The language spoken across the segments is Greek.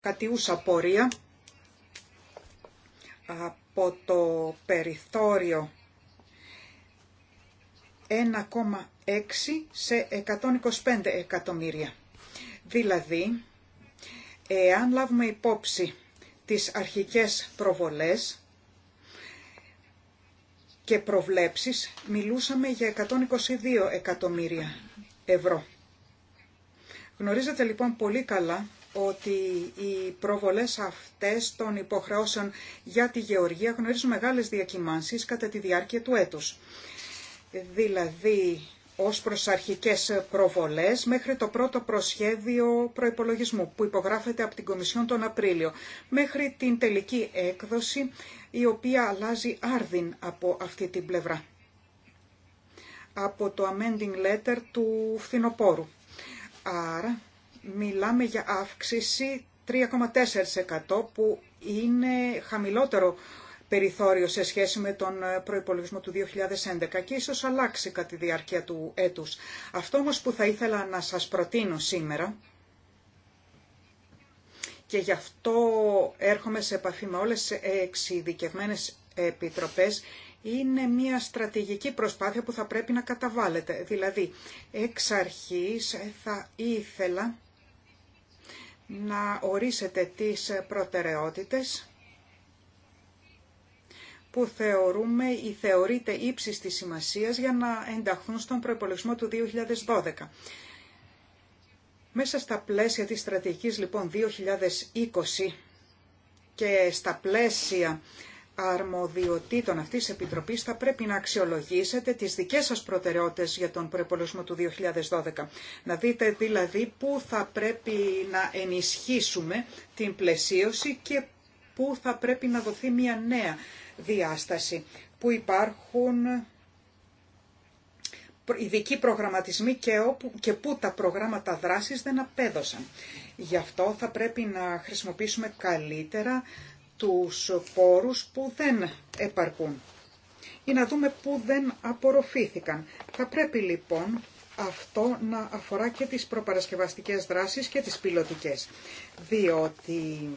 κατιούσα πορεία από το περιθώριο 1,6 σε 125 εκατομμύρια. Δηλαδή, εάν λάβουμε υπόψη τις αρχικές προβολές και προβλέψεις, μιλούσαμε για 122 εκατομμύρια ευρώ. Γνωρίζετε λοιπόν πολύ καλά ότι οι προβολές αυτές των υποχρεώσεων για τη γεωργία γνωρίζουν μεγάλες διακυμάνσεις κατά τη διάρκεια του έτους. Δηλαδή, ως προς αρχικές προβολές μέχρι το πρώτο προσχέδιο προϋπολογισμού που υπογράφεται από την Κομισιόν τον Απρίλιο μέχρι την τελική έκδοση η οποία αλλάζει άρδιν από αυτή την πλευρά από το amending letter του φθινοπόρου. Άρα μιλάμε για αύξηση 3,4% που είναι χαμηλότερο περιθώριο σε σχέση με τον ε, προϋπολογισμό του 2011 και ίσως αλλάξει κατά τη διάρκεια του έτους. Αυτό όμως που θα ήθελα να σας προτείνω σήμερα και γι' αυτό έρχομαι σε επαφή με όλες τις εξειδικευμένες επιτροπές είναι μια στρατηγική προσπάθεια που θα πρέπει να καταβάλλεται. Δηλαδή, εξ αρχής θα ήθελα να ορίσετε τις προτεραιότητες που θεωρούμε ή θεωρείται ύψης της σημασίας για να ενταχθούν στον προϋπολογισμό του 2012. Μέσα στα πλαίσια της στρατηγικής λοιπόν 2020 και στα πλαίσια αρμοδιοτήτων αυτής της Επιτροπής θα πρέπει να αξιολογήσετε τις δικές σας προτεραιότητες για τον προπολογισμό του 2012. Να δείτε δηλαδή πού θα πρέπει να ενισχύσουμε την πλαισίωση και πού θα πρέπει να δοθεί μια νέα διάσταση, που υπάρχουν ειδικοί προγραμματισμοί και, όπου, και πού τα προγράμματα δράσης δεν απέδωσαν. Γι' αυτό θα πρέπει να χρησιμοποιήσουμε καλύτερα τους πόρους που δεν επαρκούν ή να δούμε που δεν απορροφήθηκαν. Θα πρέπει λοιπόν αυτό να αφορά και τις προπαρασκευαστικές δράσεις και τις πιλωτικές, διότι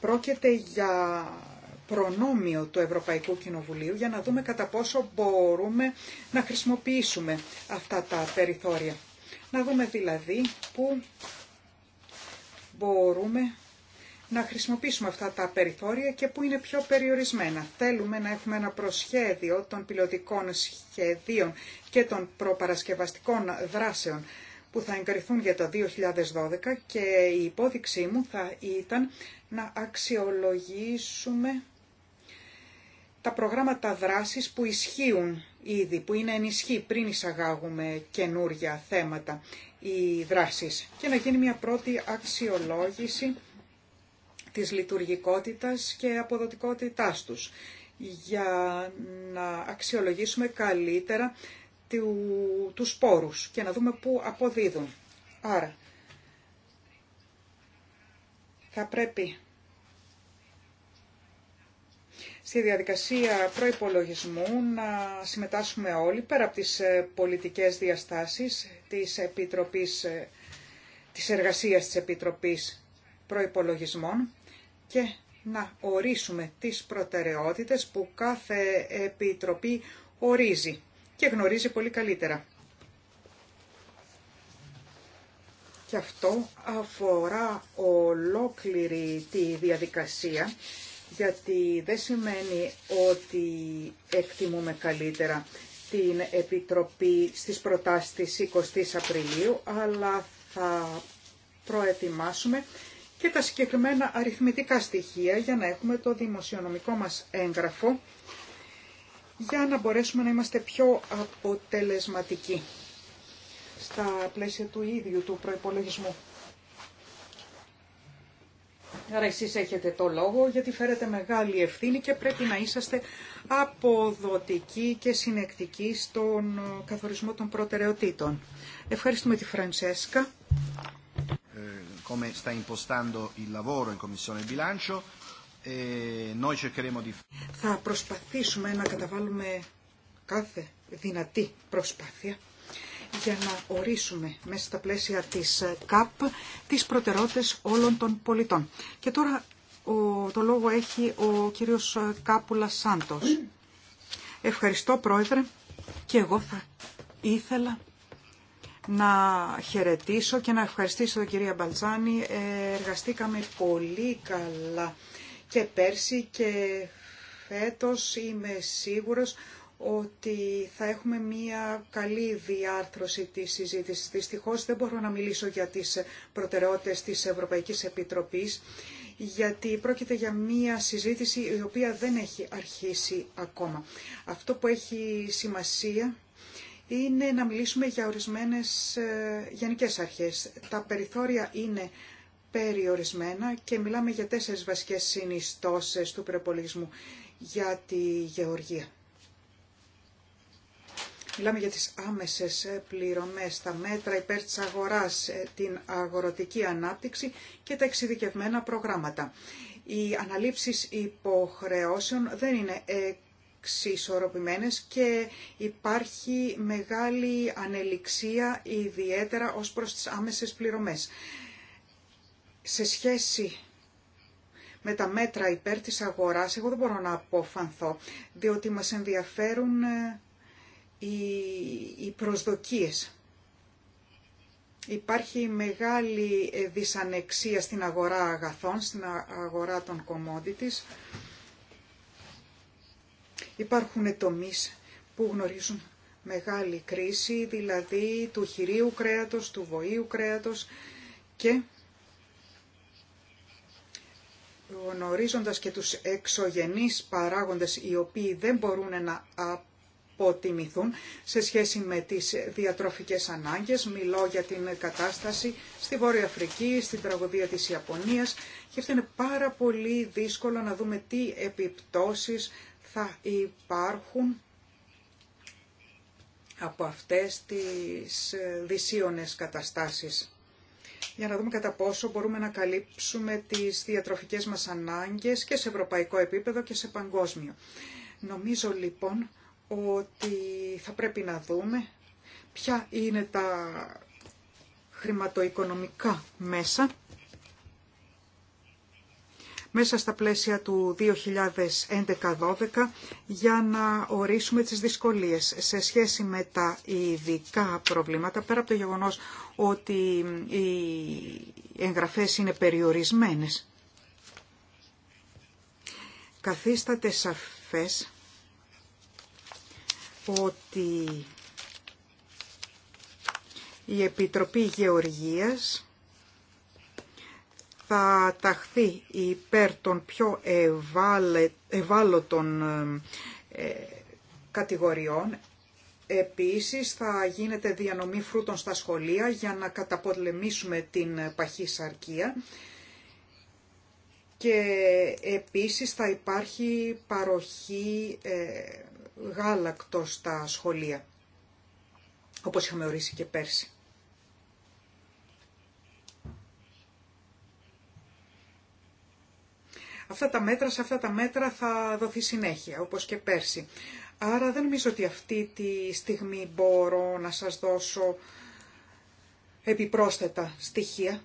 πρόκειται για προνόμιο του Ευρωπαϊκού Κοινοβουλίου για να δούμε κατά πόσο μπορούμε να χρησιμοποιήσουμε αυτά τα περιθώρια. Να δούμε δηλαδή που μπορούμε να χρησιμοποιήσουμε αυτά τα περιθώρια και που είναι πιο περιορισμένα. Θέλουμε να έχουμε ένα προσχέδιο των πιλωτικών σχεδίων και των προπαρασκευαστικών δράσεων που θα εγκριθούν για το 2012 και η υπόδειξή μου θα ήταν να αξιολογήσουμε τα προγράμματα δράσης που ισχύουν ήδη, που είναι ενισχύ πριν εισαγάγουμε καινούργια θέματα ή δράσεις και να γίνει μια πρώτη αξιολόγηση της λειτουργικότητας και αποδοτικότητάς τους για να αξιολογήσουμε καλύτερα του, τους πόρους και να δούμε πού αποδίδουν. Άρα, θα πρέπει στη διαδικασία προϋπολογισμού να συμμετάσχουμε όλοι πέρα από τις ε, πολιτικές διαστάσεις της, Επιτροπής, ε, της εργασίας της Επιτροπής Προϋπολογισμών και να ορίσουμε τις προτεραιότητες που κάθε επιτροπή ορίζει και γνωρίζει πολύ καλύτερα. Και αυτό αφορά ολόκληρη τη διαδικασία, γιατί δεν σημαίνει ότι εκτιμούμε καλύτερα την Επιτροπή στις προτάσεις της 20 Απριλίου, αλλά θα προετοιμάσουμε και τα συγκεκριμένα αριθμητικά στοιχεία για να έχουμε το δημοσιονομικό μας έγγραφο για να μπορέσουμε να είμαστε πιο αποτελεσματικοί στα πλαίσια του ίδιου του προϋπολογισμού. Άρα εσείς έχετε το λόγο γιατί φέρετε μεγάλη ευθύνη και πρέπει να είσαστε αποδοτικοί και συνεκτικοί στον καθορισμό των προτεραιοτήτων. Ευχαριστούμε τη Φραντσέσκα come sta impostando il lavoro in Commissione e Θα προσπαθήσουμε να καταβάλουμε κάθε δυνατή προσπάθεια για να ορίσουμε μέσα στα πλαίσια της ΚΑΠ τις προτερότητες όλων των πολιτών. Και τώρα ο, το λόγο έχει ο κύριος Κάπουλα Σάντος. Ευχαριστώ πρόεδρε και εγώ θα ήθελα να χαιρετήσω και να ευχαριστήσω την κυρία Μπαλτζάνη. Ε, εργαστήκαμε πολύ καλά και πέρσι και φέτος είμαι σίγουρος ότι θα έχουμε μία καλή διάρθρωση της συζήτησης. Δυστυχώς δεν μπορώ να μιλήσω για τις προτεραιότητες της Ευρωπαϊκής Επιτροπής, γιατί πρόκειται για μία συζήτηση η οποία δεν έχει αρχίσει ακόμα. Αυτό που έχει σημασία είναι να μιλήσουμε για ορισμένες ε, γενικές αρχές. Τα περιθώρια είναι περιορισμένα και μιλάμε για τέσσερις βασικές συνιστώσεις του προπολογισμού για τη γεωργία. Μιλάμε για τις άμεσες πληρωμές, τα μέτρα υπέρ της αγοράς, ε, την αγροτική ανάπτυξη και τα εξειδικευμένα προγράμματα. Οι αναλήψεις υποχρεώσεων δεν είναι ξισορροπημένες και υπάρχει μεγάλη ανελιξία ιδιαίτερα ως προς τις άμεσες πληρωμές. Σε σχέση με τα μέτρα υπέρ της αγοράς, εγώ δεν μπορώ να αποφανθώ, διότι μας ενδιαφέρουν ε, οι προσδοκίες. Υπάρχει μεγάλη ε, δυσανεξία στην αγορά αγαθών, στην αγορά των commodities Υπάρχουν τομείς που γνωρίζουν μεγάλη κρίση, δηλαδή του χειρίου κρέατος, του βοήου κρέατος και γνωρίζοντας και τους εξωγενείς παράγοντες οι οποίοι δεν μπορούν να αποτιμηθούν σε σχέση με τις διατροφικές ανάγκες. Μιλώ για την κατάσταση στη Βόρεια Αφρική, στην τραγωδία της Ιαπωνίας και αυτό είναι πάρα πολύ δύσκολο να δούμε τι επιπτώσεις θα υπάρχουν από αυτές τις ε, δυσίωνες καταστάσεις. Για να δούμε κατά πόσο μπορούμε να καλύψουμε τις διατροφικές μας ανάγκες και σε ευρωπαϊκό επίπεδο και σε παγκόσμιο. Νομίζω λοιπόν ότι θα πρέπει να δούμε ποια είναι τα χρηματοοικονομικά μέσα μέσα στα πλαίσια του 2011 2012 για να ορίσουμε τις δυσκολίες σε σχέση με τα ειδικά προβλήματα, πέρα από το γεγονός ότι οι εγγραφές είναι περιορισμένες. Καθίσταται σαφές ότι η Επιτροπή Γεωργίας θα ταχθεί υπέρ των πιο ευάλωτων ε, κατηγοριών. Επίσης θα γίνεται διανομή φρούτων στα σχολεία για να καταπολεμήσουμε την παχύσαρκία και επίσης θα υπάρχει παροχή ε, γάλακτος στα σχολεία, όπως είχαμε ορίσει και πέρσι. αυτά τα μέτρα, σε αυτά τα μέτρα θα δοθεί συνέχεια, όπως και πέρσι. Άρα δεν νομίζω ότι αυτή τη στιγμή μπορώ να σας δώσω επιπρόσθετα στοιχεία.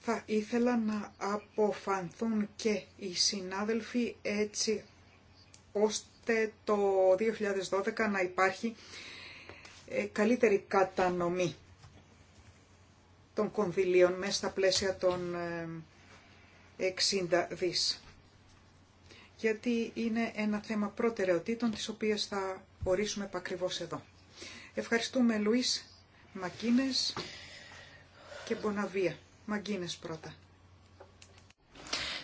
Θα ήθελα να αποφανθούν και οι συνάδελφοι έτσι ώστε το 2012 να υπάρχει ε, καλύτερη κατανομή των κονδυλίων μέσα στα πλαίσια των ε, 60 δις. Γιατί είναι ένα θέμα προτεραιοτήτων, τις οποίες θα ορίσουμε επακριβώς εδώ. Ευχαριστούμε Λουίς Μακίνες και Μποναβία. Μακίνες πρώτα.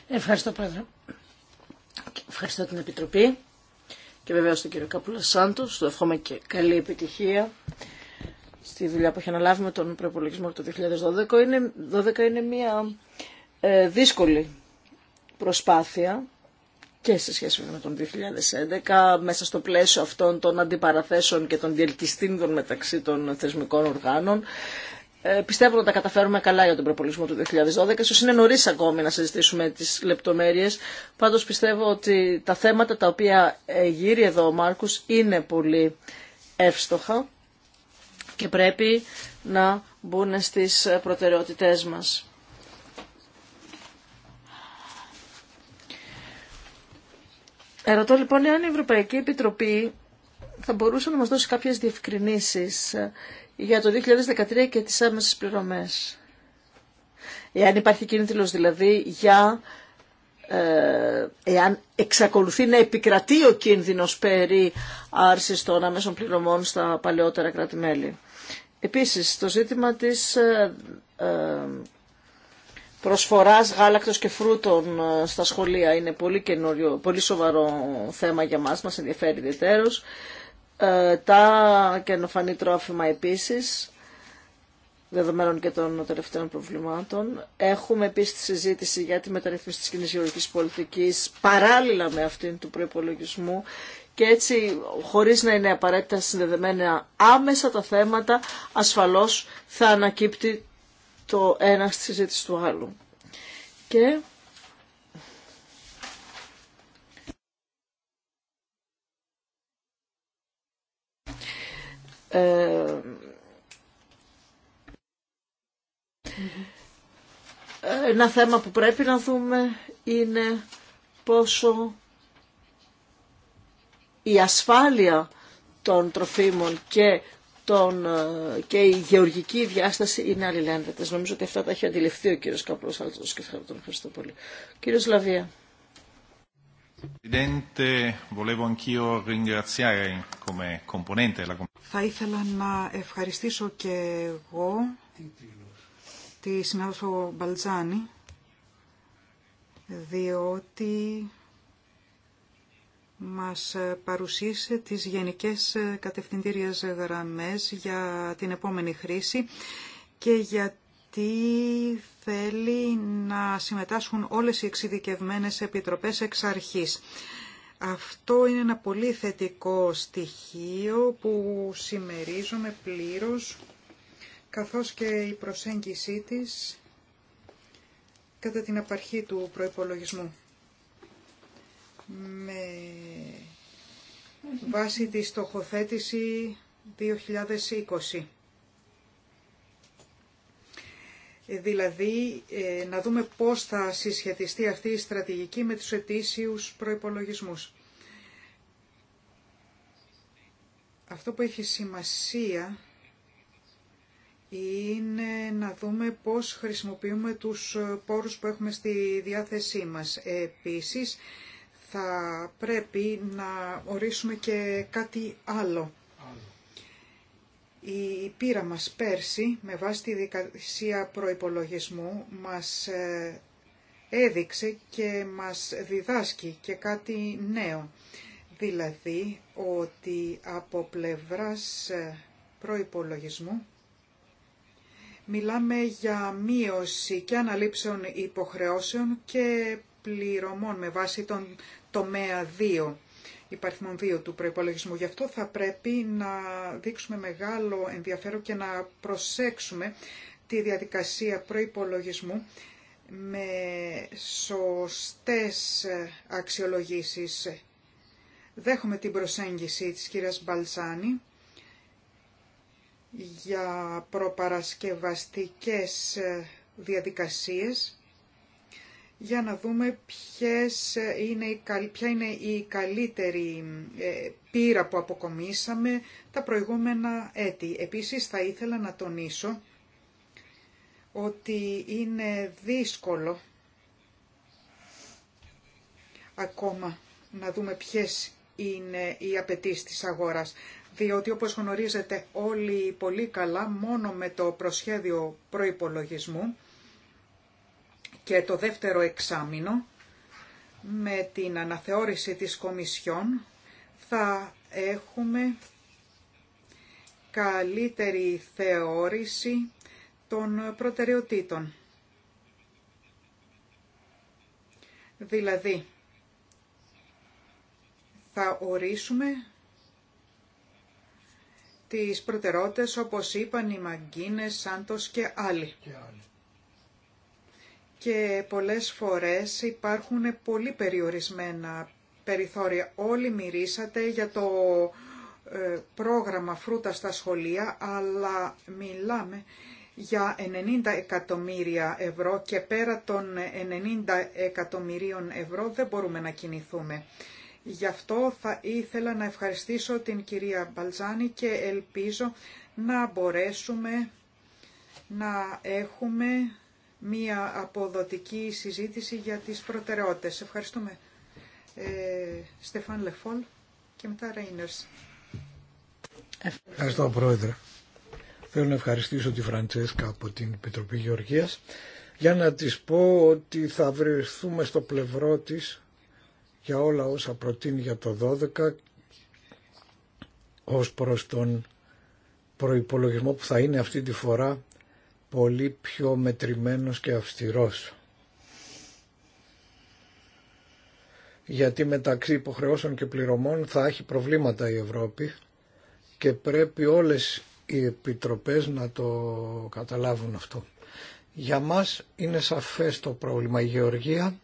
Ευχαριστώ πρόεδρε. Ευχαριστώ την Επιτροπή και βεβαίως τον κύριο Καπούλα Σάντος. Του ευχόμαι και καλή επιτυχία στη δουλειά που έχει αναλάβει με τον προπολογισμό του 2012. Είναι, 12 είναι μια ε, δύσκολη προσπάθεια και σε σχέση με τον 2011, μέσα στο πλαίσιο αυτών των αντιπαραθέσεων και των διελκυστίνδων μεταξύ των θεσμικών οργάνων. Ε, πιστεύω ότι τα καταφέρουμε καλά για τον προπολισμό του 2012. Σω είναι νωρί ακόμη να συζητήσουμε τις λεπτομέρειες. Πάντως πιστεύω ότι τα θέματα τα οποία γύρει εδώ ο Μάρκο είναι πολύ εύστοχα και πρέπει να μπουν στις προτεραιότητές μας. Ερωτώ λοιπόν εάν η Ευρωπαϊκή Επιτροπή θα μπορούσε να μας δώσει κάποιες διευκρινήσεις ε, για το 2013 και τις άμεσες πληρωμές. Εάν υπάρχει κίνητρος δηλαδή για ε, εάν εξακολουθεί να επικρατεί ο κίνδυνος περί άρσης των αμέσων πληρωμών στα παλαιότερα κράτη-μέλη. Επίσης, το ζήτημα της ε, προσφοράς γάλακτος και φρούτων ε, στα σχολεία είναι πολύ, καινούριο, πολύ σοβαρό θέμα για μας, μας ενδιαφέρει ιδιαίτερως. Ε, τα καινοφανή τρόφιμα επίσης, δεδομένων και των τελευταίων προβλημάτων. Έχουμε επίσης τη συζήτηση για τη μεταρρύθμιση της κοινής γεωργικής πολιτικής παράλληλα με αυτήν του προϋπολογισμού και έτσι χωρίς να είναι απαραίτητα συνδεδεμένα άμεσα τα θέματα ασφαλώς θα ανακύπτει το ένα στη συζήτηση του άλλου. Και ε, ένα θέμα που πρέπει να δούμε είναι πόσο η ασφάλεια των τροφίμων και τον, ε, και η γεωργική διάσταση είναι αλληλένδετες. Νομίζω ότι αυτά τα έχει αντιληφθεί ο κύριος Καπλός Άλτσος και θα τον ευχαριστώ πολύ. Κύριος Λαβία. Θα ήθελα να ευχαριστήσω και εγώ τη συνάδελφο Μπαλτζάνη διότι μας παρουσίασε τις γενικές κατευθυντήριες γραμμές για την επόμενη χρήση και γιατί θέλει να συμμετάσχουν όλες οι εξειδικευμένες επιτροπές εξ αρχής. Αυτό είναι ένα πολύ θετικό στοιχείο που συμμερίζομαι πλήρως, καθώς και η προσέγγισή της κατά την απαρχή του προϋπολογισμού με βάση τη στοχοθέτηση 2020. Ε, δηλαδή, ε, να δούμε πώς θα συσχετιστεί αυτή η στρατηγική με τους ετήσιους προϋπολογισμούς. Αυτό που έχει σημασία είναι να δούμε πώς χρησιμοποιούμε τους πόρους που έχουμε στη διάθεσή μας. Επίσης, θα πρέπει να ορίσουμε και κάτι άλλο. Η πείρα μας πέρσι, με βάση τη δικασία προϋπολογισμού, μας ε, έδειξε και μας διδάσκει και κάτι νέο. Δηλαδή ότι από πλευράς ε, προϋπολογισμού μιλάμε για μείωση και αναλήψεων υποχρεώσεων και πληρωμών με βάση τον τομέα 2 υπαριθμών 2 του προϋπολογισμού. Γι' αυτό θα πρέπει να δείξουμε μεγάλο ενδιαφέρον και να προσέξουμε τη διαδικασία προϋπολογισμού με σωστές αξιολογήσεις. Δέχομαι την προσέγγιση της κυρίας Μπαλσάνη για προπαρασκευαστικές διαδικασίες για να δούμε ποιες είναι ποια είναι η καλύτερη ε, πύρα που αποκομίσαμε τα προηγούμενα έτη. Επίσης θα ήθελα να τονίσω ότι είναι δύσκολο ακόμα να δούμε ποιες είναι οι απαιτήσει της αγοράς. Διότι όπως γνωρίζετε όλοι πολύ καλά μόνο με το προσχέδιο προϋπολογισμού και το δεύτερο εξάμεινο με την αναθεώρηση της Κομισιόν θα έχουμε καλύτερη θεώρηση των προτεραιοτήτων. Δηλαδή, θα ορίσουμε τις προτεραιότητες όπως είπαν οι Μαγκίνες, Σάντος και άλλοι. Και άλλοι και πολλές φορές υπάρχουν πολύ περιορισμένα περιθώρια. Όλοι μυρίσατε για το ε, πρόγραμμα φρούτα στα σχολεία, αλλά μιλάμε για 90 εκατομμύρια ευρώ και πέρα των 90 εκατομμυρίων ευρώ δεν μπορούμε να κινηθούμε. Γι' αυτό θα ήθελα να ευχαριστήσω την κυρία Μπαλζάνη και ελπίζω να μπορέσουμε να έχουμε μία αποδοτική συζήτηση για τις προτεραιότητες. Ευχαριστούμε. Ε, Στεφάν Λεφόλ και μετά Ρέινερς. Ευχαριστώ Πρόεδρε. Θέλω να ευχαριστήσω τη Φραντσέσκα από την Επιτροπή Γεωργίας για να της πω ότι θα βρεθούμε στο πλευρό της για όλα όσα προτείνει για το 12 ως προς τον προϋπολογισμό που θα είναι αυτή τη φορά πολύ πιο μετρημένος και αυστηρός. Γιατί μεταξύ υποχρεώσεων και πληρωμών θα έχει προβλήματα η Ευρώπη και πρέπει όλες οι επιτροπές να το καταλάβουν αυτό. Για μας είναι σαφές το πρόβλημα. Η γεωργία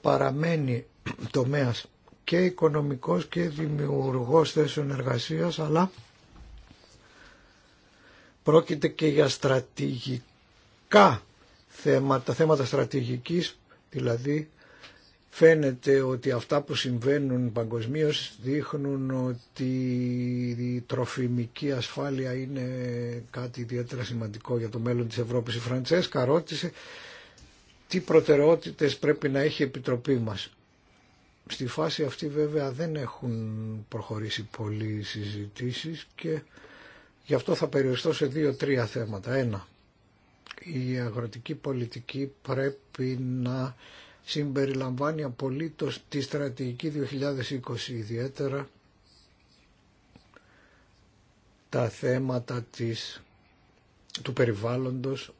παραμένει τομέας και οικονομικός και δημιουργός θέσεων εργασίας αλλά Πρόκειται και για στρατηγικά θέματα, θέματα στρατηγικής, δηλαδή φαίνεται ότι αυτά που συμβαίνουν παγκοσμίω δείχνουν ότι η τροφιμική ασφάλεια είναι κάτι ιδιαίτερα σημαντικό για το μέλλον της Ευρώπης. Η Φραντσέσκα ρώτησε τι προτεραιότητες πρέπει να έχει η Επιτροπή μας. Στη φάση αυτή βέβαια δεν έχουν προχωρήσει πολλοί συζητήσεις και Γι' αυτό θα περιοριστώ σε δύο-τρία θέματα. Ένα, η αγροτική πολιτική πρέπει να συμπεριλαμβάνει απολύτως τη στρατηγική 2020, ιδιαίτερα τα θέματα της, του περιβάλλοντος,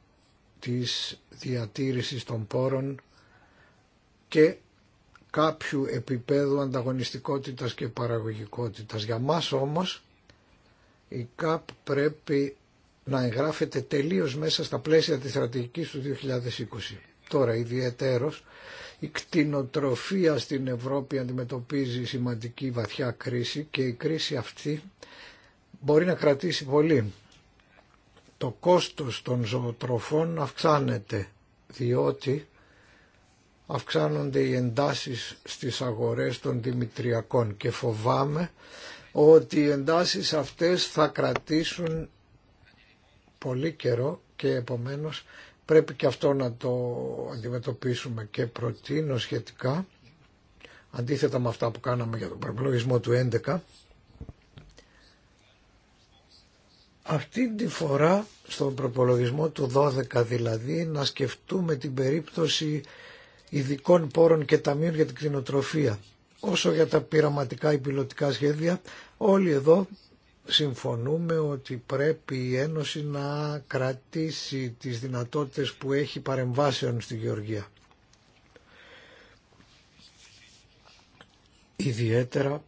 της διατήρησης των πόρων και κάποιου επίπεδου ανταγωνιστικότητας και παραγωγικότητας. Για μας όμως η ΚΑΠ πρέπει να εγγράφεται τελείως μέσα στα πλαίσια της στρατηγικής του 2020. Τώρα ιδιαίτερος η κτηνοτροφία στην Ευρώπη αντιμετωπίζει σημαντική βαθιά κρίση και η κρίση αυτή μπορεί να κρατήσει πολύ. Το κόστος των ζωοτροφών αυξάνεται διότι αυξάνονται οι εντάσεις στις αγορές των δημητριακών και φοβάμαι ότι οι εντάσεις αυτές θα κρατήσουν πολύ καιρό και επομένως πρέπει και αυτό να το αντιμετωπίσουμε και προτείνω σχετικά αντίθετα με αυτά που κάναμε για τον προπολογισμό του 11 αυτή τη φορά στον προπολογισμό του 12 δηλαδή να σκεφτούμε την περίπτωση ειδικών πόρων και ταμείων για την κτηνοτροφία. Όσο για τα πειραματικά ή πιλωτικά σχέδια Όλοι εδώ συμφωνούμε ότι πρέπει η Ένωση να κρατήσει τις δυνατότητες που έχει παρεμβάσεων στη Γεωργία. Ιδιαίτερα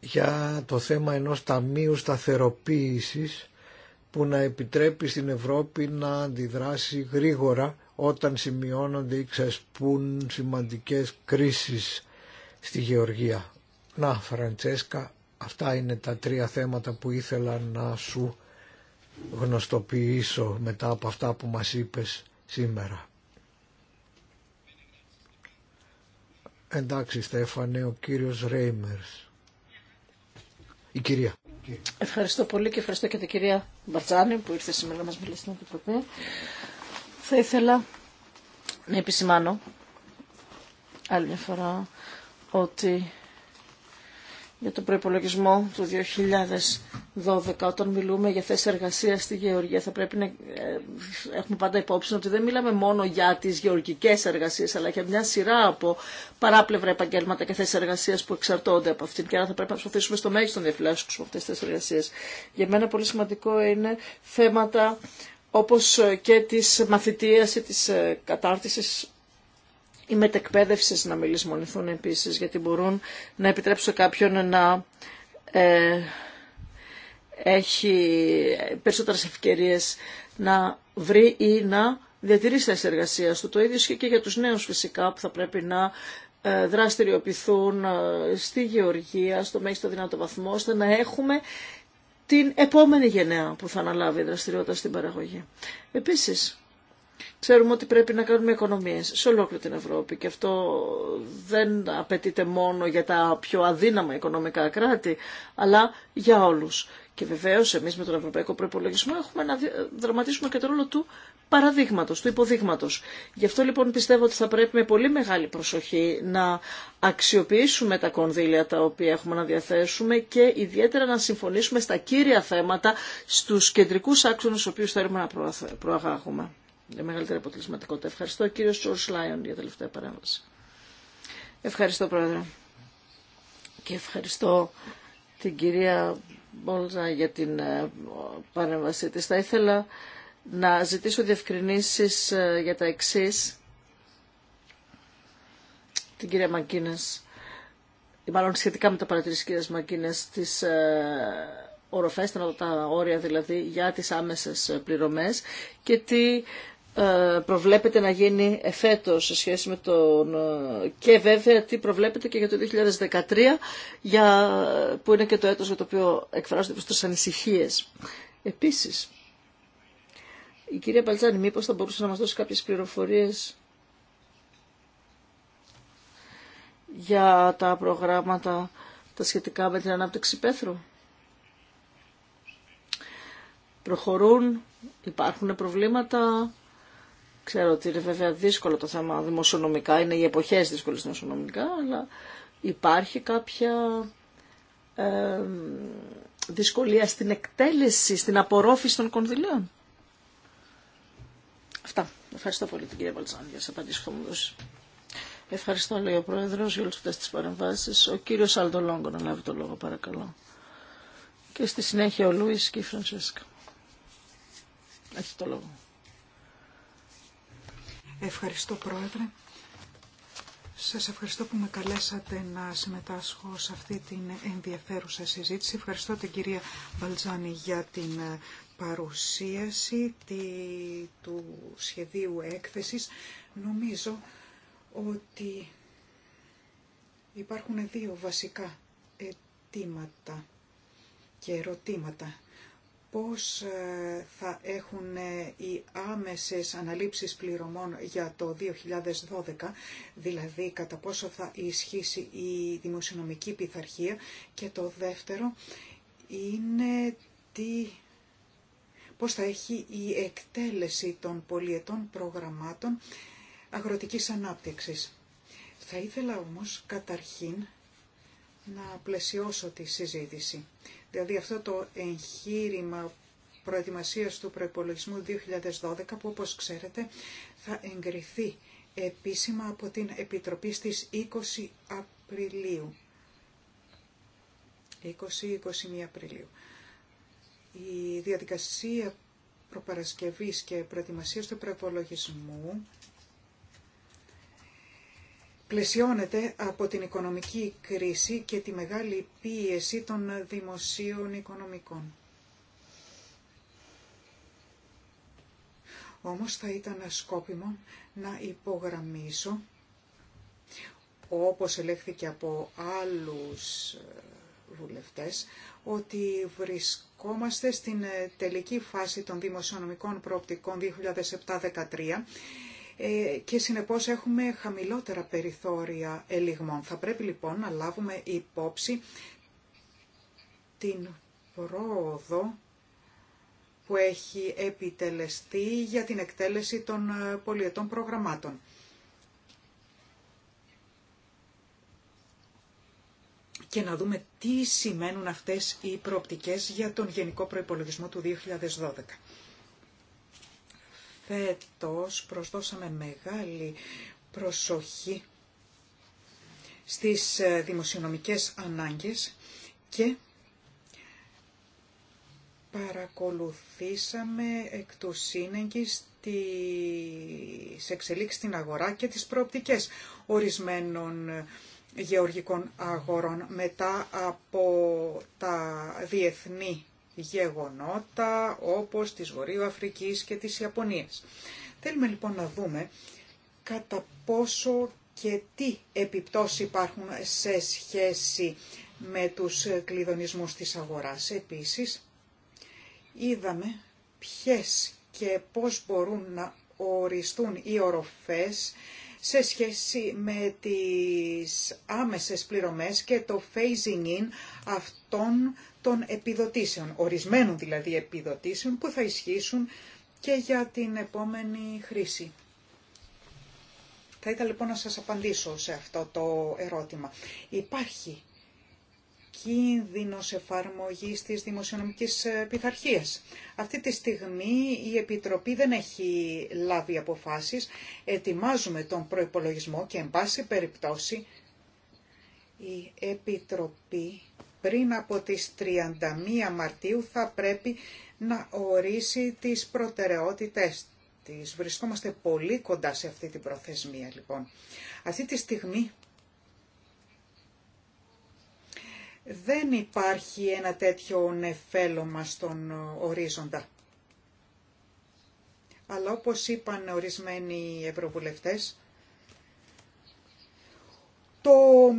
για το θέμα ενός ταμείου σταθεροποίησης που να επιτρέπει στην Ευρώπη να αντιδράσει γρήγορα όταν σημειώνονται ή ξεσπούν σημαντικές κρίσεις στη Γεωργία. Να, Φραντσέσκα, Αυτά είναι τα τρία θέματα που ήθελα να σου γνωστοποιήσω μετά από αυτά που μας είπες σήμερα. Εντάξει Στέφανε, ο κύριος Ρέιμερς. Η κυρία. Ευχαριστώ πολύ και ευχαριστώ και την κυρία Μπαρτζάνη που ήρθε σήμερα να μας μιλήσει το Επιτροπή. Θα ήθελα να επισημάνω άλλη μια φορά ότι για τον προπολογισμό του 2012 όταν μιλούμε για θέσει εργασία στη Γεωργία θα πρέπει να ε, έχουμε πάντα υπόψη ότι δεν μιλάμε μόνο για τις γεωργικές εργασίες αλλά για μια σειρά από παράπλευρα επαγγέλματα και θέσει εργασία που εξαρτώνται από αυτήν και άρα θα πρέπει να προσπαθήσουμε στο μέγιστο να διαφυλάσσουμε αυτέ τι θέσει Για μένα πολύ σημαντικό είναι θέματα όπως και της μαθητείας ή της ε, κατάρτισης οι μετεκπαίδευση να μιλισμονηθούν επίσης γιατί μπορούν να επιτρέψουν κάποιον να ε, έχει περισσότερες ευκαιρίες να βρει ή να διατηρήσει τα εργασία του. Το ίδιο ισχύει και για τους νέους φυσικά που θα πρέπει να ε, δραστηριοποιηθούν ε, στη γεωργία στο μέγιστο δυνατό βαθμό ώστε να έχουμε την επόμενη γενναία που θα αναλάβει δραστηριότητα στην παραγωγή. Επίσης, Ξέρουμε ότι πρέπει να κάνουμε οικονομίες σε ολόκληρη την Ευρώπη και αυτό δεν απαιτείται μόνο για τα πιο αδύναμα οικονομικά κράτη, αλλά για όλους. Και βεβαίως εμείς με τον Ευρωπαϊκό Προϋπολογισμό έχουμε να δραματίσουμε και το ρόλο του παραδείγματος, του υποδείγματος. Γι' αυτό λοιπόν πιστεύω ότι θα πρέπει με πολύ μεγάλη προσοχή να αξιοποιήσουμε τα κονδύλια τα οποία έχουμε να διαθέσουμε και ιδιαίτερα να συμφωνήσουμε στα κύρια θέματα, στους κεντρικούς άξονες οποίους θέλουμε να προαγάγουμε για μεγαλύτερη αποτελεσματικότητα. Ευχαριστώ κύριο Τζορς Λάιον για τελευταία παρέμβαση. Ευχαριστώ πρόεδρε και ευχαριστώ την κυρία Μπόλζα για την ε, παρέμβασή της. Θα ήθελα να ζητήσω διευκρινήσεις ε, για τα εξής. Την κυρία Μακίνες, μάλλον σχετικά με τα παρατηρήσεις της κυρίας Μακίνες, τις ε, οροφές, τα όρια δηλαδή για τις άμεσες πληρωμές και τι ε, προβλέπεται να γίνει εφέτος σε σχέση με τον... Ε, και βέβαια τι προβλέπεται και για το 2013 για... που είναι και το έτος για το οποίο εκφράζονται προς τις ανησυχίες. Επίσης, η κυρία Παλτζάνη μήπως θα μπορούσε να μας δώσει κάποιες πληροφορίες για τα προγράμματα τα σχετικά με την ανάπτυξη πέθρου. Προχωρούν, υπάρχουν προβλήματα, Ξέρω ότι είναι βέβαια δύσκολο το θέμα δημοσιονομικά, είναι οι εποχές δύσκολες δημοσιονομικά, αλλά υπάρχει κάποια δυσκολία στην εκτέλεση, στην απορρόφηση των κονδυλίων. Αυτά. Ευχαριστώ πολύ την κυρία Βαλτσάνη για τις απαντήσεις που μου δώσει. Ευχαριστώ, λέει ο Πρόεδρο, για όλε αυτέ τι παρεμβάσει. Ο κύριο Αλτολόγκο να λάβει το λόγο, παρακαλώ. Και στη συνέχεια ο Λούι και η Φρανσέσκα. Έχει το λόγο. Ευχαριστώ Πρόεδρε. Σας ευχαριστώ που με καλέσατε να συμμετάσχω σε αυτή την ενδιαφέρουσα συζήτηση. Ευχαριστώ την κυρία Βαλτζάνη για την ε, παρουσίαση του σχεδίου έκθεσης. Νομίζω ότι υπάρχουν δύο βασικά αιτήματα και ερωτήματα πώς ε, θα έχουν ε, οι άμεσες αναλήψεις πληρωμών για το 2012, δηλαδή κατά πόσο θα ισχύσει η δημοσιονομική πειθαρχία. Και το δεύτερο είναι τι, πώς θα έχει η εκτέλεση των πολιετών προγραμμάτων αγροτικής ανάπτυξης. Θα ήθελα όμως καταρχήν να πλαισιώσω τη συζήτηση. Δηλαδή αυτό το εγχείρημα προετοιμασίας του προϋπολογισμού 2012 που όπως ξέρετε θα εγκριθεί επίσημα από την Επιτροπή στις 20 Απριλίου. 20-21 Απριλίου. Η διαδικασία προπαρασκευής και προετοιμασίας του προϋπολογισμού πλαισιώνεται από την οικονομική κρίση και τη μεγάλη πίεση των δημοσίων οικονομικών. Όμως θα ήταν σκόπιμο να υπογραμμίσω, όπως ελέγχθηκε από άλλους ε, βουλευτές, ότι βρισκόμαστε στην ε, τελική φάση των δημοσιονομικών προοπτικών 2007-2013 ε, και συνεπώς έχουμε χαμηλότερα περιθώρια ελιγμών. Θα πρέπει λοιπόν να λάβουμε υπόψη την πρόοδο που έχει επιτελεστεί για την εκτέλεση των ε, πολιετών προγραμμάτων. και να δούμε τι σημαίνουν αυτές οι προοπτικές για τον Γενικό Προϋπολογισμό του 2012. Φέτος προσδώσαμε μεγάλη προσοχή στις ε, δημοσιονομικές ανάγκες και παρακολουθήσαμε εκ του σύνεγγυς τις εξελίξεις στην αγορά και τις προοπτικές ορισμένων γεωργικών αγορών μετά από τα διεθνή γεγονότα όπως της Βορείου Αφρικής και της Ιαπωνίας. Θέλουμε λοιπόν να δούμε κατά πόσο και τι επιπτώσεις υπάρχουν σε σχέση με τους κλειδονισμούς της αγοράς. Επίσης, είδαμε ποιες και πώς μπορούν να οριστούν οι οροφές σε σχέση με τις άμεσες πληρωμές και το phasing in αυτών των επιδοτήσεων, ορισμένων δηλαδή επιδοτήσεων που θα ισχύσουν και για την επόμενη χρήση. Θα ήθελα λοιπόν να σας απαντήσω σε αυτό το ερώτημα. Υπάρχει κίνδυνος εφαρμογής της δημοσιονομικής ε, πειθαρχίας. Αυτή τη στιγμή η Επιτροπή δεν έχει λάβει αποφάσεις. Ετοιμάζουμε τον προϋπολογισμό και εν πάση περιπτώσει η Επιτροπή πριν από τις 31 Μαρτίου θα πρέπει να ορίσει τις προτεραιότητες της. Βρισκόμαστε πολύ κοντά σε αυτή την προθεσμία λοιπόν. Αυτή τη στιγμή δεν υπάρχει ένα τέτοιο νεφέλωμα στον ορίζοντα. Αλλά όπως είπαν ορισμένοι ευρωβουλευτές, το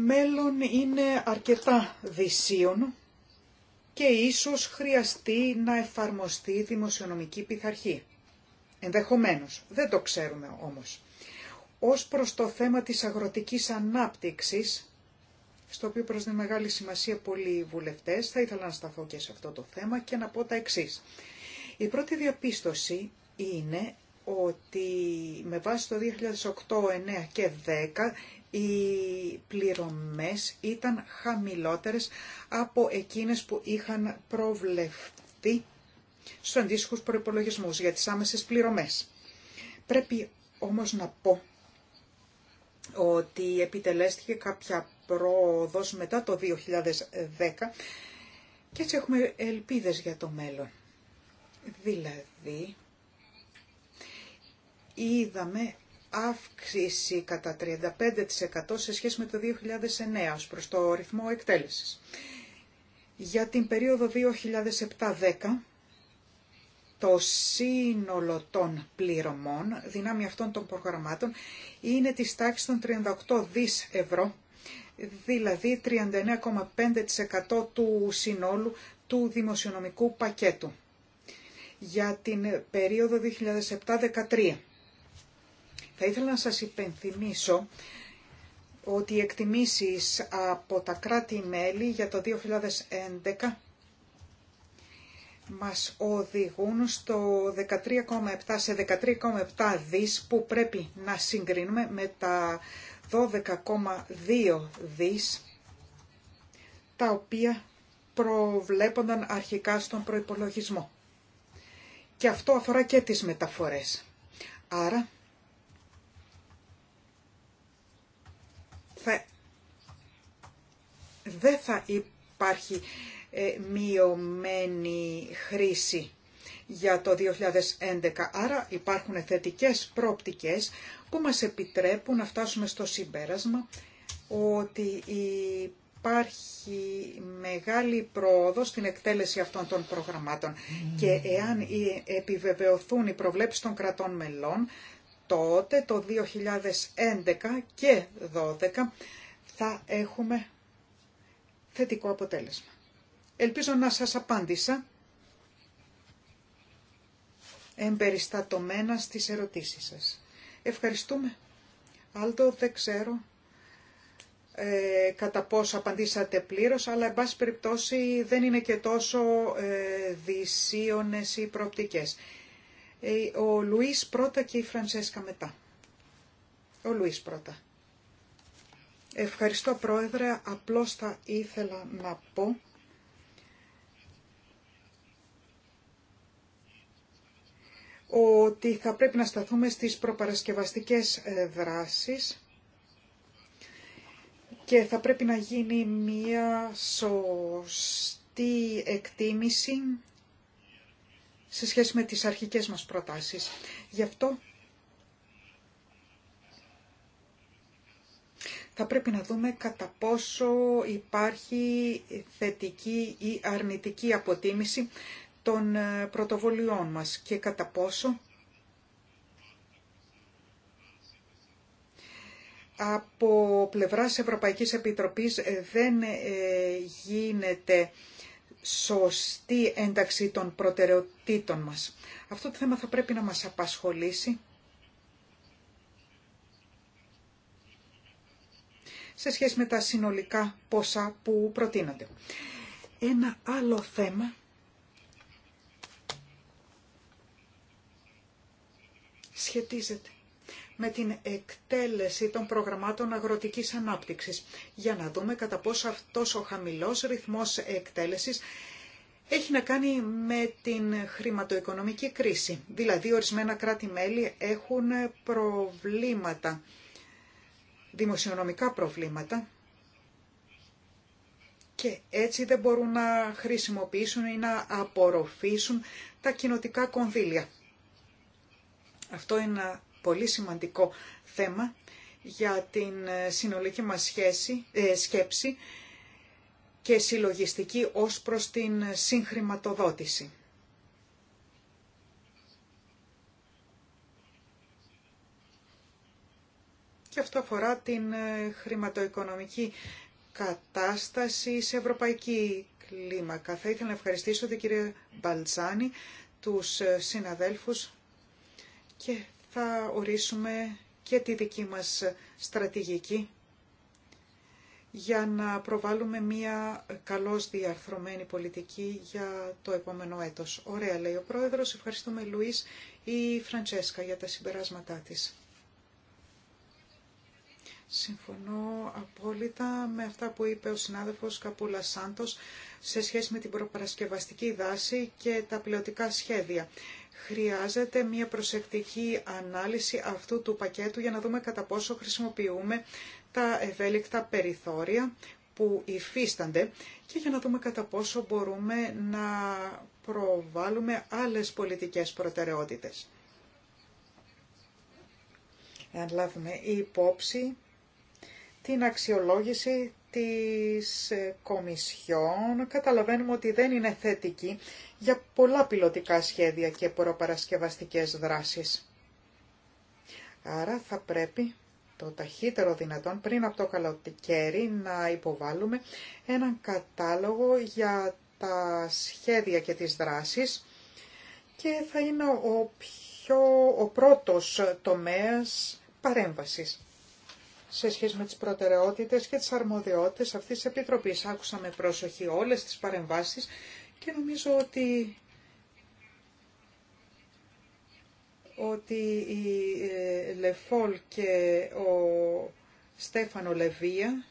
μέλλον είναι αρκετά δυσίων και ίσως χρειαστεί να εφαρμοστεί δημοσιονομική πειθαρχία. Ενδεχομένως, δεν το ξέρουμε όμως. Ως προς το θέμα της αγροτικής ανάπτυξης, στο οποίο τη μεγάλη σημασία πολλοί βουλευτές. Θα ήθελα να σταθώ και σε αυτό το θέμα και να πω τα εξή. Η πρώτη διαπίστωση είναι ότι με βάση το 2008, 2009 και 2010 οι πληρωμές ήταν χαμηλότερες από εκείνες που είχαν προβλεφθεί στους αντίστοιχου προϋπολογισμούς για τις άμεσες πληρωμές. Πρέπει όμως να πω ότι επιτελέστηκε κάποια πρόοδος μετά το 2010 και έτσι έχουμε ελπίδες για το μέλλον. Δηλαδή, είδαμε αύξηση κατά 35% σε σχέση με το 2009 ως προς το ρυθμό εκτέλεσης. Για την περίοδο 2007-10, το σύνολο των πληρωμών, δυνάμει αυτών των προγραμμάτων, είναι της τάξης των 38 δις ευρώ δηλαδή 39,5% του συνόλου του δημοσιονομικού πακέτου για την περίοδο 2007-2013. Θα ήθελα να σας υπενθυμίσω ότι οι εκτιμήσεις από τα κράτη-μέλη για το 2011 μας οδηγούν στο 13,7 σε 13,7 δις που πρέπει να συγκρίνουμε με τα 12,2 δις, τα οποία προβλέπονταν αρχικά στον προϋπολογισμό. Και αυτό αφορά και τις μεταφορές. Άρα, δεν θα υπάρχει ε, μειωμένη χρήση για το 2011. Άρα υπάρχουν θετικές πρόπτικες που μας επιτρέπουν να φτάσουμε στο συμπέρασμα ότι υπάρχει μεγάλη πρόοδος στην εκτέλεση αυτών των προγραμμάτων mm. και εάν επιβεβαιωθούν οι προβλέψεις των κρατών μελών, τότε το 2011 και 2012 θα έχουμε θετικό αποτέλεσμα. Ελπίζω να σας απάντησα εμπεριστατωμένα στις ερωτήσεις σας. Ευχαριστούμε. Άλτο, δεν ξέρω ε, κατά πώς απαντήσατε πλήρως, αλλά εν πάση περιπτώσει δεν είναι και τόσο ε, δυσίωνες οι προοπτικές. Ε, ο Λουίς πρώτα και η Φρανσέσκα μετά. Ο Λουίς πρώτα. Ευχαριστώ Πρόεδρε, απλώς θα ήθελα να πω ότι θα πρέπει να σταθούμε στις προπαρασκευαστικές ε, δράσεις και θα πρέπει να γίνει μία σωστή εκτίμηση σε σχέση με τις αρχικές μας προτάσεις. Γι' αυτό θα πρέπει να δούμε κατά πόσο υπάρχει θετική ή αρνητική αποτίμηση των ε, πρωτοβολιών μας και κατά πόσο από πλευράς Ευρωπαϊκής Επιτροπής δεν ε, γίνεται σωστή ένταξη των προτεραιοτήτων μας. Αυτό το θέμα θα πρέπει να μας απασχολήσει σε σχέση με τα συνολικά ποσά που προτείνονται. Ένα άλλο θέμα σχετίζεται με την εκτέλεση των προγραμμάτων αγροτικής ανάπτυξης για να δούμε κατά πόσο αυτός ο χαμηλός ρυθμός εκτέλεσης έχει να κάνει με την χρηματοοικονομική κρίση. Δηλαδή, ορισμένα κράτη-μέλη έχουν προβλήματα, δημοσιονομικά προβλήματα και έτσι δεν μπορούν να χρησιμοποιήσουν ή να απορροφήσουν τα κοινοτικά κονδύλια. Αυτό είναι ένα πολύ σημαντικό θέμα για την ε, συνολική μας σχέση, ε, σκέψη και συλλογιστική ως προς την συγχρηματοδότηση. Και αυτό αφορά την ε, χρηματοοικονομική κατάσταση σε ευρωπαϊκή κλίμακα. Θα ήθελα να ευχαριστήσω την κυρία Μπαλτσάνη, τους συναδέλφους και θα ορίσουμε και τη δική μας στρατηγική για να προβάλλουμε μία καλώς διαρθρωμένη πολιτική για το επόμενο έτος. Ωραία, λέει ο Πρόεδρος. Ευχαριστούμε, Λουίς ή Φραντσέσκα, για τα συμπεράσματά της. Συμφωνώ απόλυτα με αυτά που είπε ο συνάδελφος Καπούλα Σάντος σε σχέση με την προπαρασκευαστική δάση και τα πλειοτικά σχέδια. Χρειάζεται μια προσεκτική ανάλυση αυτού του πακέτου για να δούμε κατά πόσο χρησιμοποιούμε τα ευέλικτα περιθώρια που υφίστανται και για να δούμε κατά πόσο μπορούμε να προβάλλουμε άλλες πολιτικές προτεραιότητες. Εάν λάβουμε υπόψη την αξιολόγηση της ε, Κομισιόν καταλαβαίνουμε ότι δεν είναι θετική για πολλά πιλωτικά σχέδια και προπαρασκευαστικές δράσεις. Άρα θα πρέπει το ταχύτερο δυνατόν πριν από το καλοκαίρι να υποβάλουμε έναν κατάλογο για τα σχέδια και τις δράσεις και θα είναι ο, πιο, ο πρώτος τομέας παρέμβασης σε σχέση με τις προτεραιότητες και τις αρμοδιότητες αυτής της Επιτροπής. Άκουσα με προσοχή όλες τις παρεμβάσεις και νομίζω ότι, ότι η ε, Λεφόλ και ο Στέφανο Λεβία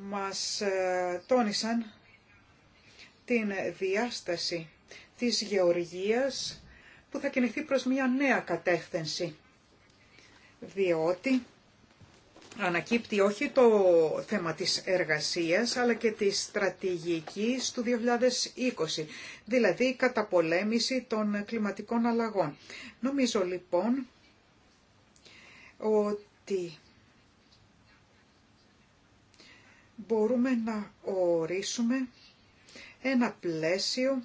μας ε, τόνισαν την διάσταση της γεωργίας που θα κινηθεί προς μια νέα κατεύθυνση. Διότι ανακύπτει όχι το θέμα της εργασίας, αλλά και της στρατηγικής του 2020, δηλαδή η καταπολέμηση των κλιματικών αλλαγών. Νομίζω λοιπόν ότι μπορούμε να ορίσουμε ένα πλαίσιο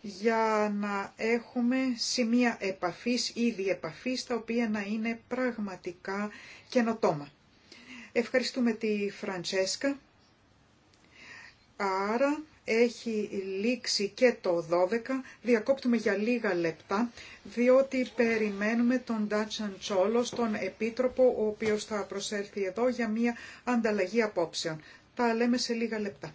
για να έχουμε σημεία επαφής, ήδη επαφής, τα οποία να είναι πραγματικά καινοτόμα. Ευχαριστούμε τη Φραντσέσκα. Άρα έχει λήξει και το 12. Διακόπτουμε για λίγα λεπτά, διότι περιμένουμε τον Ντάτσαν Τσόλο, τον Επίτροπο, ο οποίος θα προσέλθει εδώ για μία ανταλλαγή απόψεων. Τα λέμε σε λίγα λεπτά.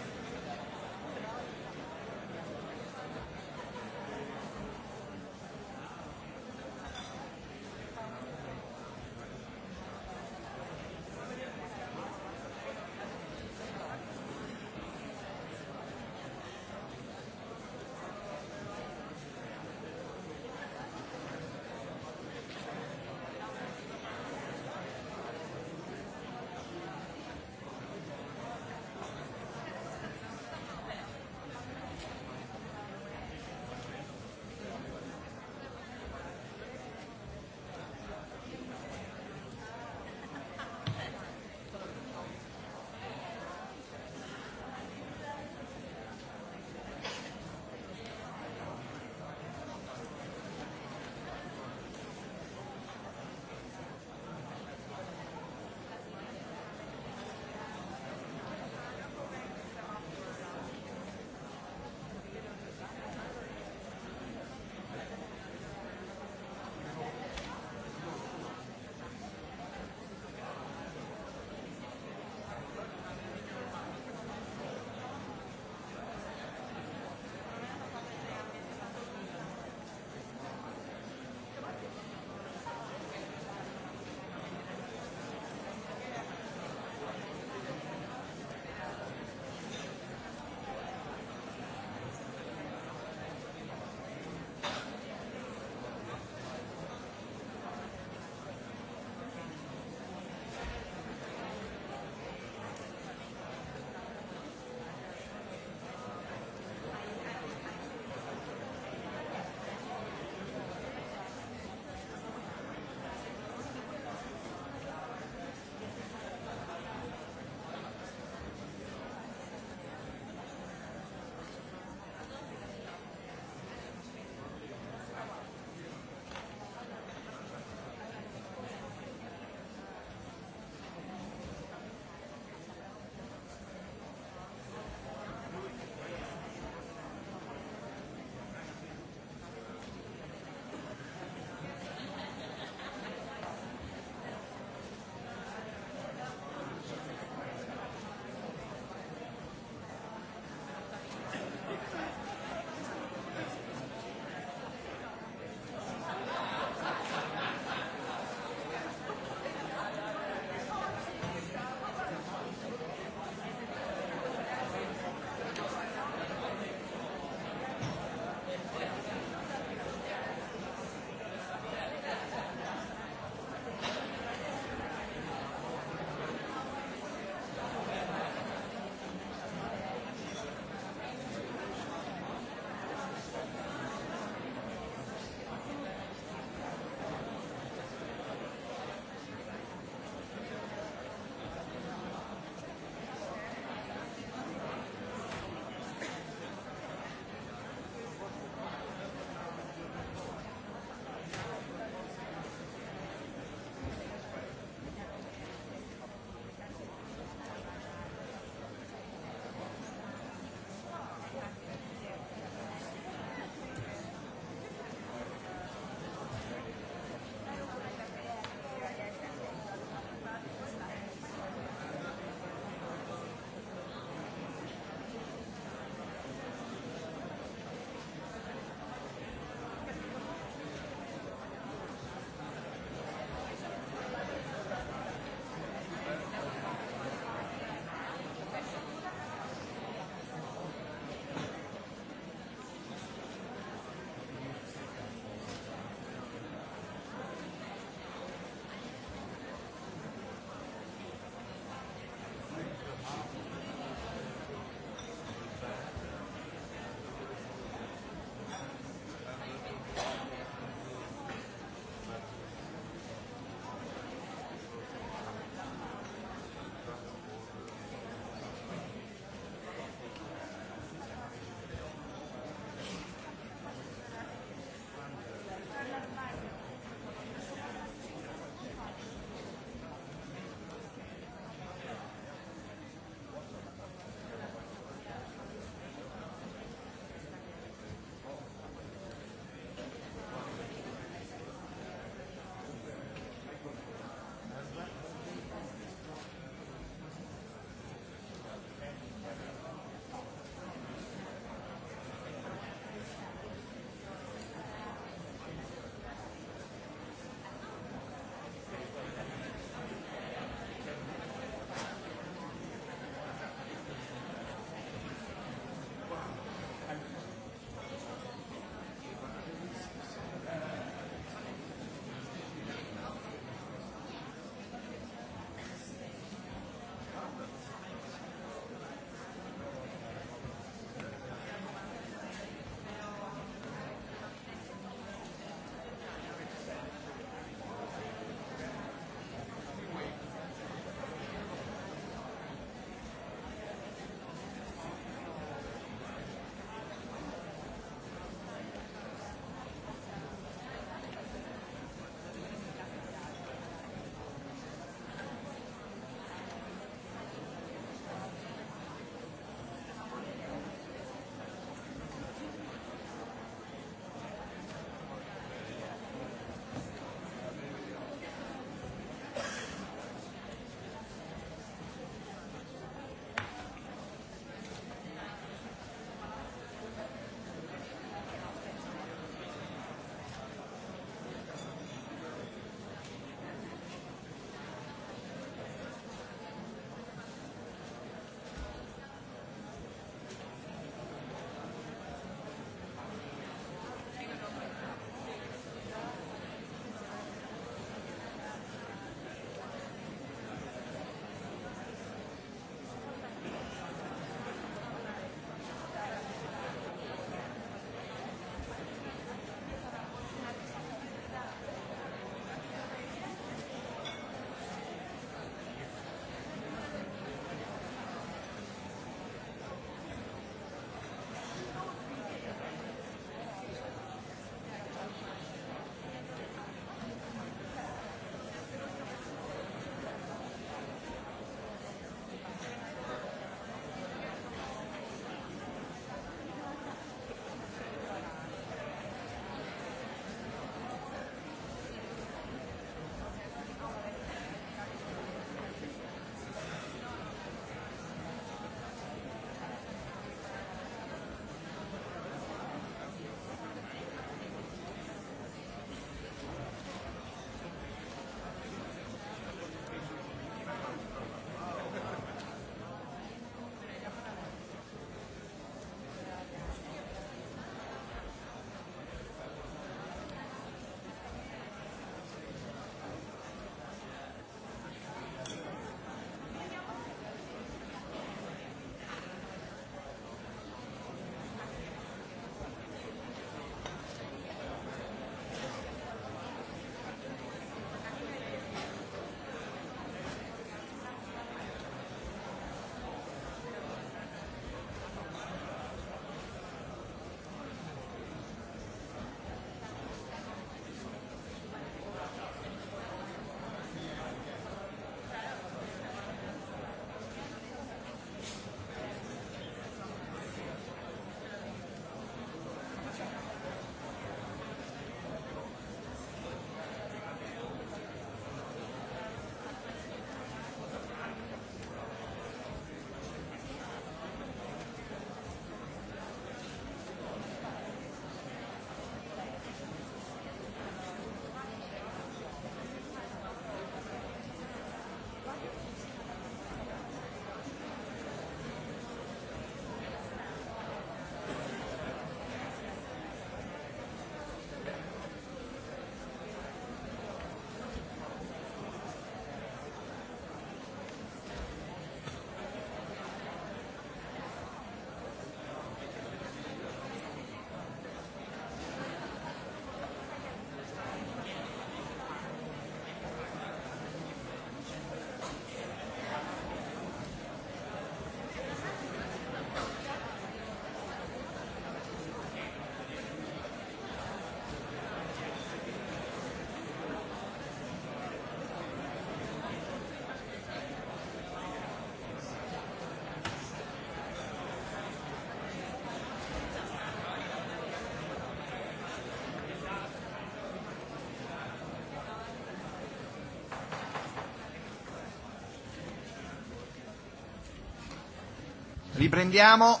Riprendiamo.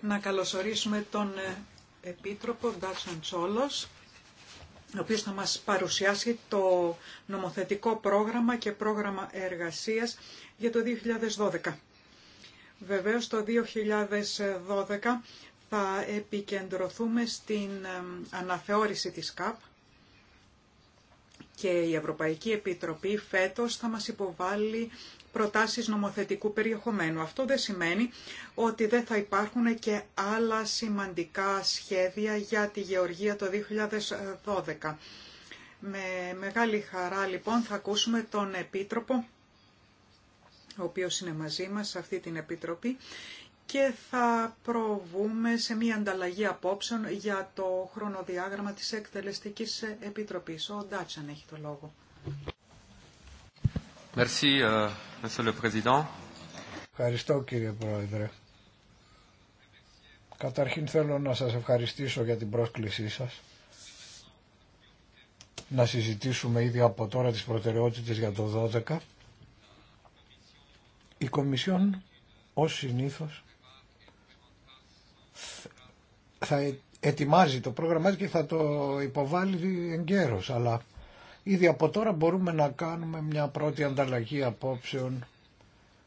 Να καλωσορίσουμε τον ε, Επίτροπο Ντάτσον Τσόλος, ο οποίος θα μας παρουσιάσει το νομοθετικό πρόγραμμα και πρόγραμμα εργασίας για το 2012. Βεβαίως το 2012 θα επικεντρωθούμε στην ε, αναθεώρηση της ΚΑΠ και η Ευρωπαϊκή Επιτροπή φέτος θα μας υποβάλει προτάσεις νομοθετικού περιεχομένου. Αυτό δεν σημαίνει ότι δεν θα υπάρχουν και άλλα σημαντικά σχέδια για τη γεωργία το 2012. Με μεγάλη χαρά λοιπόν θα ακούσουμε τον Επίτροπο ο οποίος είναι μαζί μας σε αυτή την Επιτροπή και θα προβούμε σε μια ανταλλαγή απόψεων για το χρονοδιάγραμμα της Εκτελεστικής Επιτροπής. Ο Ντάτσαν έχει το λόγο. Euh, Ευχαριστώ κύριε Πρόεδρε. Καταρχήν θέλω να σας ευχαριστήσω για την πρόσκλησή σας να συζητήσουμε ήδη από τώρα τις προτεραιότητες για το 12. Η Κομισιόν ως συνήθως θα ετοιμάζει το πρόγραμμά και θα το υποβάλει εγκαίρως, αλλά ήδη από τώρα μπορούμε να κάνουμε μια πρώτη ανταλλαγή απόψεων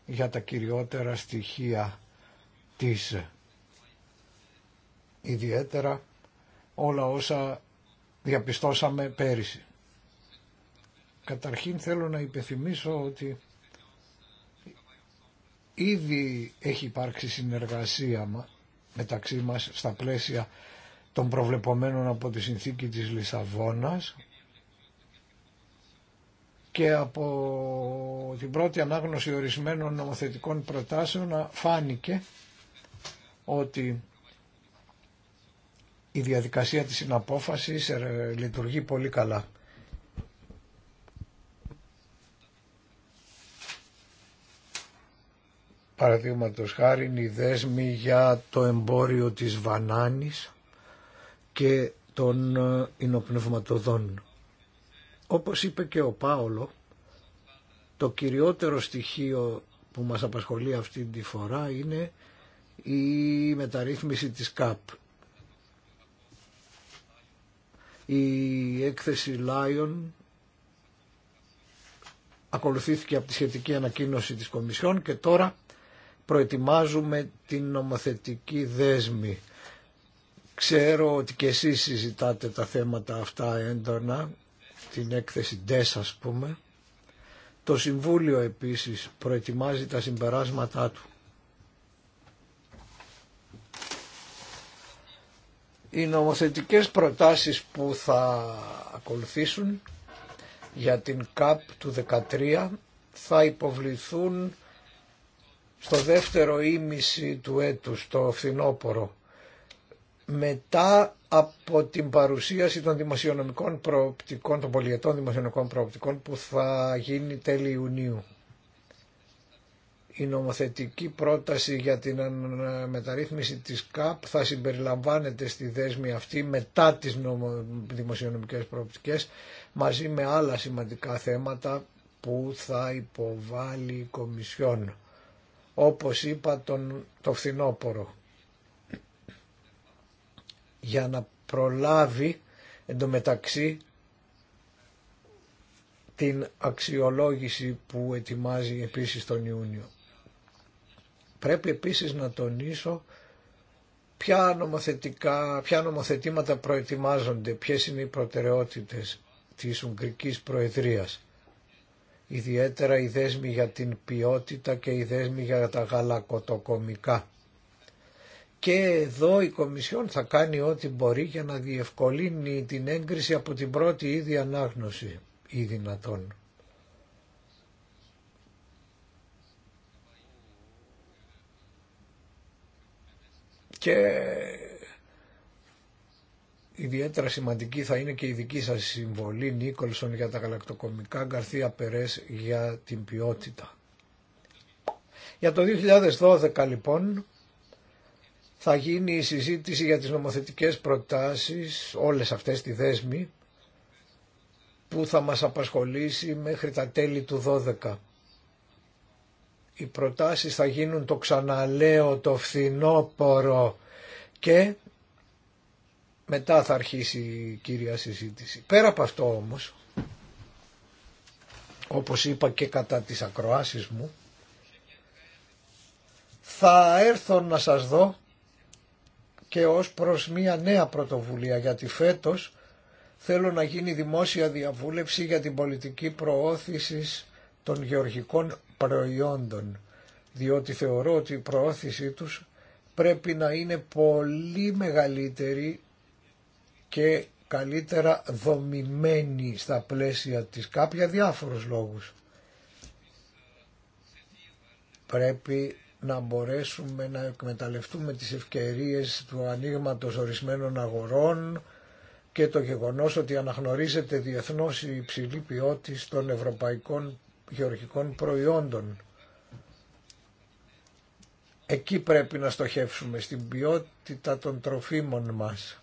για τα κυριότερα στοιχεία της. Ιδιαίτερα όλα όσα διαπιστώσαμε πέρυσι. Καταρχήν θέλω να υπενθυμίσω ότι ήδη έχει υπάρξει συνεργασία μεταξύ μας στα πλαίσια των προβλεπομένων από τη συνθήκη της Λισαβόνας και από την πρώτη ανάγνωση ορισμένων νομοθετικών προτάσεων φάνηκε ότι η διαδικασία της συναπόφασης ε, λειτουργεί πολύ καλά. Παραδείγματο χάρη οι δέσμοι για το εμπόριο της βανάνης και των υνοπνευματοδών. Ε, Όπως είπε και ο Πάολο, το κυριότερο στοιχείο που μας απασχολεί αυτή τη φορά είναι η μεταρρύθμιση της ΚΑΠ. Η έκθεση ΛΑΙΟΝ ακολουθήθηκε από τη σχετική ανακοίνωση της Κομισιόν και τώρα προετοιμάζουμε την νομοθετική δέσμη. Ξέρω ότι και εσείς συζητάτε τα θέματα αυτά έντονα, την έκθεση DES ας πούμε. Το Συμβούλιο επίσης προετοιμάζει τα συμπεράσματά του. Οι νομοθετικές προτάσεις που θα ακολουθήσουν για την ΚΑΠ του 13 θα υποβληθούν στο δεύτερο ήμιση του έτους, το φθινόπωρο, μετά από την παρουσίαση των δημοσιονομικών προοπτικών, των πολιετών δημοσιονομικών προοπτικών που θα γίνει τέλη Ιουνίου. Η νομοθετική πρόταση για την μεταρρύθμιση της ΚΑΠ θα συμπεριλαμβάνεται στη δέσμη αυτή μετά τις δημοσιονομικές προοπτικές μαζί με άλλα σημαντικά θέματα που θα υποβάλει η Κομισιόν όπως είπα τον, το φθινόπωρο, για να προλάβει εντωμεταξύ την αξιολόγηση που ετοιμάζει επίσης τον Ιούνιο. Πρέπει επίσης να τονίσω ποια, νομοθετικά, ποια νομοθετήματα προετοιμάζονται, ποιες είναι οι προτεραιότητες της Ουγγρικής Προεδρίας ιδιαίτερα οι δέσμοι για την ποιότητα και οι δέσμοι για τα γαλακοτοκομικά. Και εδώ η Κομισιόν θα κάνει ό,τι μπορεί για να διευκολύνει την έγκριση από την πρώτη ήδη ανάγνωση ή δυνατόν. Και Ιδιαίτερα σημαντική θα είναι και η δική σας συμβολή Νίκολσον για τα γαλακτοκομικά, Γκαρθία Περές για την ποιότητα. Για το 2012 λοιπόν θα γίνει η συζήτηση για τις νομοθετικές προτάσεις, όλες αυτές τη δέσμη, που θα μας απασχολήσει μέχρι τα τέλη του 12. Οι προτάσεις θα γίνουν το ξαναλέω το φθινόπορο και μετά θα αρχίσει η κυρία συζήτηση. Πέρα από αυτό όμως, όπως είπα και κατά τις ακροάσεις μου, θα έρθω να σας δω και ως προς μια νέα πρωτοβουλία γιατί φέτος θέλω να γίνει δημόσια διαβούλευση για την πολιτική προώθηση των γεωργικών προϊόντων διότι θεωρώ ότι η προώθησή τους πρέπει να είναι πολύ μεγαλύτερη και καλύτερα δομημένη στα πλαίσια της κάποια για διάφορους λόγους. Πρέπει να μπορέσουμε να εκμεταλλευτούμε τις ευκαιρίες του ανοίγματο ορισμένων αγορών και το γεγονός ότι αναγνωρίζεται διεθνώς η υψηλή ποιότητα των ευρωπαϊκών γεωργικών προϊόντων. Εκεί πρέπει να στοχεύσουμε, στην ποιότητα των τροφίμων μας.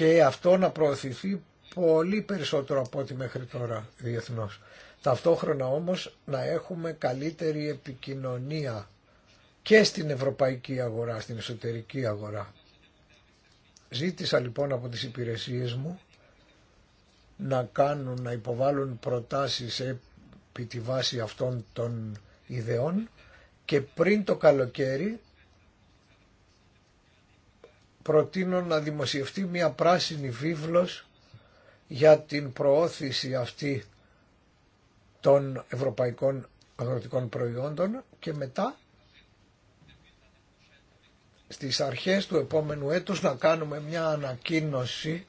και αυτό να προωθηθεί πολύ περισσότερο από ό,τι μέχρι τώρα διεθνώς. Ταυτόχρονα όμως να έχουμε καλύτερη επικοινωνία και στην ευρωπαϊκή αγορά, στην εσωτερική αγορά. Ζήτησα λοιπόν από τις υπηρεσίες μου να κάνουν, να υποβάλουν προτάσεις επί τη βάση αυτών των ιδεών και πριν το καλοκαίρι προτείνω να δημοσιευτεί μια πράσινη βίβλος για την προώθηση αυτή των ευρωπαϊκών αγροτικών προϊόντων και μετά στις αρχές του επόμενου έτους να κάνουμε μια ανακοίνωση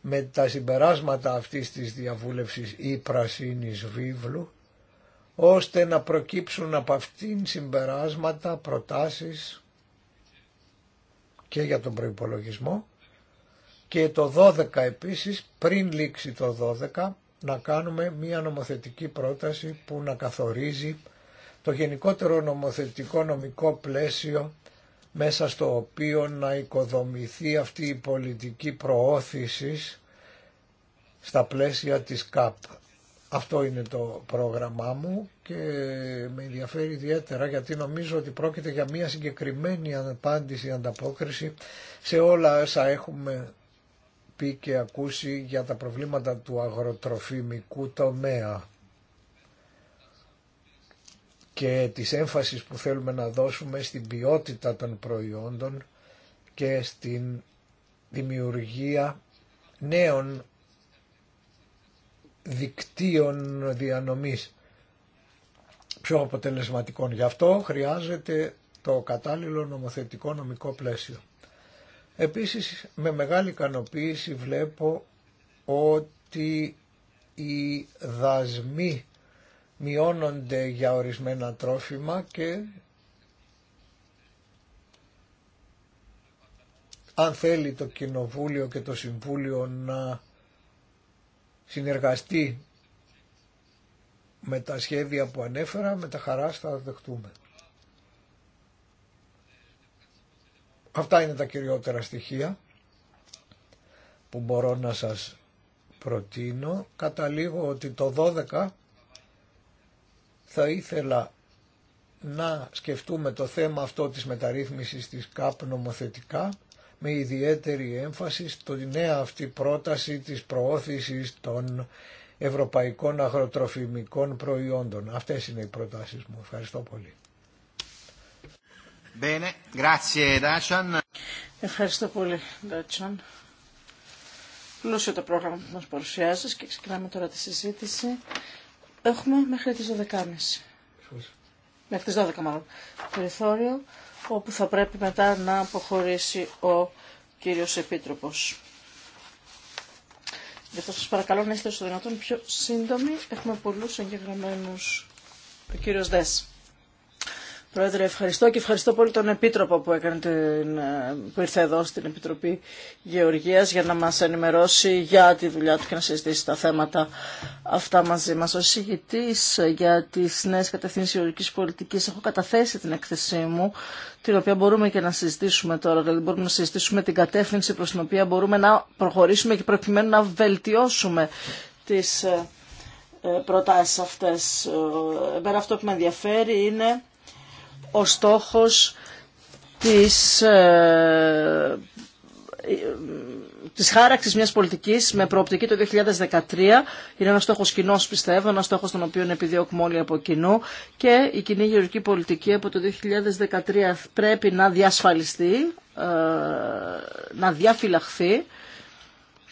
με τα συμπεράσματα αυτής της διαβούλευσης ή πρασίνης βίβλου ώστε να προκύψουν από αυτήν συμπεράσματα, προτάσεις και για τον προϋπολογισμό και το 12 επίσης πριν λήξει το 12 να κάνουμε μία νομοθετική πρόταση που να καθορίζει το γενικότερο νομοθετικό νομικό πλαίσιο μέσα στο οποίο να οικοδομηθεί αυτή η πολιτική προώθησης στα πλαίσια της ΚΑΠ. Αυτό είναι το πρόγραμμά μου και με ενδιαφέρει ιδιαίτερα γιατί νομίζω ότι πρόκειται για μια συγκεκριμένη απάντηση, ανταπόκριση σε όλα όσα έχουμε πει και ακούσει για τα προβλήματα του αγροτροφημικού τομέα και της έμφασης που θέλουμε να δώσουμε στην ποιότητα των προϊόντων και στην δημιουργία νέων δικτύων διανομής πιο αποτελεσματικών. Γι' αυτό χρειάζεται το κατάλληλο νομοθετικό νομικό πλαίσιο. Επίσης με μεγάλη ικανοποίηση βλέπω ότι οι δασμοί μειώνονται για ορισμένα τρόφιμα και αν θέλει το Κοινοβούλιο και το Συμβούλιο να συνεργαστεί με τα σχέδια που ανέφερα, με τα χαρά θα δεχτούμε. Αυτά είναι τα κυριότερα στοιχεία που μπορώ να σας προτείνω. Καταλήγω ότι το 12 θα ήθελα να σκεφτούμε το θέμα αυτό της μεταρρύθμισης της ΚΑΠ νομοθετικά με ιδιαίτερη έμφαση στη νέα αυτή πρόταση της προώθησης των ευρωπαϊκών αγροτροφημικών προϊόντων. Αυτές είναι οι προτάσεις μου. Ευχαριστώ πολύ. Ευχαριστώ πολύ, Ντάτσαν. Πλούσιο το πρόγραμμα που μας παρουσιάζεις και ξεκινάμε τώρα τη συζήτηση. Έχουμε μέχρι τις 12.30. Μέχρι τις 12 μάλλον. Περιθώριο όπου θα πρέπει μετά να αποχωρήσει ο κύριος Επίτροπος. Γι' αυτό σας παρακαλώ να είστε στο δυνατόν πιο σύντομοι. Έχουμε πολλούς εγγεγραμμένους. Ο κύριος Δέσ. Πρόεδρε, ευχαριστώ και ευχαριστώ πολύ τον Επίτροπο που, έκανε την, ε, που ήρθε εδώ στην Επιτροπή Γεωργίας για να μας ενημερώσει για τη δουλειά του και να συζητήσει τα θέματα αυτά μαζί μας. Ως ηγητής για τις νέες κατευθύνσεις γεωργικής πολιτικής έχω καταθέσει την έκθεσή μου, την οποία μπορούμε και να συζητήσουμε τώρα, δηλαδή μπορούμε να συζητήσουμε την κατεύθυνση προς την οποία μπορούμε να προχωρήσουμε και προκειμένου να βελτιώσουμε τις ε, ε, προτάσεις αυτές. Εμένα αυτό που με ενδιαφέρει είναι ο στόχος της, ε, της χάραξης μιας πολιτικής με προοπτική το 2013. Είναι ένας στόχος κοινό πιστεύω, ένας στόχος τον οποίο επιδιώκουμε όλοι από κοινού και η κοινή γεωργική πολιτική από το 2013 πρέπει να διασφαλιστεί, ε, να διαφυλαχθεί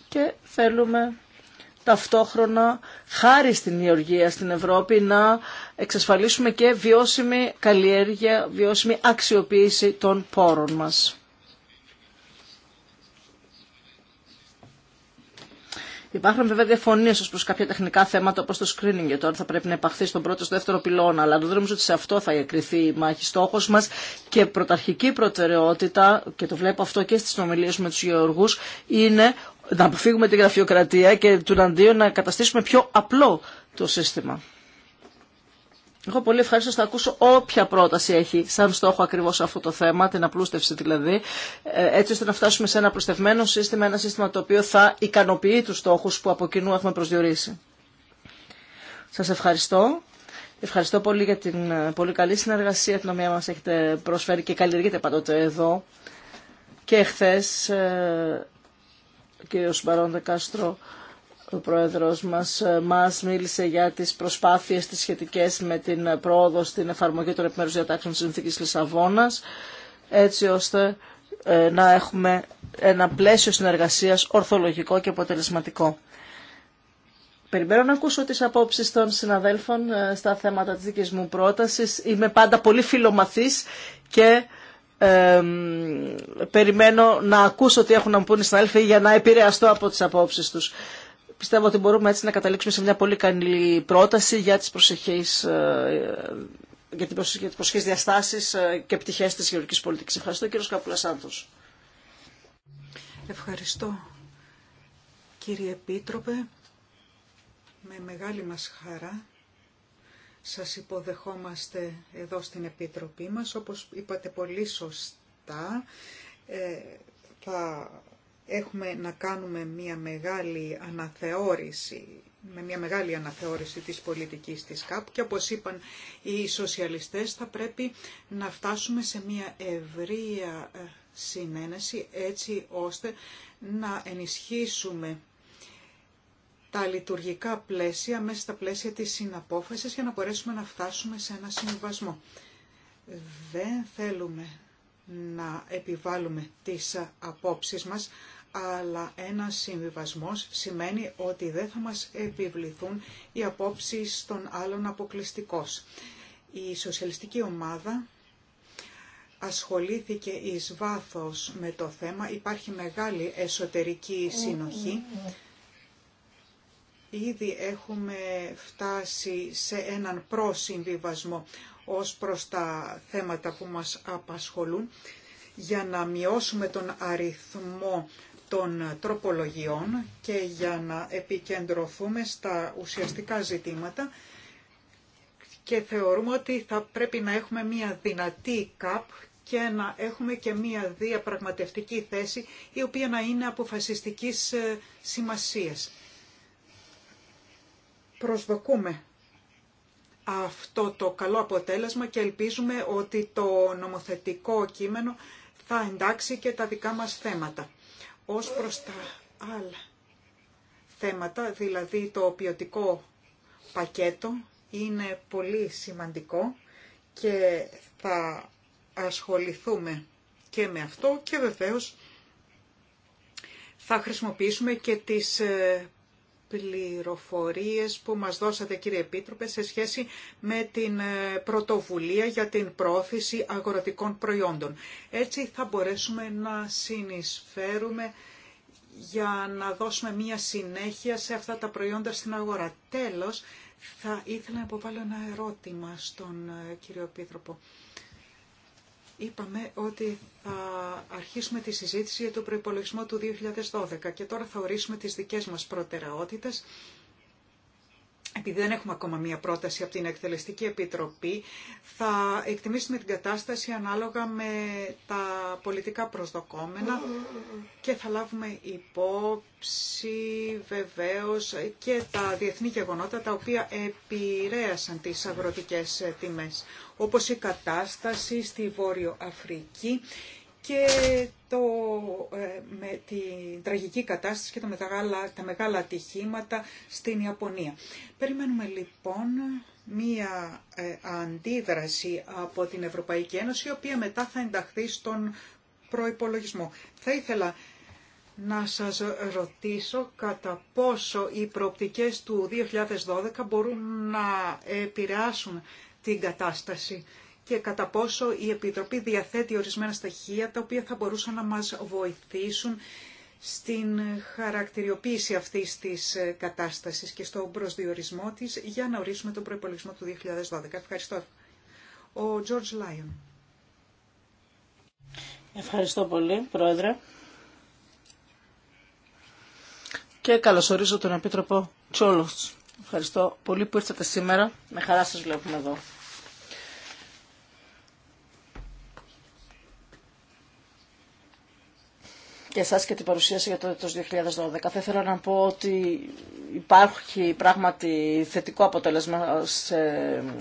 και θέλουμε ταυτόχρονα χάρη στην γεωργία στην Ευρώπη να εξασφαλίσουμε και βιώσιμη καλλιέργεια, βιώσιμη αξιοποίηση των πόρων μας. Υπάρχουν βέβαια διαφωνίε ω προ κάποια τεχνικά θέματα όπω το screening για το θα πρέπει να επαχθεί στον πρώτο η στο δεύτερο πυλώνα. Αλλά δεν νομίζω ότι σε αυτό θα εκριθεί η μάχη. Στόχο μα και πρωταρχική προτεραιότητα, και το βλέπω αυτό και στι συνομιλίε με του γεωργού, είναι να αποφύγουμε την γραφειοκρατία και του να καταστήσουμε πιο απλό το σύστημα. Εγώ πολύ ευχαριστώ θα ακούσω όποια πρόταση έχει σαν στόχο ακριβώ αυτό το θέμα, την απλούστευση δηλαδή, ε, έτσι ώστε να φτάσουμε σε ένα προστευμένο σύστημα, ένα σύστημα το οποίο θα ικανοποιεί του στόχου που από κοινού έχουμε προσδιορίσει. Σα ευχαριστώ. Ευχαριστώ πολύ για την ε, πολύ καλή συνεργασία την οποία μα έχετε προσφέρει και καλλιεργείτε πάντοτε εδώ και χθες ε, κύριο Σμπαρόντε Κάστρο ο πρόεδρος μας ε, μας μίλησε για τις προσπάθειες τις σχετικές με την πρόοδο στην εφαρμογή των επιμέρους διατάξεων της Συνθήκης Λισαβόνας έτσι ώστε ε, να έχουμε ένα πλαίσιο συνεργασίας ορθολογικό και αποτελεσματικό. Περιμένω να ακούσω τις απόψει των συναδέλφων ε, στα θέματα της δικής μου πρότασης. Είμαι πάντα πολύ φιλομαθής και ε, περιμένω να ακούσω τι έχουν να μου πούνε οι συνάδελφοι για να επηρεαστώ από τις απόψεις τους πιστεύω ότι μπορούμε έτσι να καταλήξουμε σε μια πολύ καλή πρόταση για τις προσεχείς ε, για τις προσεχείς διαστάσεις ε, και πτυχές της γεωργικής πολιτικής. Ευχαριστώ κύριο Σκαπουλασάντος. Ευχαριστώ κύριε Επίτροπε. Με μεγάλη μας χαρά σας υποδεχόμαστε εδώ στην Επιτροπή μας. Όπως είπατε πολύ σωστά, ε, θα έχουμε να κάνουμε μια μεγάλη αναθεώρηση με μια μεγάλη αναθεώρηση της πολιτικής της ΚΑΠ και όπως είπαν οι σοσιαλιστές θα πρέπει να φτάσουμε σε μια ευρεία ε, συνένεση έτσι ώστε να ενισχύσουμε τα λειτουργικά πλαίσια μέσα στα πλαίσια της συναπόφασης για να μπορέσουμε να φτάσουμε σε ένα συμβασμό. Δεν θέλουμε να επιβάλλουμε τις ε, απόψεις μας, αλλά ένα συμβιβασμός σημαίνει ότι δεν θα μας επιβληθούν οι απόψεις των άλλων αποκλειστικώς. Η σοσιαλιστική ομάδα ασχολήθηκε εις βάθος με το θέμα. Υπάρχει μεγάλη εσωτερική συνοχή. Ήδη έχουμε φτάσει σε έναν προσυμβιβασμό ως προς τα θέματα που μας απασχολούν για να μειώσουμε τον αριθμό των τροπολογιών και για να επικεντρωθούμε στα ουσιαστικά ζητήματα και θεωρούμε ότι θα πρέπει να έχουμε μια δυνατή ΚΑΠ και να έχουμε και μια διαπραγματευτική θέση η οποία να είναι αποφασιστικής ε, σημασίας. Προσδοκούμε αυτό το καλό αποτέλεσμα και ελπίζουμε ότι το νομοθετικό κείμενο θα εντάξει και τα δικά μας θέματα ως προς τα άλλα θέματα, δηλαδή το ποιοτικό πακέτο είναι πολύ σημαντικό και θα ασχοληθούμε και με αυτό και βεβαίως θα χρησιμοποιήσουμε και τις ε, πληροφορίες που μας δώσατε κύριε Επίτροπε σε σχέση με την ε, πρωτοβουλία για την πρόθεση αγορατικών προϊόντων. Έτσι θα μπορέσουμε να συνεισφέρουμε για να δώσουμε μία συνέχεια σε αυτά τα προϊόντα στην αγορά. Τέλος, θα ήθελα να υποβάλω ένα ερώτημα στον ε, κύριο Επίτροπο είπαμε ότι θα αρχίσουμε τη συζήτηση για το προϋπολογισμό του 2012 και τώρα θα ορίσουμε τις δικές μας προτεραιότητες επειδή δεν έχουμε ακόμα μία πρόταση από την Εκτελεστική Επιτροπή, θα εκτιμήσουμε την κατάσταση ανάλογα με τα πολιτικά προσδοκόμενα και θα λάβουμε υπόψη βεβαίως και τα διεθνή γεγονότα τα οποία επηρέασαν τις αγροτικές τιμές, όπως η κατάσταση στη Βόρειο Αφρική και το, ε, με την τραγική κατάσταση και τα μεγάλα, τα μεγάλα ατυχήματα στην Ιαπωνία. Περιμένουμε λοιπόν μία ε, αντίδραση από την Ευρωπαϊκή Ένωση, η οποία μετά θα ενταχθεί στον προϋπολογισμό. Θα ήθελα να σας ρωτήσω κατά πόσο οι προοπτικές του 2012 μπορούν να επηρεάσουν την κατάσταση και κατά πόσο η Επιτροπή διαθέτει ορισμένα στοιχεία τα οποία θα μπορούσαν να μας βοηθήσουν στην χαρακτηριοποίηση αυτής της κατάστασης και στον προσδιορισμό της για να ορίσουμε τον προϋπολογισμό του 2012. Ευχαριστώ. Ο George Lyon. Ευχαριστώ πολύ, Πρόεδρε. Και καλωσορίζω τον Επίτροπο Τσόλος. Ευχαριστώ πολύ που ήρθατε σήμερα. Με χαρά σας βλέπουμε εδώ. και εσάς και την παρουσίαση για το έτος 2012. Θα ήθελα να πω ότι υπάρχει πράγματι θετικό αποτέλεσμα σε,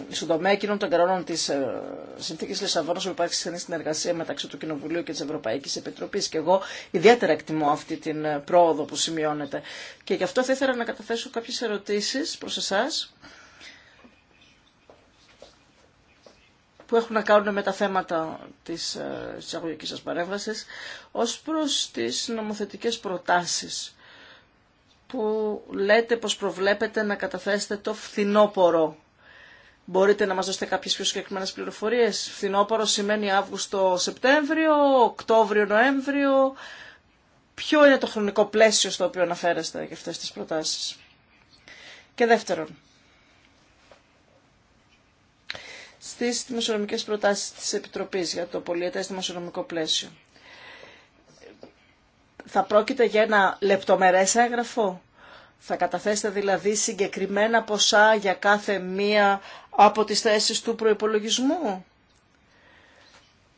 στον τομέα εκείνων των καρόνων της ε, Συνθήκης Λισαβόνας που υπάρχει στενή συνεργασία μεταξύ του Κοινοβουλίου και της Ευρωπαϊκής Επιτροπής και εγώ ιδιαίτερα εκτιμώ αυτή την ε, πρόοδο που σημειώνεται. Και γι' αυτό θα ήθελα να καταθέσω κάποιες ερωτήσεις προς εσάς που έχουν να κάνουν με τα θέματα ε, της εισαγωγικής σας παρέμβασης ως προς τις νομοθετικές προτάσεις που λέτε πως προβλέπετε να καταθέσετε το φθινόπωρο. Μπορείτε να μας δώσετε κάποιες πιο συγκεκριμένες πληροφορίες. Φθινόπορο σημαίνει Αύγουστο-Σεπτέμβριο, Οκτώβριο-Νοέμβριο. Ποιο είναι το χρονικό πλαίσιο στο οποίο αναφέρεστε για αυτές τις προτάσεις. Και δεύτερον, Στι μεσονομικέ προτάσει τη Επιτροπή για το πολιετές δημοσιονομικό πλαίσιο. Θα πρόκειται για ένα λεπτομερές έγγραφο. Θα καταθέσετε δηλαδή συγκεκριμένα ποσά για κάθε μία από τις θέσεις του προϋπολογισμού.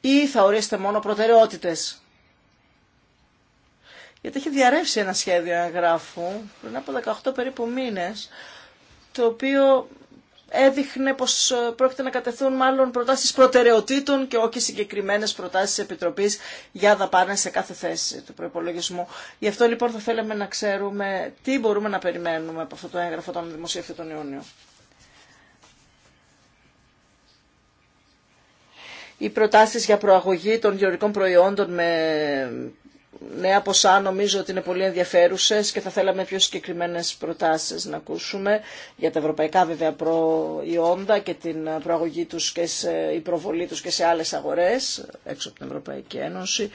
Ή θα ορίσετε μόνο προτεραιότητες. Γιατί έχει διαρρεύσει ένα σχέδιο εγγράφου πριν από 18 περίπου μήνες, το οποίο έδειχνε πως ε, πρόκειται να κατεθούν μάλλον προτάσεις προτεραιοτήτων και όχι συγκεκριμένες προτάσεις Επιτροπής για δαπάνε σε κάθε θέση του προϋπολογισμού. Γι' αυτό λοιπόν θα θέλαμε να ξέρουμε τι μπορούμε να περιμένουμε από αυτό το έγγραφο των δημοσίευτων τον Ιούνιο. Οι προτάσεις για προαγωγή των γεωρικών προϊόντων με νέα ποσά νομίζω ότι είναι πολύ ενδιαφέρουσε και θα θέλαμε πιο συγκεκριμένε προτάσει να ακούσουμε για τα ευρωπαϊκά βέβαια προϊόντα και την προαγωγή του και σε, η προβολή του και σε άλλε αγορέ έξω από την Ευρωπαϊκή Ένωση.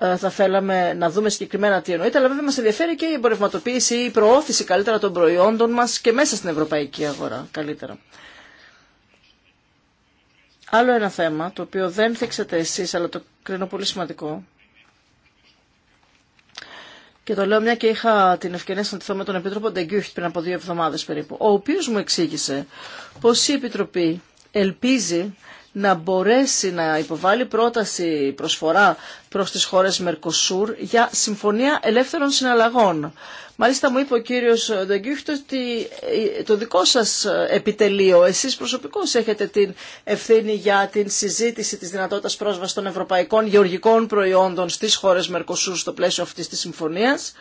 Ε, θα θέλαμε να δούμε συγκεκριμένα τι εννοείται, αλλά βέβαια μα ενδιαφέρει και η εμπορευματοποίηση ή η προώθηση καλύτερα των προϊόντων μα και μέσα στην ευρωπαϊκή αγορά καλύτερα. Άλλο ένα θέμα, το οποίο δεν θέξατε εσεί, αλλά το κρίνω πολύ σημαντικό, και το λέω μια και είχα την ευκαιρία να συναντηθώ με τον Επίτροπο Ντεγκιούχτ πριν από δύο εβδομάδε περίπου, ο οποίο μου εξήγησε πω η Επιτροπή ελπίζει να μπορέσει να υποβάλει πρόταση προσφορά προς τις χώρες Μερκοσούρ για συμφωνία ελεύθερων συναλλαγών. Μάλιστα μου είπε ο κύριος Νταγκίχτ ότι ε, το δικό σας ε, επιτελείο, εσείς προσωπικώς έχετε την ευθύνη για την συζήτηση της δυνατότητας πρόσβασης των ευρωπαϊκών γεωργικών προϊόντων στις χώρες Μερκοσούρ στο πλαίσιο αυτής της συμφωνίας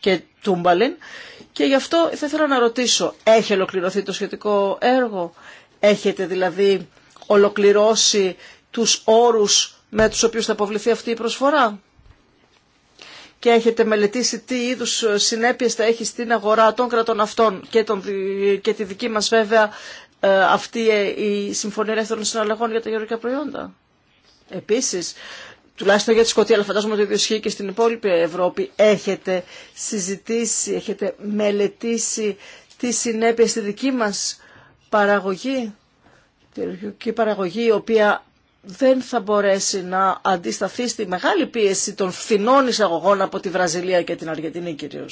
και του Τούμπαλιν. Και γι' αυτό θα ήθελα να ρωτήσω, έχει ολοκληρωθεί το σχετικό έργο, έχετε δηλαδή ολοκληρώσει τους όρους με τους οποίους θα αποβληθεί αυτή η προσφορά και έχετε μελετήσει τι είδους συνέπειες θα έχει στην αγορά των κρατών αυτών και, τον, και τη δική μας βέβαια ε, αυτή ε, η Συμφωνία Ελεύθερων Συναλλαγών για τα γεωργικά προϊόντα. Επίσης, τουλάχιστον για τη Σκοτία, αλλά φαντάζομαι ότι ισχύει και στην υπόλοιπη Ευρώπη, έχετε συζητήσει, έχετε μελετήσει τι συνέπειε στη δική μας παραγωγή, τη παραγωγή η οποία δεν θα μπορέσει να αντισταθεί στη μεγάλη πίεση των φθηνών εισαγωγών από τη Βραζιλία και την Αργεντινή κυρίω.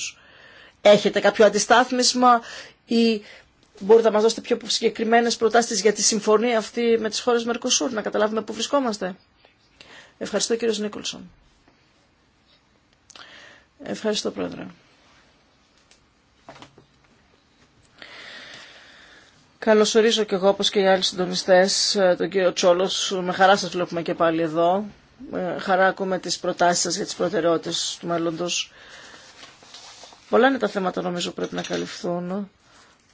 Έχετε κάποιο αντιστάθμισμα ή μπορείτε να μας δώσετε πιο συγκεκριμένες προτάσεις για τη συμφωνία αυτή με τις χώρες Μερκοσούρ, να καταλάβουμε πού βρισκόμαστε. Ευχαριστώ κύριος Νίκολσον. Ευχαριστώ πρόεδρε. Καλωσορίζω και εγώ, όπως και οι άλλοι συντονιστές, ε, τον κύριο Τσόλος. Με χαρά σας βλέπουμε και πάλι εδώ. Με χαρά ακούμε τις προτάσεις σας για τις προτεραιότητες του μέλλοντος. Πολλά είναι τα θέματα νομίζω πρέπει να καλυφθούν.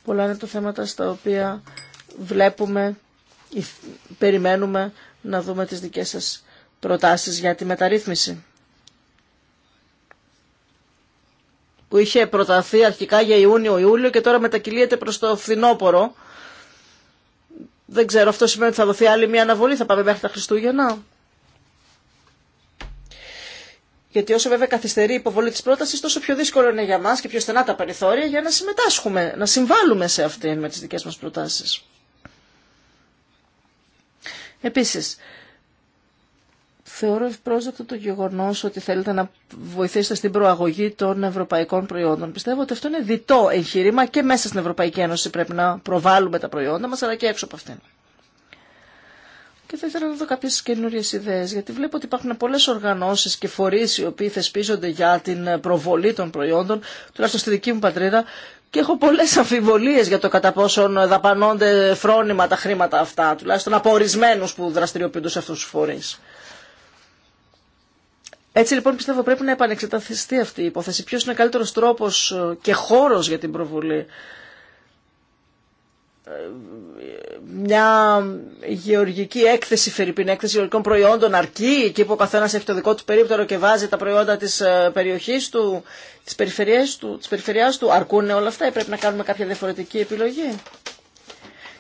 Πολλά είναι τα θέματα στα οποία βλέπουμε ή περιμένουμε να δούμε τις δικές σας προτάσεις για τη μεταρρύθμιση. που είχε προταθεί αρχικά για Ιούνιο-Ιούλιο και τώρα μετακυλείεται προς το φθινόπωρο. Δεν ξέρω, αυτό σημαίνει ότι θα δοθεί άλλη μια αναβολή, θα πάμε μέχρι τα Χριστούγεννα. Γιατί όσο βέβαια καθυστερεί η υποβολή τη πρόταση, τόσο πιο δύσκολο είναι για μα και πιο στενά τα περιθώρια για να συμμετάσχουμε, να συμβάλλουμε σε αυτήν με τι δικέ μα προτάσει. Επίση, Θεωρώ ευπρόσδεκτο το γεγονό ότι θέλετε να βοηθήσετε στην προαγωγή των ευρωπαϊκών προϊόντων. Πιστεύω ότι αυτό είναι διτό εγχείρημα και μέσα στην Ευρωπαϊκή Ένωση πρέπει να προβάλλουμε τα προϊόντα μα, αλλά και έξω από αυτήν. Και θα ήθελα να δω κάποιε καινούριε ιδέε, γιατί βλέπω ότι υπάρχουν πολλέ οργανώσει και φορεί οι οποίοι θεσπίζονται για την προβολή των προϊόντων, τουλάχιστον στη δική μου πατρίδα, και έχω πολλέ αμφιβολίε για το κατά πόσον δαπανώνται φρόνημα τα χρήματα αυτά, τουλάχιστον από ορισμένου που δραστηριοποιούνται σε αυτού του φορεί. Έτσι λοιπόν πιστεύω πρέπει να επανεξεταθιστεί αυτή η υπόθεση. Ποιος είναι ο καλύτερος τρόπος ε, και χώρος για την προβολή. Ε, μια γεωργική έκθεση, φερειπίνη, έκθεση γεωργικών προϊόντων αρκεί, και που ο καθένας έχει το δικό του περίπτερο και βάζει τα προϊόντα της ε, περιοχής του, της περιφερεια του, της περιφερειάς του. αρκούν όλα αυτά ή πρέπει να κάνουμε κάποια διαφορετική επιλογή.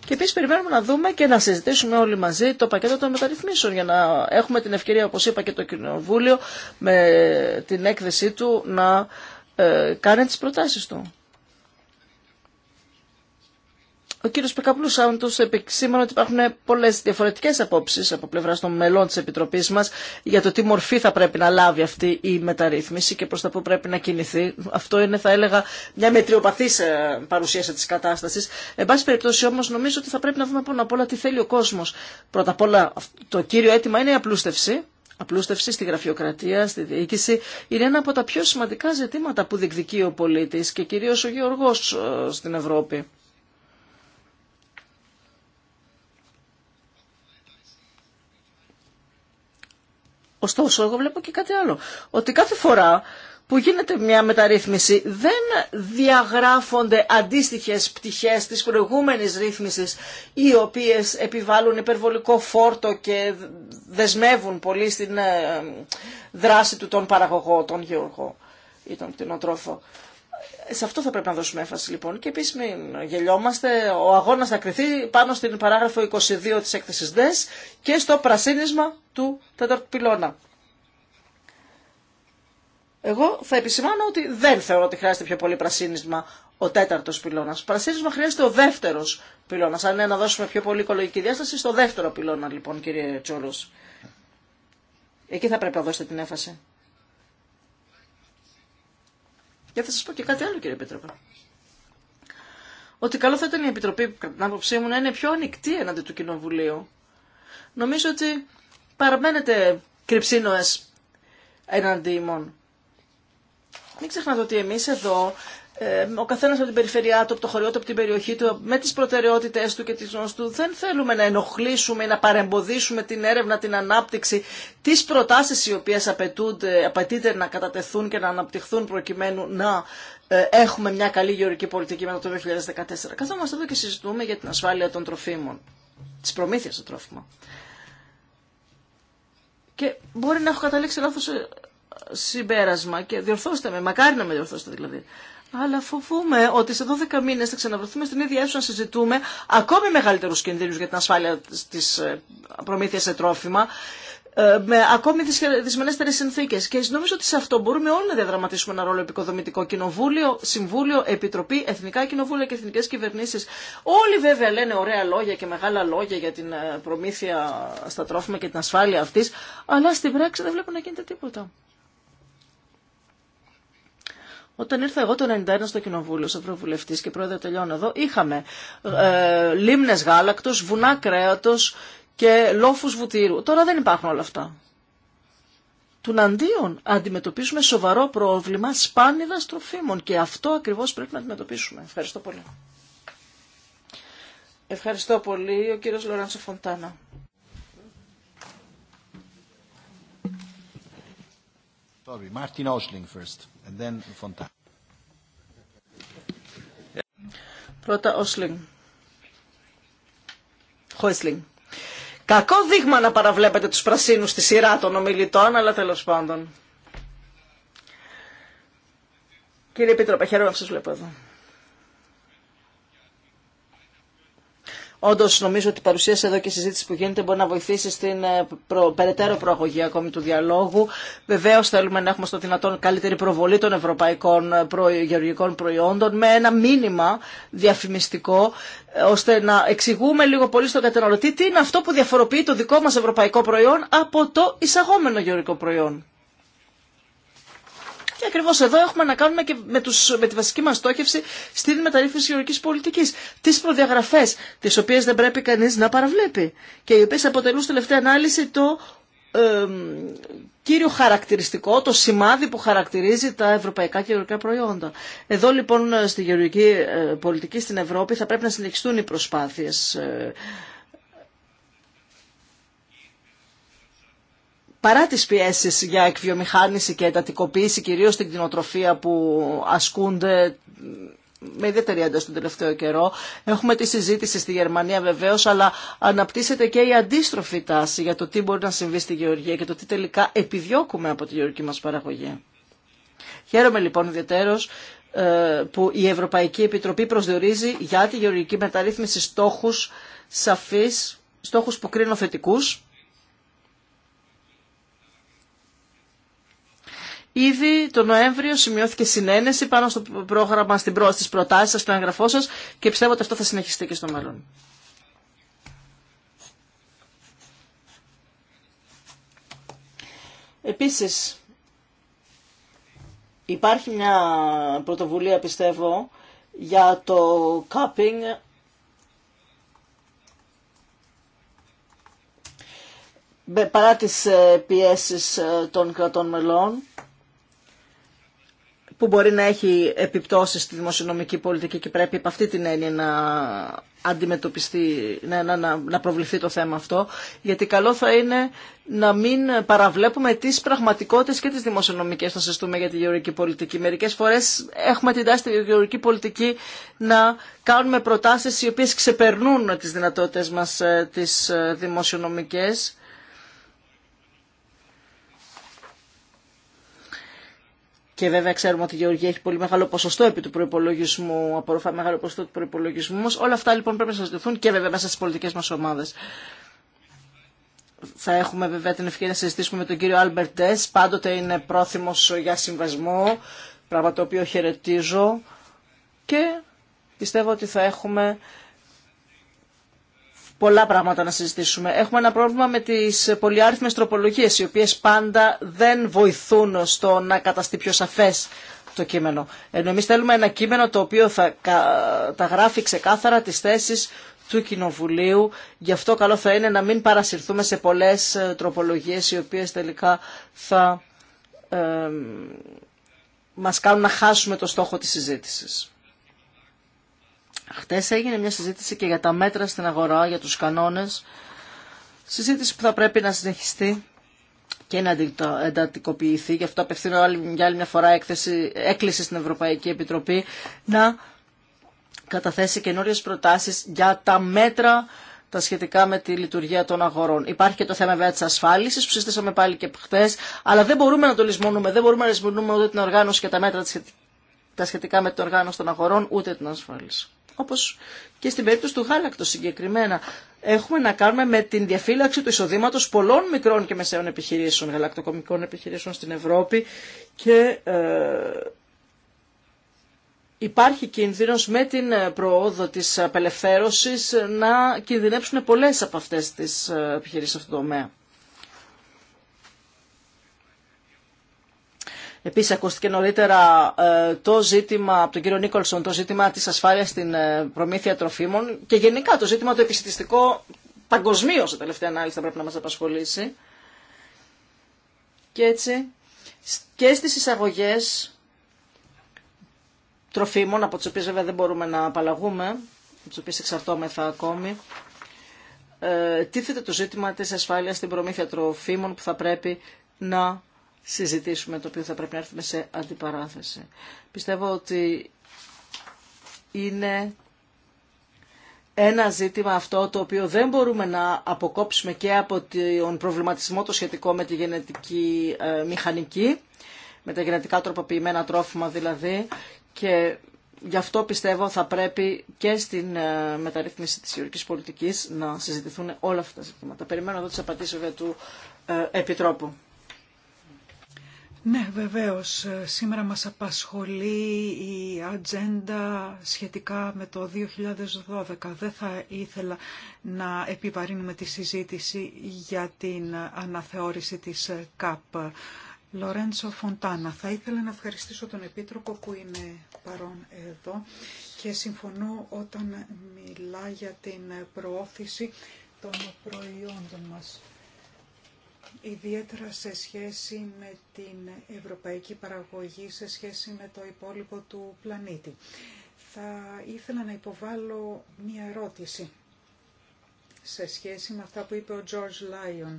Και επίση περιμένουμε να δούμε και να συζητήσουμε όλοι μαζί το πακέτο των μεταρρυθμίσεων για να έχουμε την ευκαιρία, όπω είπα και το Κοινοβούλιο, με την έκθεσή του να ε, κάνει τι προτάσει του. Ο κύριος Πεκαπλού Σάντους επισήμανε ότι υπάρχουν πολλές διαφορετικές απόψεις από πλευρά των μελών της Επιτροπής μας για το τι μορφή θα πρέπει να λάβει αυτή η μεταρρύθμιση και προς τα που πρέπει να κινηθεί. Αυτό είναι θα έλεγα μια μετριοπαθή ε, παρουσίαση της κατάστασης. Εν πάση περιπτώσει όμως νομίζω ότι θα πρέπει να δούμε πάνω απ' όλα τι θέλει ο κόσμος. Πρώτα απ' όλα το κύριο αίτημα είναι η απλούστευση απλούστευση στη γραφειοκρατία, στη διοίκηση, είναι ένα από τα πιο σημαντικά ζητήματα που διεκδικεί ο πολίτης και κυρίως ο γεωργός ε, στην Ευρώπη. Ωστόσο, εγώ βλέπω και κάτι άλλο. Ότι κάθε φορά που γίνεται μια μεταρρύθμιση δεν διαγράφονται αντίστοιχες πτυχές της προηγούμενης ρύθμισης οι οποίες επιβάλλουν υπερβολικό φόρτο και δεσμεύουν πολύ στην ε, ε, δράση του τον παραγωγό, τον γεωργό ή τον κτηνοτρόφο. Σε αυτό θα πρέπει να δώσουμε έμφαση λοιπόν. Και επίση μην γελιόμαστε. Ο αγώνα θα κρυθεί πάνω στην παράγραφο 22 τη έκθεση ΔΕΣ και στο πρασίνισμα του τέταρτου πυλώνα. Εγώ θα επισημάνω ότι δεν θεωρώ ότι χρειάζεται πιο πολύ πρασίνισμα ο τέταρτο πυλώνα. Πρασίνισμα χρειάζεται ο δεύτερο πυλώνα. Αν είναι να δώσουμε πιο πολύ οικολογική διάσταση, στο δεύτερο πυλώνα λοιπόν, κύριε Τσόλο. Εκεί θα πρέπει να δώσετε την έφαση. Και θα σα πω και κάτι άλλο κύριε Πέτροπα. Ότι καλό θα ήταν η Επιτροπή, κατά την άποψή μου, να είναι πιο ανοιχτή εναντί του Κοινοβουλίου. Νομίζω ότι παραμένετε κρυψίνοε εναντί Μην ξεχνάτε ότι εμείς εδώ ε, ο καθένας από την περιφερειά του, από το χωριό του, από την περιοχή του, με τις προτεραιότητες του και τις γνώσεις του. Δεν θέλουμε να ενοχλήσουμε ή να παρεμποδίσουμε την έρευνα, την ανάπτυξη, τις προτάσεις οι οποίες απαιτούνται, απαιτείται να κατατεθούν και να αναπτυχθούν προκειμένου να ε, έχουμε μια καλή γεωρική πολιτική μετά το 2014. Καθόμαστε εδώ και συζητούμε για την ασφάλεια των τροφίμων, της προμήθειας των τρόφιμων. Και μπορεί να έχω καταλήξει λάθος ε, συμπέρασμα και διορθώστε με, μακάρι να με διορθώσετε δηλαδή. Αλλά φοβούμαι ότι σε 12 μήνε θα ξαναβρεθούμε στην ίδια αίθουσα να συζητούμε ακόμη μεγαλύτερου κινδύνου για την ασφάλεια τη ε, προμήθεια σε τρόφιμα, ε, με ακόμη δυσμενέστερε συνθήκε. Και νομίζω ότι σε αυτό μπορούμε όλοι να διαδραματίσουμε ένα ρόλο επικοδομητικό. Κοινοβούλιο, Συμβούλιο, Επιτροπή, Εθνικά Κοινοβούλια και Εθνικέ Κυβερνήσει. Όλοι βέβαια λένε ωραία λόγια και μεγάλα λόγια για την ε, προμήθεια στα τρόφιμα και την ασφάλεια αυτή, αλλά στην πράξη δεν βλέπω να γίνεται τίποτα. Όταν ήρθα εγώ το 91 στο Κοινοβούλιο σε ευρωβουλευτή και πρόεδρε τελειώνω εδώ, είχαμε ε, λίμνες γάλακτος, βουνά κρέατος και λόφου βουτύρου. Τώρα δεν υπάρχουν όλα αυτά. Τουναντίον αντιμετωπίσουμε σοβαρό πρόβλημα σπάνιδας τροφίμων και αυτό ακριβώ πρέπει να αντιμετωπίσουμε. Ευχαριστώ πολύ. Ευχαριστώ πολύ ο κύριος Λοράνσο Φοντάνα. Sorry, Martin Oschling first, and then Fontana. Πρώτα Όσλινγκ. Χόισλινγκ. Κακό δείγμα να παραβλέπετε τους πρασίνους στη σειρά των ομιλητών, αλλά τέλος πάντων. Κύριε Επίτροπε, χαίρομαι να σας βλέπω εδώ. Όντω νομίζω ότι η παρουσίαση εδώ και η συζήτηση που γίνεται μπορεί να βοηθήσει στην ε, περαιτέρω προαγωγή ακόμη του διαλόγου. Βεβαίω θέλουμε να έχουμε στο δυνατόν καλύτερη προβολή των ευρωπαϊκών ε, γεωργικών προϊόντων με ένα μήνυμα διαφημιστικό ε, ώστε να εξηγούμε λίγο πολύ στον καταναλωτή τι είναι αυτό που διαφοροποιεί το δικό μα ευρωπαϊκό προϊόν από το εισαγόμενο γεωργικό προϊόν. Και ακριβώ εδώ έχουμε να κάνουμε και με, τους, με τη βασική μας στόχευση στην μεταρρύθμιση γεωργικής πολιτικής. Τις προδιαγραφές, τις οποίες δεν πρέπει κανείς να παραβλέπει και οι οποίε αποτελούν στη τελευταία ανάλυση το κύριο χαρακτηριστικό, το σημάδι που χαρακτηρίζει τα ευρωπαϊκά και γεωργικά προϊόντα. Εδώ λοιπόν στη γεωργική ε, πολιτική στην Ευρώπη θα πρέπει να συνεχιστούν οι προσπάθειες ε, παρά τις πιέσεις για εκβιομηχάνηση και εντατικοποίηση, κυρίως στην κτηνοτροφία που ασκούνται με ιδιαίτερη ένταση τον τελευταίο καιρό. Έχουμε τη συζήτηση στη Γερμανία βεβαίως, αλλά αναπτύσσεται και η αντίστροφη τάση για το τι μπορεί να συμβεί στη Γεωργία και το τι τελικά επιδιώκουμε από τη γεωργική μας παραγωγή. Χαίρομαι λοιπόν ιδιαίτερος ε, που η Ευρωπαϊκή Επιτροπή προσδιορίζει για τη γεωργική μεταρρύθμιση στόχους σαφείς, στόχους που κρίνω θετικούς Ήδη το Νοέμβριο σημειώθηκε συνένεση πάνω στο πρόγραμμα, στην προ... στις προτάσεις σας, στο έγγραφό σας και πιστεύω ότι αυτό θα συνεχιστεί και στο μέλλον. Επίσης, υπάρχει μια πρωτοβουλία, πιστεύω, για το cupping παρά τις ε, πιέσεις ε, των κρατών μελών που μπορεί να έχει επιπτώσεις στη δημοσιονομική πολιτική και πρέπει από αυτή την έννοια να αντιμετωπιστεί, να, να, να προβληθεί το θέμα αυτό, γιατί καλό θα είναι να μην παραβλέπουμε τις πραγματικότητες και τις δημοσιονομικές να συστούμε για τη γεωργική πολιτική. Μερικές φορές έχουμε την τάση τη γεωργική πολιτική να κάνουμε προτάσεις οι οποίες ξεπερνούν τις δυνατότητες μας ε, τις ε, δημοσιονομικές Και βέβαια ξέρουμε ότι η Γεωργία έχει πολύ μεγάλο ποσοστό επί του προπολογισμού, απορροφά μεγάλο ποσοστό του προπολογισμού μα. Όλα αυτά λοιπόν πρέπει να συζητηθούν και βέβαια μέσα στι πολιτικέ μα ομάδε. Θα έχουμε βέβαια την ευκαιρία να συζητήσουμε με τον κύριο Άλμπερτ Πάντοτε είναι πρόθυμο για συμβασμό, πράγμα το οποίο χαιρετίζω. Και πιστεύω ότι θα έχουμε πολλά πράγματα να συζητήσουμε. Έχουμε ένα πρόβλημα με τις πολυάριθμες τροπολογίες, οι οποίες πάντα δεν βοηθούν στο να καταστεί πιο σαφές το κείμενο. Ε, ενώ εμείς θέλουμε ένα κείμενο το οποίο θα τα γράφει ξεκάθαρα τις θέσεις του Κοινοβουλίου. Γι' αυτό καλό θα είναι να μην παρασυρθούμε σε πολλές ε, τροπολογίες οι οποίες τελικά θα ε, μας κάνουν να χάσουμε το στόχο της συζήτησης. Χτες έγινε μια συζήτηση και για τα μέτρα στην αγορά, για τους κανόνες. Συζήτηση που θα πρέπει να συνεχιστεί και να εντατικοποιηθεί. Γι' αυτό απευθύνω για άλλη μια φορά έκθεση, έκκληση στην Ευρωπαϊκή Επιτροπή να καταθέσει καινούριες προτάσεις για τα μέτρα τα σχετικά με τη λειτουργία των αγορών. Υπάρχει και το θέμα βέβαια τη ασφάλιση που συζητήσαμε πάλι και χθε, αλλά δεν μπορούμε να το λησμονούμε. Δεν μπορούμε να λησμονούμε ούτε την οργάνωση και τα μέτρα τα σχετικά με την οργάνωση των αγορών, ούτε την ασφάλιση όπως και στην περίπτωση του γάλακτος συγκεκριμένα, έχουμε να κάνουμε με την διαφύλαξη του εισοδήματος πολλών μικρών και μεσαίων επιχειρήσεων, γαλακτοκομικών επιχειρήσεων στην Ευρώπη και ε, υπάρχει κίνδυνος με την ε, προόδο της απελευθέρωσης να κινδυνεύσουν πολλές από αυτές τις ε, επιχειρήσεις σε αυτό το τομέα. Επίσης ακούστηκε νωρίτερα ε, το ζήτημα από τον κύριο Νίκολσον, το ζήτημα της ασφάλειας στην ε, προμήθεια τροφίμων και γενικά το ζήτημα το επιστηστικό παγκοσμίω σε τελευταία ανάλυση θα πρέπει να μας απασχολήσει. Και έτσι και στις εισαγωγές τροφίμων, από τις οποίες βέβαια δεν μπορούμε να απαλλαγούμε, από τις οποίες εξαρτώμεθα ακόμη, ε, τίθεται το ζήτημα της ασφάλειας στην προμήθεια τροφίμων που θα πρέπει να συζητήσουμε, το οποίο θα πρέπει να έρθουμε σε αντιπαράθεση. Πιστεύω ότι είναι ένα ζήτημα αυτό το οποίο δεν μπορούμε να αποκόψουμε και από τον προβληματισμό το σχετικό με τη γενετική ε, μηχανική, με τα γενετικά τροποποιημένα τρόφιμα δηλαδή, και γι' αυτό πιστεύω θα πρέπει και στην ε, μεταρρύθμιση της ιωρικής πολιτικής να συζητηθούν όλα αυτά τα ζητήματα. Περιμένω εδώ τις απαντήσεις του ε, Επιτρόπου. Ναι, βεβαίως. Ε, σήμερα μας απασχολεί η ατζέντα σχετικά με το 2012. Δεν θα ήθελα να επιβαρύνουμε τη συζήτηση για την αναθεώρηση της ΚΑΠ. Λορέντσο Φοντάνα, θα ήθελα να ευχαριστήσω τον Επίτροπο που είναι παρόν εδώ και συμφωνώ όταν μιλά για την προώθηση των προϊόντων μας ιδιαίτερα σε σχέση με την ευρωπαϊκή παραγωγή, σε σχέση με το υπόλοιπο του πλανήτη. Θα ήθελα να υποβάλω μία ερώτηση σε σχέση με αυτά που είπε ο George Lyon.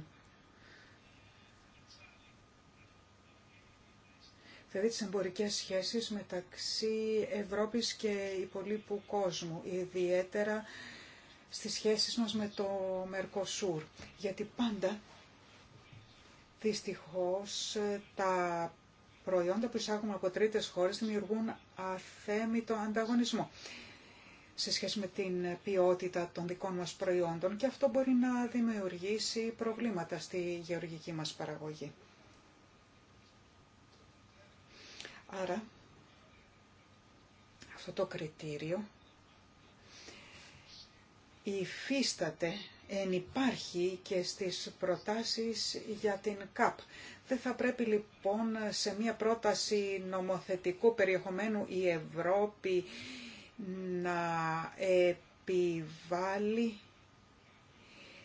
δηλαδή τις εμπορικές σχέσεις μεταξύ Ευρώπης και υπολείπου κόσμου, ιδιαίτερα στις σχέσεις μας με το Μερκοσούρ. Γιατί πάντα Δυστυχώς τα προϊόντα που εισάγουμε από τρίτες χώρες δημιουργούν αθέμητο ανταγωνισμό σε σχέση με την ποιότητα των δικών μας προϊόντων και αυτό μπορεί να δημιουργήσει προβλήματα στη γεωργική μας παραγωγή. Άρα, αυτό το κριτήριο υφίσταται εν υπάρχει και στις προτάσεις για την ΚΑΠ. Δεν θα πρέπει λοιπόν σε μια πρόταση νομοθετικού περιεχομένου η Ευρώπη να επιβάλλει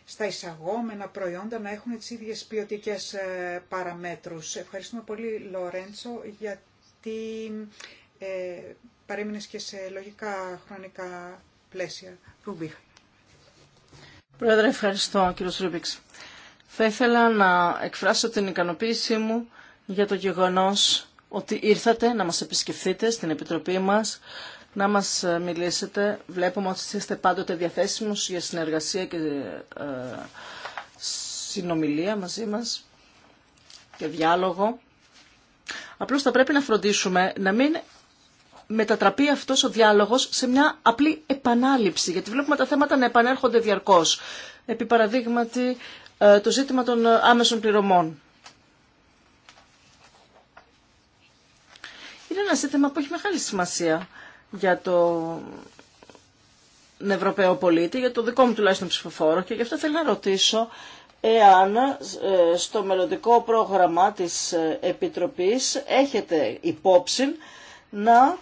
στα εισαγόμενα προϊόντα να έχουν τις ίδιες ποιοτικές ε, παραμέτρους. Ευχαριστούμε πολύ Λορέντσο γιατί ε, παρέμεινες και σε λογικά χρονικά πλαίσια. Ρουμπίχα. Πρόεδρε, ευχαριστώ κύριο Ρούμπιξ. Θα ήθελα να εκφράσω την ικανοποίησή μου για το γεγονός ότι ήρθατε να μας επισκεφθείτε στην Επιτροπή μας, να μας μιλήσετε. Βλέπουμε ότι είστε πάντοτε διαθέσιμος για συνεργασία και ε, συνομιλία μαζί μας και διάλογο. Απλώς θα πρέπει να φροντίσουμε να μην μετατραπεί αυτός ο διάλογος σε μια απλή επανάληψη, γιατί βλέπουμε τα θέματα να επανέρχονται διαρκώς. Επί παραδείγματι ε, το ζήτημα των άμεσων πληρωμών. Είναι ένα ζήτημα που έχει μεγάλη σημασία για το Ευρωπαίο πολίτη, για το δικό μου τουλάχιστον ψηφοφόρο και γι' αυτό θέλω να ρωτήσω εάν ε, στο μελλοντικό πρόγραμμα της ε, Επιτροπής έχετε υπόψη να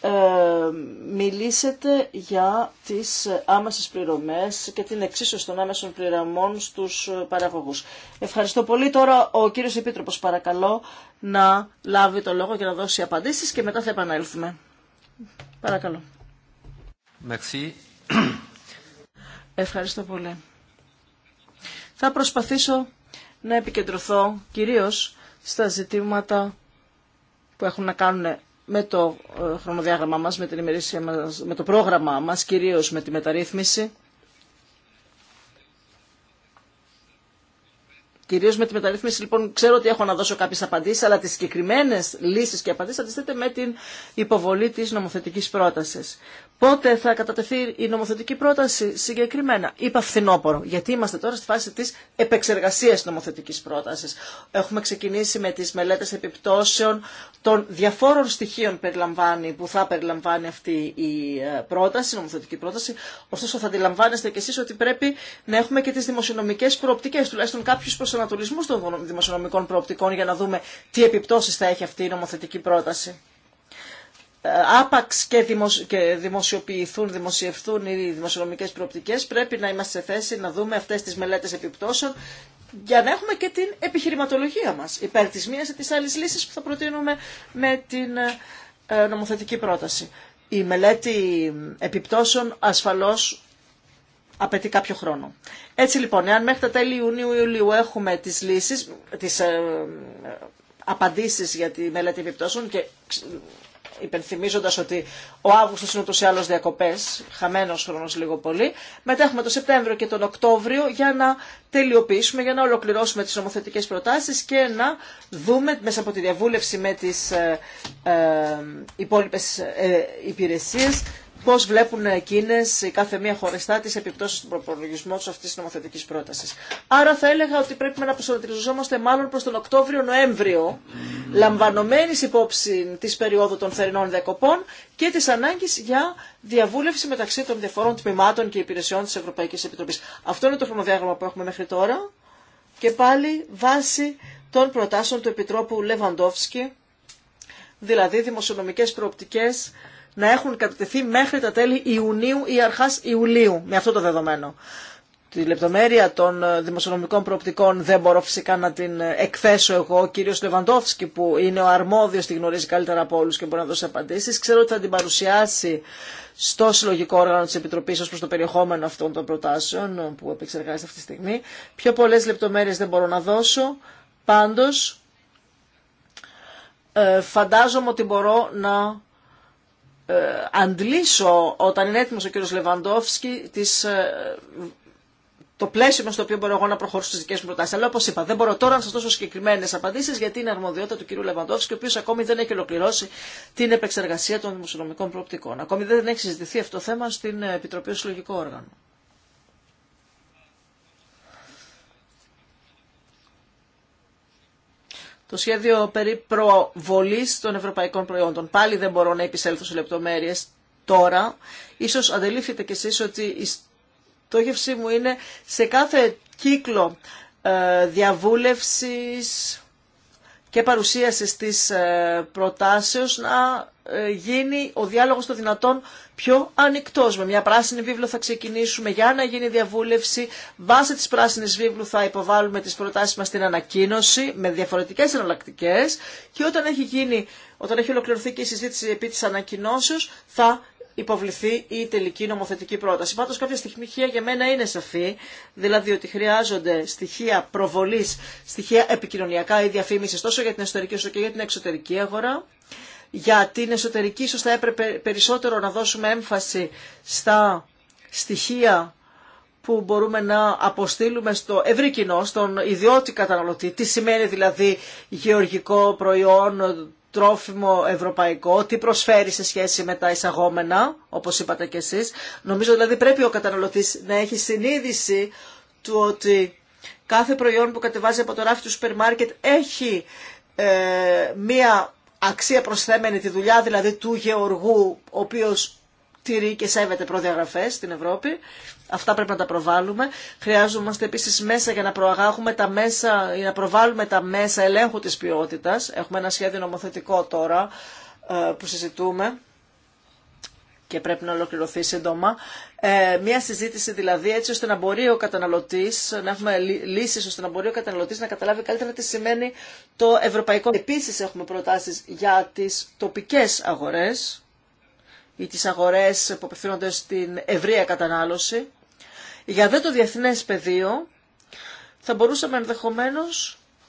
ε, μιλήσετε για τις άμεσες πληρωμές και την εξίσωση των άμεσων πληρωμών στους παραγωγούς. Ευχαριστώ πολύ. Τώρα ο κύριος Επίτροπος παρακαλώ να λάβει το λόγο για να δώσει απαντήσεις και μετά θα επανέλθουμε. Παρακαλώ. Merci. Ευχαριστώ πολύ. Θα προσπαθήσω να επικεντρωθώ κυρίως στα ζητήματα που έχουν να κάνουν με το ε, χρονοδιάγραμμά μας, με, την μας, με το πρόγραμμά μας, κυρίως με τη μεταρρύθμιση Κυρίω με τη μεταρρύθμιση, λοιπόν, ξέρω ότι έχω να δώσω κάποιε απαντήσει, αλλά τι συγκεκριμένες λύσεις και απαντήσει θα δείτε με την υποβολή τη νομοθετική πρόταση. Πότε θα κατατεθεί η νομοθετική πρόταση συγκεκριμένα. Είπα φθινόπωρο, γιατί είμαστε τώρα στη φάση τη επεξεργασία νομοθετική πρόταση. Έχουμε ξεκινήσει με τι μελέτε επιπτώσεων των διαφόρων στοιχείων περιλαμβάνει, που θα περιλαμβάνει αυτή η ε, πρόταση, νομοθετική πρόταση. Ωστόσο θα αντιλαμβάνεστε κι εσεί ότι πρέπει να έχουμε και τι δημοσιονομικέ προοπτικέ, τουλάχιστον κάποιου προσανατολισμού των δημοσιονομικών προοπτικών για να δούμε τι επιπτώσεις θα έχει αυτή η νομοθετική πρόταση. Ε, άπαξ και, δημοσιοποιηθούν, δημοσιευθούν οι δημοσιονομικές προοπτικές, πρέπει να είμαστε σε θέση να δούμε αυτές τις μελέτες επιπτώσεων για να έχουμε και την επιχειρηματολογία μας υπέρ της μίας ή της άλλης λύσης που θα προτείνουμε με την ε, ε, νομοθετική πρόταση. Η μελέτη επιπτώσεων ασφαλώς απαιτεί κάποιο χρόνο. Έτσι λοιπόν, εάν μέχρι τα τέλη Ιουνίου-Ιουλίου έχουμε τις λύσεις, τις ε, απαντήσεις για τη μελέτη επιπτώσεων και υπενθυμίζοντα ότι ο Αύγουστο είναι ούτω ή άλλω διακοπέ, χαμένο χρόνο λίγο πολύ. Μετά έχουμε τον Σεπτέμβριο και τον Οκτώβριο για να τελειοποιήσουμε, για να ολοκληρώσουμε τι νομοθετικέ προτάσει και να δούμε μέσα από τη διαβούλευση με τι ε, ε, υπόλοιπε υπηρεσίε πώ βλέπουν εκείνε, κάθε μία χωριστά, τι επιπτώσει του προπολογισμού του αυτή τη νομοθετική πρόταση. Άρα θα έλεγα ότι πρέπει να προσανατολιζόμαστε μάλλον προ τον Οκτώβριο-Νοέμβριο, λαμβανωμένη υπόψη τη περίοδου των θερινών διακοπών και τη ανάγκη για διαβούλευση μεταξύ των διαφορών τμήματων και υπηρεσιών τη Ευρωπαϊκή Επιτροπή. Αυτό είναι το χρονοδιάγραμμα που έχουμε μέχρι τώρα και πάλι βάσει των προτάσεων του Επιτρόπου Λεβαντόφσκι, δηλαδή δημοσιονομικές προοπτικές να έχουν κατευθυνθεί μέχρι τα τέλη Ιουνίου ή αρχά Ιουλίου με αυτό το δεδομένο. Τη λεπτομέρεια των ε, δημοσιονομικών προοπτικών δεν μπορώ φυσικά να την ε, εκθέσω εγώ. Ο κύριο Λεβαντόφσκι που είναι ο αρμόδιο τη γνωρίζει καλύτερα από όλου και μπορεί να δώσει απαντήσει. Ξέρω ότι θα την παρουσιάσει στο συλλογικό όργανο τη Επιτροπή ω προ το περιεχόμενο αυτών των προτάσεων ε, που επεξεργάζεται αυτή τη στιγμή. Πιο πολλέ λεπτομέρειε δεν μπορώ να δώσω. Πάντως, φαντάζομαι ότι μπορώ να ε, αντλήσω όταν είναι έτοιμος ο κύριος Λεβαντόφσκι τις, ε, το πλαίσιο στο οποίο μπορώ εγώ να προχωρήσω στι δικέ μου προτάσει. Αλλά όπω είπα, δεν μπορώ τώρα να σα δώσω συγκεκριμένε απαντήσει, γιατί είναι αρμοδιότητα του κύριου Λεβαντόφσκι ο οποίο ακόμη δεν έχει ολοκληρώσει την επεξεργασία των δημοσιονομικών προοπτικών. Ακόμη δεν έχει συζητηθεί αυτό το θέμα στην Επιτροπή συλλογικού Συλλογικό Όργανο. το σχέδιο περί προβολής των ευρωπαϊκών προϊόντων. Πάλι δεν μπορώ να επισέλθω σε λεπτομέρειες τώρα. Ίσως αντελήφθητε κι εσείς ότι η στόχευσή μου είναι σε κάθε κύκλο ε, διαβούλευσης και παρουσίασης της ε, προτάσεως να ε, γίνει ο διάλογος των δυνατών πιο ανοιχτό. Με μια πράσινη βίβλο θα ξεκινήσουμε για να γίνει διαβούλευση. Βάσει τη πράσινη βίβλου θα υποβάλουμε τι προτάσει μα στην ανακοίνωση με διαφορετικέ εναλλακτικέ και όταν έχει, γίνει, όταν έχει ολοκληρωθεί και η συζήτηση επί τη ανακοινώσεω θα υποβληθεί η τελική νομοθετική πρόταση. Πάντω κάποια στοιχεία για μένα είναι σαφή, δηλαδή ότι χρειάζονται στοιχεία προβολή, στοιχεία επικοινωνιακά ή διαφήμιση τόσο για την εσωτερική όσο και για την εξωτερική αγορά για την εσωτερική ίσως θα έπρεπε περισσότερο να δώσουμε έμφαση στα στοιχεία που μπορούμε να αποστείλουμε στο ευρύ κοινό, στον ιδιώτη καταναλωτή. Τι σημαίνει δηλαδή γεωργικό προϊόν, τρόφιμο ευρωπαϊκό, τι προσφέρει σε σχέση με τα εισαγόμενα, όπως είπατε κι εσείς. Νομίζω δηλαδή πρέπει ο καταναλωτής να έχει συνείδηση του ότι κάθε προϊόν που κατεβάζει από το ράφι του σούπερ έχει ε, μία αξία προσθέμενη τη δουλειά δηλαδή του γεωργού ο οποίος τηρεί και σέβεται προδιαγραφές στην Ευρώπη. Αυτά πρέπει να τα προβάλλουμε. Χρειάζομαστε επίσης μέσα για να προαγάγουμε τα μέσα, για να προβάλλουμε τα μέσα ελέγχου της ποιότητας. Έχουμε ένα σχέδιο νομοθετικό τώρα ε, που συζητούμε και πρέπει να ολοκληρωθεί σύντομα. Ε, μια συζήτηση δηλαδή έτσι ώστε να μπορεί ο καταναλωτή, να έχουμε λύσει ώστε να μπορεί ο καταναλωτή να καταλάβει καλύτερα τι σημαίνει το ευρωπαϊκό. Επίση έχουμε προτάσει για τι τοπικέ αγορέ ή τι αγορέ που απευθύνονται στην ευρεία κατανάλωση. Για δε το διεθνέ πεδίο θα μπορούσαμε ενδεχομένω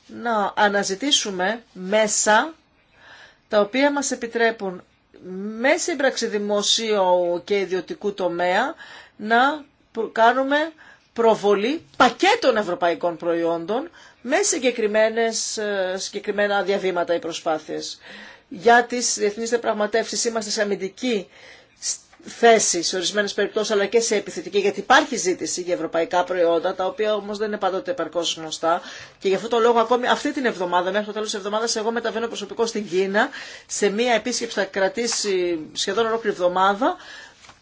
να αναζητήσουμε μέσα τα οποία μας επιτρέπουν με σύμπραξη δημοσίου και ιδιωτικού τομέα να κάνουμε προβολή πακέτων ευρωπαϊκών προϊόντων με συγκεκριμένες, ε, συγκεκριμένα διαβήματα ή προσπάθειες. Για τις διεθνείς διαπραγματεύσεις είμαστε σε αμυντική θέση σε ορισμένε περιπτώσει αλλά και σε επιθετική, γιατί υπάρχει ζήτηση για ευρωπαϊκά προϊόντα, τα οποία όμω δεν είναι παντότε επαρκώ γνωστά. Και γι' αυτό το λόγο, ακόμη αυτή την εβδομάδα, μέχρι το τέλο τη εβδομάδα, εγώ μεταβαίνω προσωπικό στην Κίνα σε μία επίσκεψη θα κρατήσει σχεδόν ολόκληρη εβδομάδα,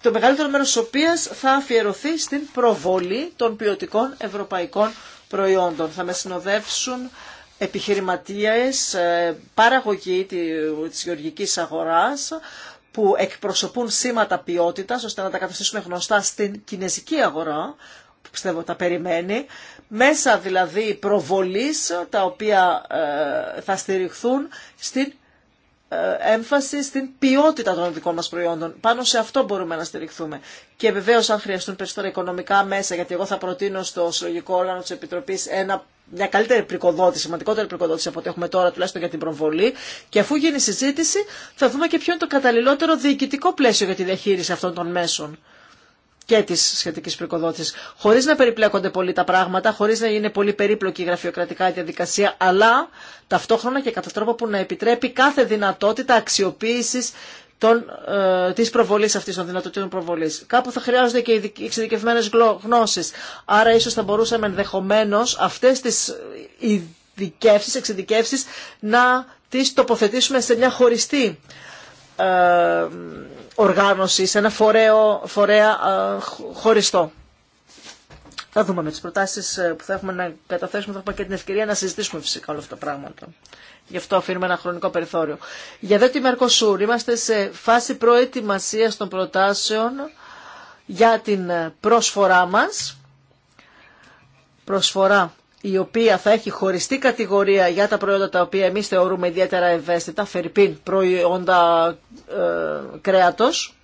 το μεγαλύτερο μέρο τη οποία θα αφιερωθεί στην προβολή των ποιοτικών ευρωπαϊκών προϊόντων. Θα με συνοδεύσουν επιχειρηματίες, ε, παραγωγή τη γεωργική αγορά που εκπροσωπούν σήματα ποιότητα, ώστε να τα καταστήσουμε γνωστά στην κινέζικη αγορά, που πιστεύω τα περιμένει, μέσα δηλαδή προβολής τα οποία ε, θα στηριχθούν στην ε, έμφαση στην ποιότητα των δικών μας προϊόντων. Πάνω σε αυτό μπορούμε να στηριχθούμε. Και βεβαίως αν χρειαστούν περισσότερα οικονομικά μέσα, γιατί εγώ θα προτείνω στο συλλογικό όργανο της Επιτροπής ένα μια καλύτερη πρικοδότηση, σημαντικότερη πρικοδότηση από ό,τι έχουμε τώρα, τουλάχιστον για την προβολή. Και αφού γίνει συζήτηση, θα δούμε και ποιο είναι το καταλληλότερο διοικητικό πλαίσιο για τη διαχείριση αυτών των μέσων και τη σχετική πρικοδότηση. Χωρί να περιπλέκονται πολύ τα πράγματα, χωρί να είναι πολύ περίπλοκη η γραφειοκρατικά διαδικασία, αλλά ταυτόχρονα και κατά τρόπο που να επιτρέπει κάθε δυνατότητα αξιοποίηση ε, τη προβολή αυτή, των δυνατοτήτων προβολή. Κάπου θα χρειάζονται και εξειδικευμένε γνώσει. Άρα, ίσω θα μπορούσαμε ενδεχομένω αυτέ τι ειδικεύσει, εξειδικεύσει να τι τοποθετήσουμε σε μια χωριστή ε, οργάνωση, σε ένα φορέο, φορέα ε, χωριστό. Θα δούμε με τις προτάσεις ε, που θα έχουμε να καταθέσουμε, θα έχουμε και την ευκαιρία να συζητήσουμε φυσικά όλα αυτά τα πράγματα. Γι' αυτό αφήνουμε ένα χρονικό περιθώριο. Για δε τη Μερκοσούρ, είμαστε σε φάση προετοιμασίας των προτάσεων για την πρόσφορά μας. Προσφορά η οποία θα έχει χωριστή κατηγορία για τα προϊόντα τα οποία εμείς θεωρούμε ιδιαίτερα ευαίσθητα, φερπίν προϊόντα ε, κρέατος,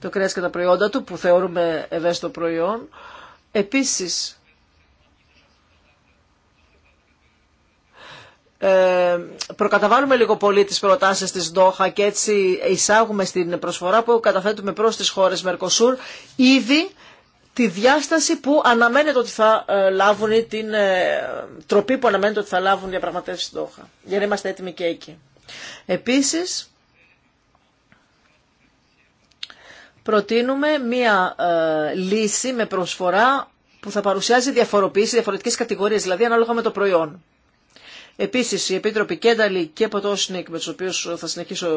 το κρέας και τα προϊόντα του που θεωρούμε ευαίσθητο προϊόν. Επίσης, ε, προκαταβάλουμε λίγο πολύ τις προτάσεις της Ντόχα και έτσι εισάγουμε στην προσφορά που καταθέτουμε προς τις χώρες Μερκοσούρ ήδη τη διάσταση που αναμένεται ότι θα ε, λάβουν ή την ε, τροπή που αναμένεται ότι θα λάβουν διαπραγματεύσει Δόχα. Για να είμαστε έτοιμοι και εκεί. Επίσης, προτείνουμε μία ε, λύση με προσφορά που θα παρουσιάζει διαφοροποίηση, διαφορετικές κατηγορίες, δηλαδή ανάλογα με το προϊόν. Επίσης, οι επίτροποι Κένταλη και Ποτόσνικ, με τους οποίους θα συνεχίσω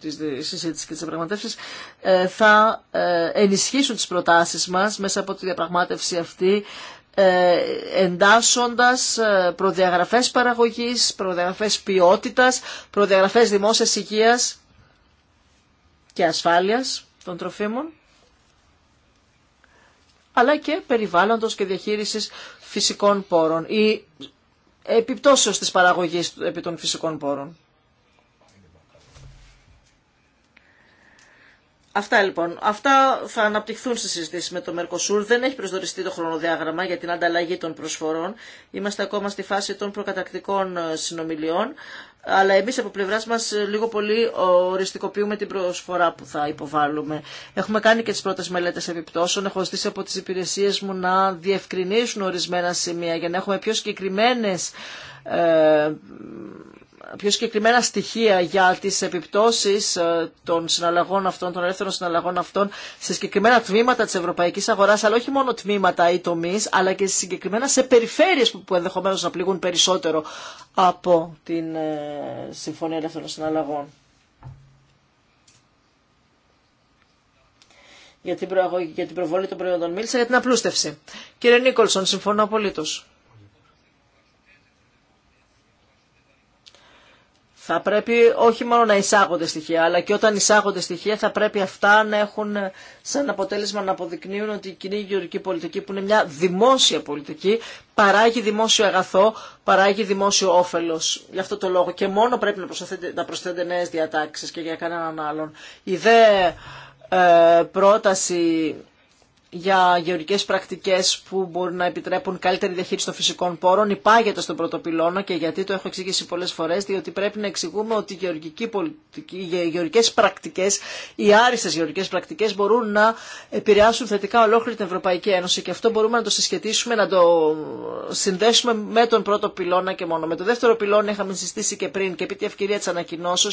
τη συζήτηση και τις διαπραγματεύσεις, ε, θα ε, ενισχύσουν τις προτάσεις μας μέσα από τη διαπραγμάτευση αυτή, ε, εντάσσοντας προδιαγραφές παραγωγής, προδιαγραφές ποιότητας, προδιαγραφές δημόσιας υγείας και ασφάλειας των τροφίμων αλλά και περιβάλλοντος και διαχείρισης φυσικών πόρων επιπτώσεως της παραγωγής επί των φυσικών πόρων. Αυτά λοιπόν. Αυτά θα αναπτυχθούν στη συζήτηση με το Μερκοσούρ. Δεν έχει προσδοριστεί το χρονοδιάγραμμα για την ανταλλαγή των προσφορών. Είμαστε ακόμα στη φάση των προκατακτικών ε, συνομιλιών. Αλλά εμεί από πλευρά μα ε, λίγο πολύ ε, οριστικοποιούμε την προσφορά που θα υποβάλουμε. Έχουμε κάνει και τι πρώτε μελέτε επιπτώσεων. Έχω ζητήσει από τι υπηρεσίε μου να διευκρινίσουν ορισμένα σημεία για να έχουμε πιο συγκεκριμένε πιο συγκεκριμένα στοιχεία για τις επιπτώσεις ε, των συναλλαγών αυτών, των ελεύθερων συναλλαγών αυτών σε συγκεκριμένα τμήματα της ευρωπαϊκής αγοράς, αλλά όχι μόνο τμήματα ή τομείς, αλλά και συγκεκριμένα σε περιφέρειες που ενδεχομένως να πληγούν περισσότερο από την ε, Συμφωνία Ελεύθερων Συναλλαγών. Για την, προβολή των προϊόντων μίλησα για την απλούστευση. Κύριε Νίκολσον, συμφωνώ απολύτως. Θα πρέπει όχι μόνο να εισάγονται στοιχεία, αλλά και όταν εισάγονται στοιχεία θα πρέπει αυτά να έχουν σαν αποτέλεσμα να αποδεικνύουν ότι η κοινή γεωργική πολιτική που είναι μια δημόσια πολιτική παράγει δημόσιο αγαθό, παράγει δημόσιο όφελος. Γι' αυτό το λόγο και μόνο πρέπει να προσθέτει, να προσθέτει νέες διατάξεις και για κανέναν άλλον. Η δε ε, πρόταση για γεωργικές πρακτικέ που μπορούν να επιτρέπουν καλύτερη διαχείριση των φυσικών πόρων υπάγεται στον πρώτο πυλώνα και γιατί το έχω εξηγήσει πολλέ φορέ, διότι πρέπει να εξηγούμε ότι οι, πολιτική, οι οι άριστες γεωργικές πρακτικές μπορούν να επηρεάσουν θετικά ολόκληρη την Ευρωπαϊκή Ένωση και αυτό μπορούμε να το συσχετίσουμε, να το συνδέσουμε με τον πρώτο πυλώνα και μόνο. Με το δεύτερο πυλώνα είχαμε συστήσει και πριν και επί τη ευκαιρία της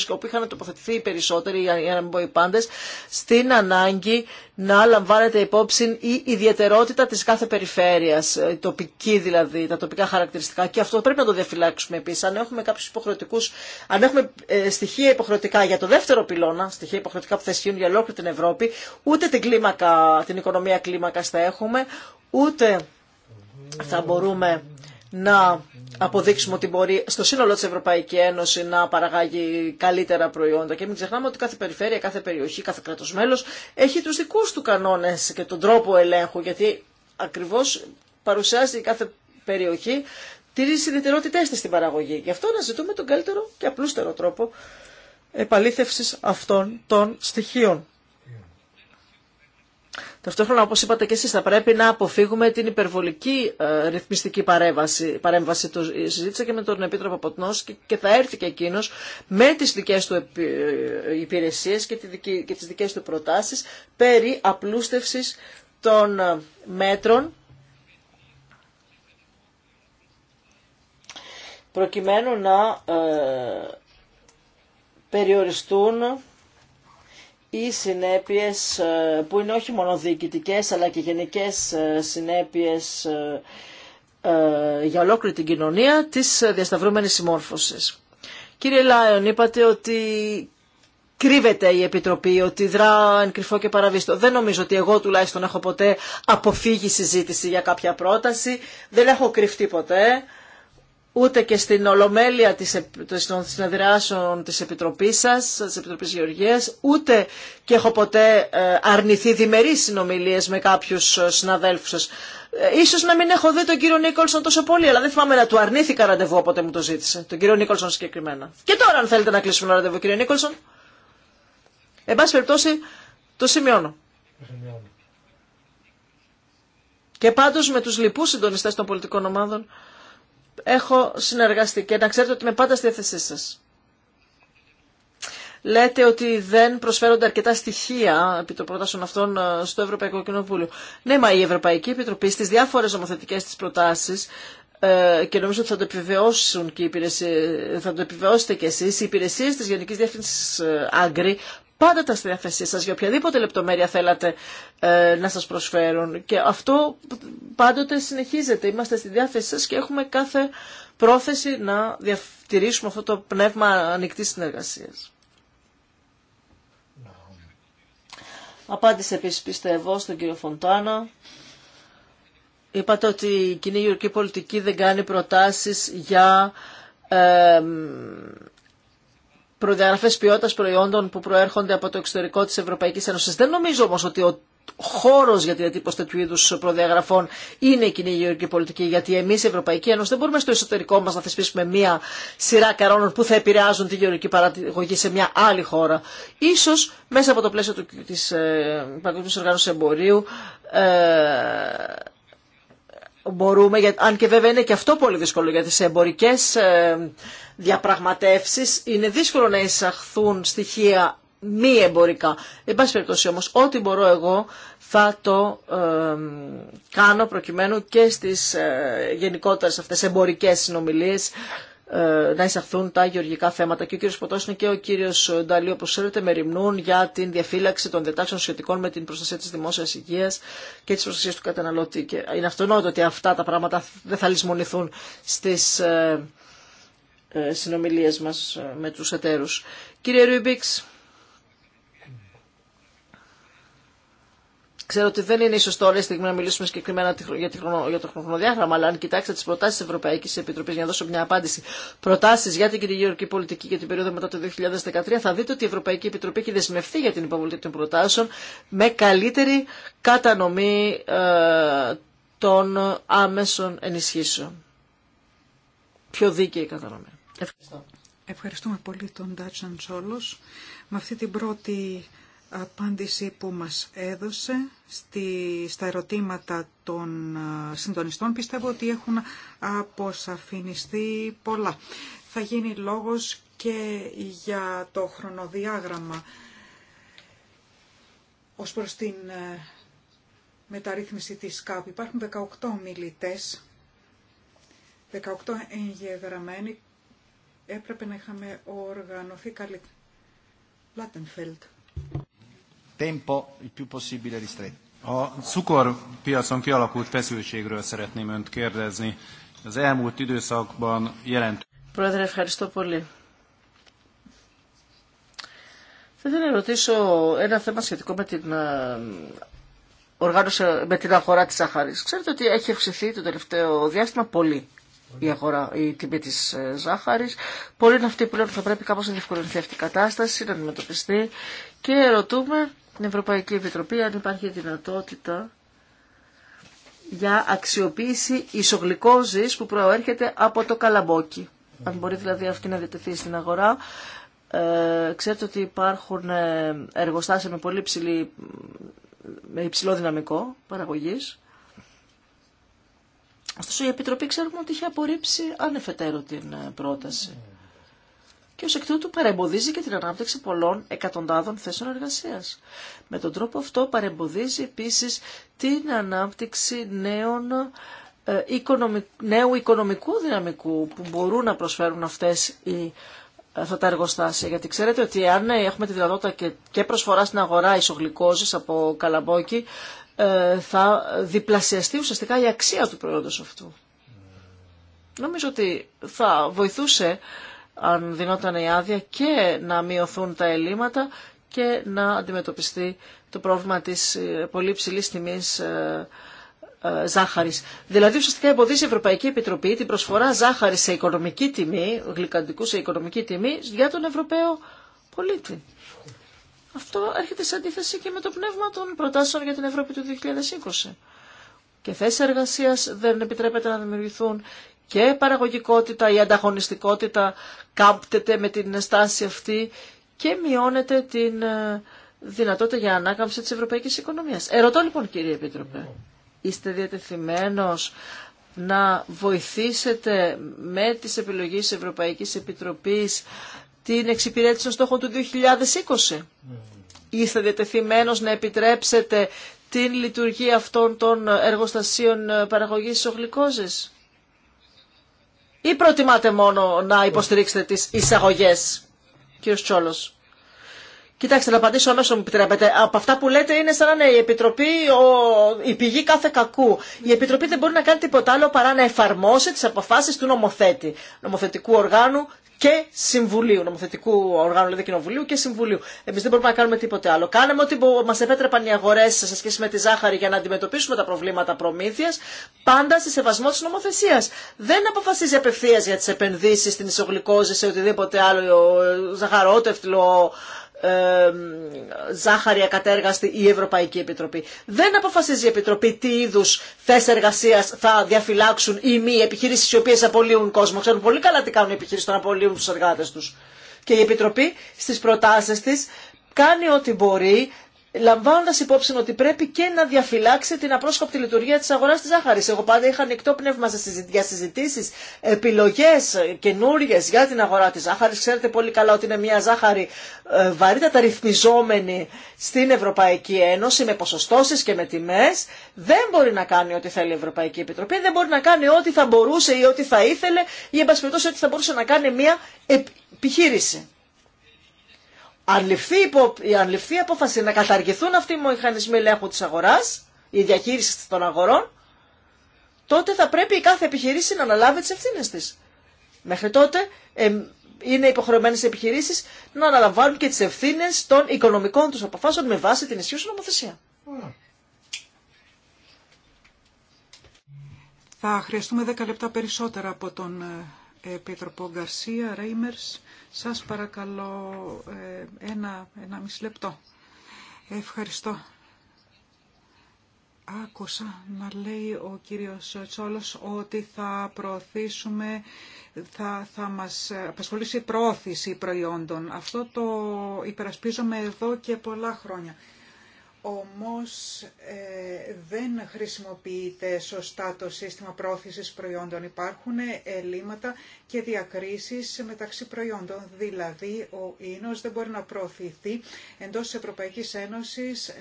και όπου είχαν τοποθετηθεί οι περισσότεροι, για να μην οι πάντε, στην ανάγκη να λαμβάνεται υπόψη η ιδιαιτερότητα της κάθε περιφέρειας, ε, τοπική δηλαδή, τα τοπικά χαρακτηριστικά και αυτό πρέπει να το διαφυλάξουμε επίσης. Αν έχουμε κάποιους υποχρεωτικούς, αν έχουμε ε, στοιχεία υποχρεωτικά για το δεύτερο πυλώνα, στοιχεία υποχρεωτικά που θα ισχύουν για ολόκληρη την Ευρώπη, ούτε την, την οικονομία κλίμακας θα έχουμε, ούτε θα μπορούμε να αποδείξουμε ότι μπορεί στο σύνολο της Ευρωπαϊκή Ένωση να παραγάγει καλύτερα προϊόντα. Και μην ξεχνάμε ότι κάθε περιφέρεια, κάθε περιοχή, κάθε κράτος μέλος έχει τους δικούς του κανόνες και τον τρόπο ελέγχου, γιατί ακριβώς παρουσιάζει κάθε περιοχή τη ιδιαιτερότητές της στην παραγωγή. Γι' αυτό να ζητούμε τον καλύτερο και απλούστερο τρόπο επαλήθευσης αυτών των στοιχείων. Ταυτόχρονα, όπως είπατε και εσείς, θα πρέπει να αποφύγουμε την υπερβολική ε, ρυθμιστική παρέμβαση. παρέμβαση το συζήτησα και με τον Επίτροπο Ποτνός και, θα έρθει και εκείνος με τις δικές του ε, υπηρεσίες και, και τις δικές του προτάσεις περί απλούστευσης των ε, μέτρων προκειμένου να περιοριστούν οι συνέπειες ε, που είναι όχι μόνο διοικητικές αλλά και γενικές ε, συνέπειες ε, για ολόκληρη την κοινωνία της διασταυρούμενης συμμόρφωσης. Κύριε Λάιον, είπατε ότι κρύβεται η Επιτροπή, ότι δρά εν κρυφό και παραβίστο. Δεν νομίζω ότι εγώ τουλάχιστον έχω ποτέ αποφύγει συζήτηση για κάποια πρόταση. Δεν έχω κρυφτεί ποτέ ούτε και στην ολομέλεια της, των συνεδριάσεων της Επιτροπής σας, της Επιτροπής Γεωργίας, ούτε και έχω ποτέ ε, αρνηθεί διμερείς συνομιλίες με κάποιους ε, συναδέλφους σας. Ε, ίσως να μην έχω δει τον κύριο Νίκολσον τόσο πολύ, αλλά δεν θυμάμαι να του αρνήθηκα ραντεβού όποτε μου το ζήτησε, τον κύριο Νίκολσον συγκεκριμένα. Και τώρα αν θέλετε να κλείσουμε ένα ραντεβού, κύριο Νίκολσον, εν πάση περιπτώσει το σημειώνω. Και πάντως με τους λοιπούς συντονιστές των πολιτικών ομάδων έχω συνεργαστεί και να ξέρετε ότι είμαι πάντα στη διάθεσή σας. Λέτε ότι δεν προσφέρονται αρκετά στοιχεία επί των προτάσεων αυτών ε, στο Ευρωπαϊκό Κοινοβούλιο. Ναι, μα η Ευρωπαϊκή Επιτροπή στις διάφορες ομοθετικές της προτάσεις ε, και νομίζω ότι θα το επιβεβαιώσουν και οι θα το επιβεβαιώσετε κι εσείς, οι υπηρεσίε της Γενικής Διεύθυνσης ε, Άγκρη πάντα τα στη διάθεσή σας για οποιαδήποτε λεπτομέρεια θέλατε ε, να σας προσφέρουν. Και αυτό πάντοτε συνεχίζεται. Είμαστε στη διάθεσή σας και έχουμε κάθε πρόθεση να διατηρήσουμε αυτό το πνεύμα ανοιχτή συνεργασίας. Απάντησε επίσης πιστεύω στον κύριο Φοντάνα. Είπατε ότι η κοινή γεωργική πολιτική δεν κάνει προτάσεις για ε, προδιαγραφές ποιότητας προϊόντων που προέρχονται από το εξωτερικό της Ευρωπαϊκής Ένωσης. Δεν νομίζω όμως ότι ο χώρος για την διατύπωση τέτοιου είδου προδιαγραφών είναι η κοινή γεωργική πολιτική. Γιατί εμείς, η Ευρωπαϊκή Ένωση, δεν μπορούμε στο εσωτερικό μας να θεσπίσουμε μία σειρά καρόνων που θα επηρεάζουν τη γεωργική παραγωγή σε μια άλλη χώρα. Ίσως, μέσα από το πλαίσιο τη ε, Παγκοσμίου Οργάνωσης Εμπορίου ε, μπορούμε, αν και βέβαια είναι και αυτό πολύ δύσκολο γιατί σε εμπορικές ε, διαπραγματεύσεις είναι δύσκολο να εισαχθούν στοιχεία μη εμπορικά. Εν πάση περιπτώσει όμω, ό,τι μπορώ εγώ θα το ε, κάνω προκειμένου και στις ε, γενικότερες αυτές εμπορικές συνομιλίες ε, να εισαχθούν τα γεωργικά θέματα. Και ο κύριος είναι και ο κύριος Νταλή, όπω ξέρετε, ρημνούν για την διαφύλαξη των διατάξεων σχετικών με την προστασία τη δημόσιας υγεία και τη προστασία του καταναλωτή. Και είναι αυτονόητο ότι αυτά τα πράγματα δεν θα λησμονηθούν στις ε, ε, συνομιλίε μας με τους εταίρου. Κύριε Ρούμπιξ... Ξέρω ότι δεν είναι ίσω τώρα η στιγμή να μιλήσουμε συγκεκριμένα για το χρονοδιάγραμμα, αλλά αν κοιτάξετε τι προτάσει τη Ευρωπαϊκή Επιτροπή, για να δώσω μια απάντηση, προτάσει για την κυριαρχική πολιτική για την περίοδο μετά το 2013, θα δείτε ότι η Ευρωπαϊκή Επιτροπή έχει δεσμευτεί για την υποβολή των προτάσεων με καλύτερη κατανομή ε, των άμεσων ενισχύσεων. Πιο δίκαιη κατανομή. Ευχαριστώ. Ευχαριστούμε πολύ τον Ντάτσαν Τσόλο Με αυτή την πρώτη απάντηση που μας έδωσε στη, στα ερωτήματα των συντονιστών πιστεύω ότι έχουν αποσαφινιστεί πολλά. Θα γίνει λόγος και για το χρονοδιάγραμμα ως προς την ε, μεταρρύθμιση της ΚΑΠ. Υπάρχουν 18 μιλητές, 18 εγγεγραμμένοι. Έπρεπε να είχαμε οργανωθεί καλύτερα. Λάτενφελτ tempo il più possibile ristretto. A cukorpiacon kialakult feszültségről szeretném önt kérdezni. Az elmúlt időszakban jelent... Πρόεδρε, ευχαριστώ πολύ. να ρωτήσω ένα θέμα σχετικό με την ε, οργάνωση, με την αγορά της ζάχαρης. Ξέρετε ότι έχει αυξηθεί το τελευταίο διάστημα πολύ η, αγορά, η τιμή της ε, ζάχαρης. Πολλοί είναι αυτοί που λένε ότι θα πρέπει κάπως να διευκολυνθεί αυτή η κατάσταση, να αντιμετωπιστεί και ρωτούμε την Ευρωπαϊκή Επιτροπή αν υπάρχει δυνατότητα για αξιοποίηση ισογλυκόζης που προέρχεται από το καλαμπόκι. Αν μπορεί δηλαδή αυτή να διατεθεί στην αγορά. Ε, ξέρετε ότι υπάρχουν ε, εργοστάσια με πολύ με υψηλό δυναμικό παραγωγής. Ωστόσο η Επιτροπή ξέρουμε ότι είχε απορρίψει ανεφετέρω την ε, πρόταση και ως εκ τούτου παρεμποδίζει και την ανάπτυξη πολλών εκατοντάδων θέσεων εργασίας. Με τον τρόπο αυτό παρεμποδίζει επίσης την ανάπτυξη νέων ε, νέου οικονομικού δυναμικού που μπορούν να προσφέρουν αυτές οι, αυτά τα εργοστάσια. Γιατί ξέρετε ότι αν ε, έχουμε τη δυνατότητα και, και προσφορά στην αγορά ισογλυκόζης από καλαμπόκι, ε, θα διπλασιαστεί ουσιαστικά η αξία του προϊόντος αυτού. Mm. Νομίζω ότι θα βοηθούσε αν δινόταν η άδεια και να μειωθούν τα ελλείμματα και να αντιμετωπιστεί το πρόβλημα της ε, πολύ ψηλής τιμής ε, ε, ζάχαρης. Δηλαδή ουσιαστικά εμποδίζει η Ευρωπαϊκή Επιτροπή την προσφορά ζάχαρη σε οικονομική τιμή, γλυκαντικού σε οικονομική τιμή για τον Ευρωπαίο πολίτη. Αυτό έρχεται σε αντίθεση και με το πνεύμα των προτάσεων για την Ευρώπη του 2020. Και θέσει εργασία δεν επιτρέπεται να δημιουργηθούν και παραγωγικότητα, η ανταγωνιστικότητα κάπτεται με την στάση αυτή και μειώνεται την ε, δυνατότητα για ανάκαμψη της ευρωπαϊκής οικονομίας. Ερωτώ λοιπόν κύριε Επίτροπε, είστε διατεθειμένος να βοηθήσετε με τις επιλογές Ευρωπαϊκής Επιτροπής την εξυπηρέτηση των στόχων του 2020. Είστε διατεθειμένος να επιτρέψετε την λειτουργία αυτών των εργοστασίων παραγωγής της ή προτιμάτε μόνο να υποστηρίξετε τις εισαγωγές, κύριος Τσόλος. Κοιτάξτε, να απαντήσω αμέσως, μου επιτρέπετε. Από αυτά που λέτε είναι σαν να είναι η Επιτροπή ο, η πηγή κάθε κακού. Η Επιτροπή δεν μπορεί να κάνει τίποτα άλλο παρά να εφαρμόσει τις αποφάσεις του νομοθέτη, νομοθετικού οργάνου και Συμβουλίου, νομοθετικού οργάνου, δηλαδή Κοινοβουλίου και Συμβουλίου. Εμεί δεν μπορούμε να κάνουμε τίποτε άλλο. Κάναμε ό,τι μα επέτρεπαν οι αγορέ σε σχέση με τη ζάχαρη για να αντιμετωπίσουμε τα προβλήματα προμήθεια, πάντα σε σεβασμό τη νομοθεσία. Δεν αποφασίζει απευθεία για τι επενδύσει στην ισογλυκόζη, σε οτιδήποτε άλλο, ζαχαρότευτλο, ζάχαρη ακατέργαστη η Ευρωπαϊκή Επιτροπή. Δεν αποφασίζει η Επιτροπή τι είδου θέσει εργασία θα διαφυλάξουν οι μη επιχειρήσει οι οποίε απολύουν κόσμο. Ξέρουν πολύ καλά τι κάνουν οι επιχειρήσει όταν απολύουν του εργάτε του. Και η Επιτροπή στι προτάσει τη κάνει ό,τι μπορεί λαμβάνοντα υπόψη ότι πρέπει και να διαφυλάξει την απρόσκοπτη λειτουργία τη αγορά τη ζάχαρη. Εγώ πάντα είχα ανοιχτό πνεύμα για συζητήσει, επιλογέ καινούριε για την αγορά τη ζάχαρη. Ξέρετε πολύ καλά ότι είναι μια ζάχαρη ε, βαρύτατα ρυθμιζόμενη στην Ευρωπαϊκή Ένωση με ποσοστώσει και με τιμέ. Δεν μπορεί να κάνει ό,τι θέλει η Ευρωπαϊκή Επιτροπή, δεν μπορεί να κάνει ό,τι θα μπορούσε ή ό,τι θα ήθελε ή εν ό,τι θα μπορούσε να κάνει μια επιχείρηση αν ληφθεί, αν η απόφαση να καταργηθούν αυτοί οι μηχανισμοί ελέγχου της αγοράς, η διαχείριση των αγορών, τότε θα πρέπει η κάθε επιχειρήση να αναλάβει τις ευθύνες της. Μέχρι τότε είναι υποχρεωμένες οι επιχειρήσεις να αναλαμβάνουν και τις ευθύνες των οικονομικών τους αποφάσεων με βάση την ισχύουσα νομοθεσία. Θα χρειαστούμε 10 λεπτά περισσότερα από τον ε, Επίτροπο Γκαρσία, Ρέιμερς, σας παρακαλώ ε, ένα, ένα μισή λεπτό. Ευχαριστώ. Άκουσα να λέει ο κύριος Τσόλος ότι θα προωθήσουμε, θα, θα μας απασχολήσει η προώθηση προϊόντων. Αυτό το υπερασπίζομαι εδώ και πολλά χρόνια όμως ε, δεν χρησιμοποιείται σωστά το σύστημα πρόθεσης προϊόντων. Υπάρχουν ελλείμματα και διακρίσεις μεταξύ προϊόντων. Δηλαδή, ο ίνος δεν μπορεί να προωθηθεί εντός της Ευρωπαϊκής Ένωσης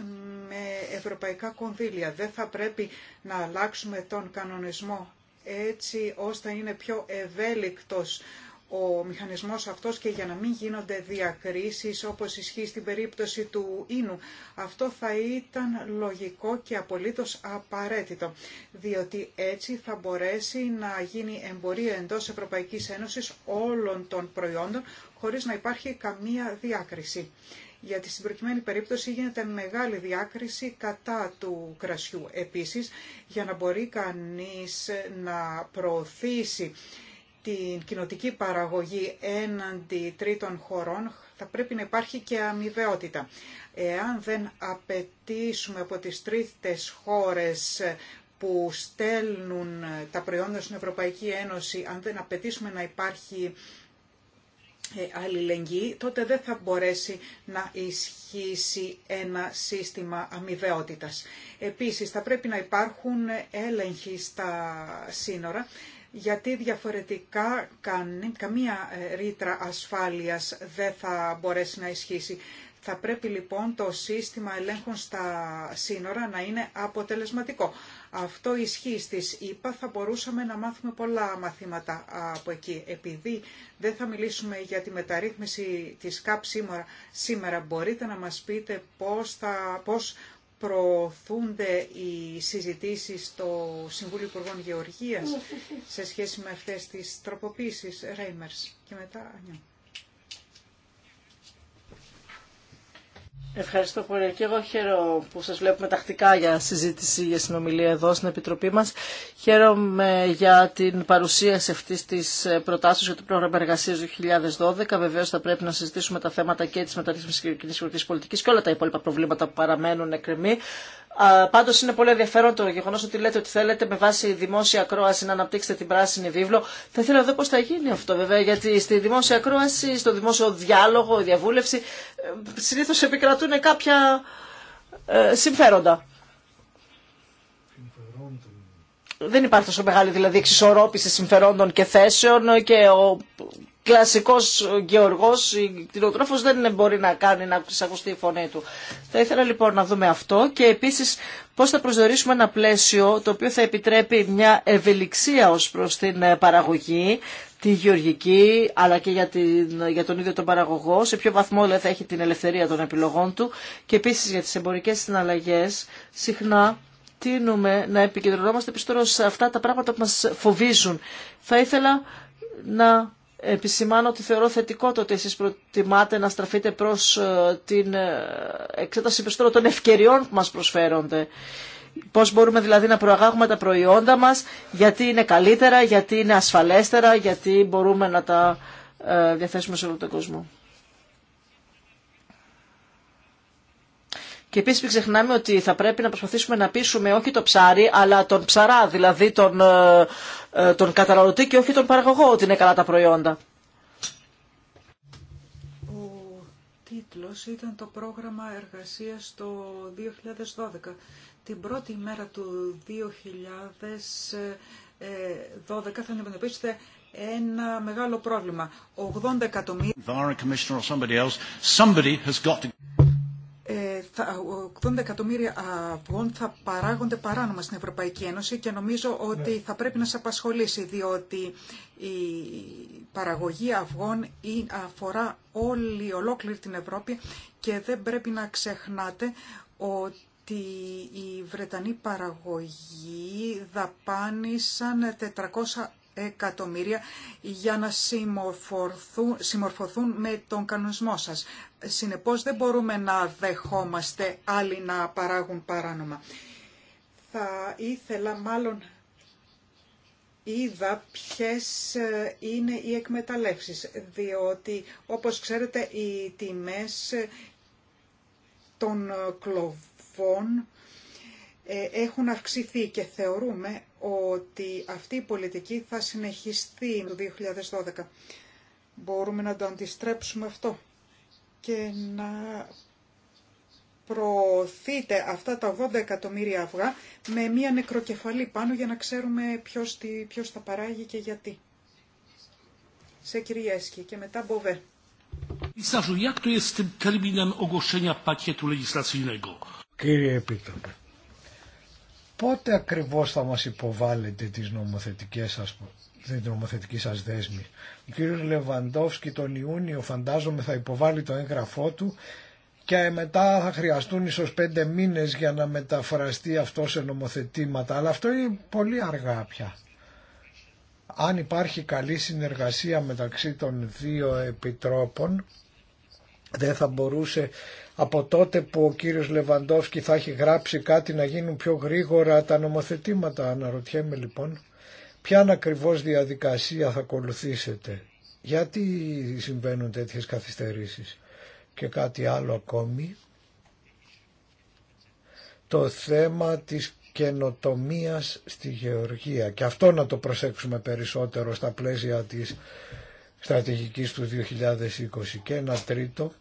με ευρωπαϊκά κονδύλια. Δεν θα πρέπει να αλλάξουμε τον κανονισμό έτσι ώστε είναι πιο ευέλικτος ο μηχανισμός αυτός και για να μην γίνονται διακρίσεις όπως ισχύει στην περίπτωση του Ίνου. Αυτό θα ήταν λογικό και απολύτως απαραίτητο, διότι έτσι θα μπορέσει να γίνει εμπορία εντός Ευρωπαϊκής Ένωσης όλων των προϊόντων χωρίς να υπάρχει καμία διάκριση. Γιατί στην προκειμένη περίπτωση γίνεται μεγάλη διάκριση κατά του κρασιού. Επίσης, για να μπορεί κανείς να προωθήσει την κοινοτική παραγωγή έναντι τρίτων χωρών θα πρέπει να υπάρχει και αμοιβαιότητα. Εάν δεν απαιτήσουμε από τις τρίτες χώρες που στέλνουν τα προϊόντα στην Ευρωπαϊκή Ένωση, αν δεν απαιτήσουμε να υπάρχει ε, αλληλεγγύη, τότε δεν θα μπορέσει να ισχύσει ένα σύστημα αμοιβαιότητας. Επίσης, θα πρέπει να υπάρχουν έλεγχοι στα σύνορα γιατί διαφορετικά καμία ε, ρήτρα ασφάλειας δεν θα μπορέσει να ισχύσει. Θα πρέπει λοιπόν το σύστημα ελέγχων στα σύνορα να είναι αποτελεσματικό. Αυτό ισχύει στις ΗΠΑ, θα μπορούσαμε να μάθουμε πολλά μαθήματα από εκεί. Επειδή δεν θα μιλήσουμε για τη μεταρρύθμιση της ΚΑΠ σήμερα, μπορείτε να μας πείτε πώς, θα, προωθούνται οι συζητήσεις στο Συμβούλιο Υπουργών Γεωργίας σε σχέση με αυτές τις τροποποίησεις Ρέιμερς και μετά Ευχαριστώ πολύ. Και εγώ χαίρομαι που σας βλέπουμε τακτικά για συζήτηση, για συνομιλία εδώ στην Επιτροπή μας. Χαίρομαι για την παρουσίαση αυτή της προτάσεως για το πρόγραμμα εργασίας 2012. Βεβαίως θα πρέπει να συζητήσουμε τα θέματα και της μεταρρύθμισης και της πολιτικής και όλα τα υπόλοιπα προβλήματα που παραμένουν εκκρεμή. Πάντω είναι πολύ ενδιαφέρον το γεγονό ότι λέτε ότι θέλετε με βάση δημόσια ακρόαση να αναπτύξετε την πράσινη βίβλο. Θα ήθελα να δω πώ θα γίνει αυτό βέβαια, γιατί στη δημόσια ακρόαση, στο δημόσιο διάλογο, διαβούλευση, ε, συνήθω επικρατούν κάποια ε, συμφέροντα. Δεν υπάρχει τόσο μεγάλη δηλαδή εξισορρόπηση συμφερόντων και θέσεων και ο κλασικό γεωργό, η κτηνοτρόφος δεν μπορεί να κάνει να ξακουστεί η φωνή του. Θα ήθελα λοιπόν να δούμε αυτό και επίση πώ θα προσδιορίσουμε ένα πλαίσιο το οποίο θα επιτρέπει μια ευελιξία ω προ την ε, παραγωγή, τη γεωργική αλλά και για, την, ε, για τον ίδιο τον παραγωγό, σε ποιο βαθμό δηλαδή, θα έχει την ελευθερία των επιλογών του και επίση για τι εμπορικέ συναλλαγές συχνά τίνουμε να επικεντρωνόμαστε πιστωρώ σε αυτά τα πράγματα που μας φοβίζουν. Θα ήθελα να επισημάνω ότι θεωρώ θετικό το ότι εσείς προτιμάτε να στραφείτε προς ε, την ε, εξέταση περισσότερο των ευκαιριών που μας προσφέρονται. Πώς μπορούμε δηλαδή να προαγάγουμε τα προϊόντα μας, γιατί είναι καλύτερα, γιατί είναι ασφαλέστερα, γιατί μπορούμε να τα ε, διαθέσουμε σε όλο τον κόσμο. Και επίση μην ξεχνάμε ότι θα πρέπει να προσπαθήσουμε να πείσουμε όχι το ψάρι, αλλά τον ψαρά, δηλαδή τον, ε, ε, τον καταναλωτή και όχι τον παραγωγό ότι είναι καλά τα προϊόντα. Ο τίτλος ήταν το πρόγραμμα εργασίας το 2012. Την πρώτη μέρα του 2012 θα αντιμετωπίσετε ένα μεγάλο πρόβλημα. 80 εκατομμύρια 80 εκατομμύρια αυγών θα παράγονται παράνομα στην Ευρωπαϊκή Ένωση και νομίζω ότι ναι. θα πρέπει να σε απασχολήσει διότι η παραγωγή αυγών αφορά όλη ολόκληρη την Ευρώπη και δεν πρέπει να ξεχνάτε ότι οι Βρετανοί παραγωγή δαπάνησαν 400 εκατομμύρια για να συμμορφωθούν, συμμορφωθούν με τον κανονισμό σας. Συνεπώς δεν μπορούμε να δεχόμαστε άλλοι να παράγουν παράνομα. Θα ήθελα μάλλον είδα ποιες ε, είναι οι εκμεταλλεύσεις, διότι όπως ξέρετε οι τιμές ε, των κλοβών ε, έχουν αυξηθεί και θεωρούμε ότι αυτή η πολιτική θα συνεχιστεί το 2012. Μπορούμε να το αντιστρέψουμε αυτό και να προωθείτε αυτά τα 80 εκατομμύρια αυγά με μία νεκροκεφαλή πάνω για να ξέρουμε ποιος, τι, ποιος τα παράγει και γιατί. Σε Κυριέσκη και μετά Μποβέ. Κύριε Επίτροπε, πότε ακριβώς θα μας υποβάλλετε τις νομοθετικές σας, την νομοθετική σας δέσμη. Ο κύριος Λεβαντόφσκι τον Ιούνιο φαντάζομαι θα υποβάλει το έγγραφό του και μετά θα χρειαστούν ίσως πέντε μήνες για να μεταφραστεί αυτό σε νομοθετήματα, αλλά αυτό είναι πολύ αργά πια. Αν υπάρχει καλή συνεργασία μεταξύ των δύο επιτρόπων, δεν θα μπορούσε από τότε που ο κύριος Λεβαντόφσκι θα έχει γράψει κάτι να γίνουν πιο γρήγορα τα νομοθετήματα. Αναρωτιέμαι λοιπόν ποια ακριβώς διαδικασία θα ακολουθήσετε. Γιατί συμβαίνουν τέτοιες καθυστερήσεις και κάτι άλλο ακόμη. Το θέμα της καινοτομίας στη γεωργία και αυτό να το προσέξουμε περισσότερο στα πλαίσια της στρατηγικής του 2020 και ένα τρίτο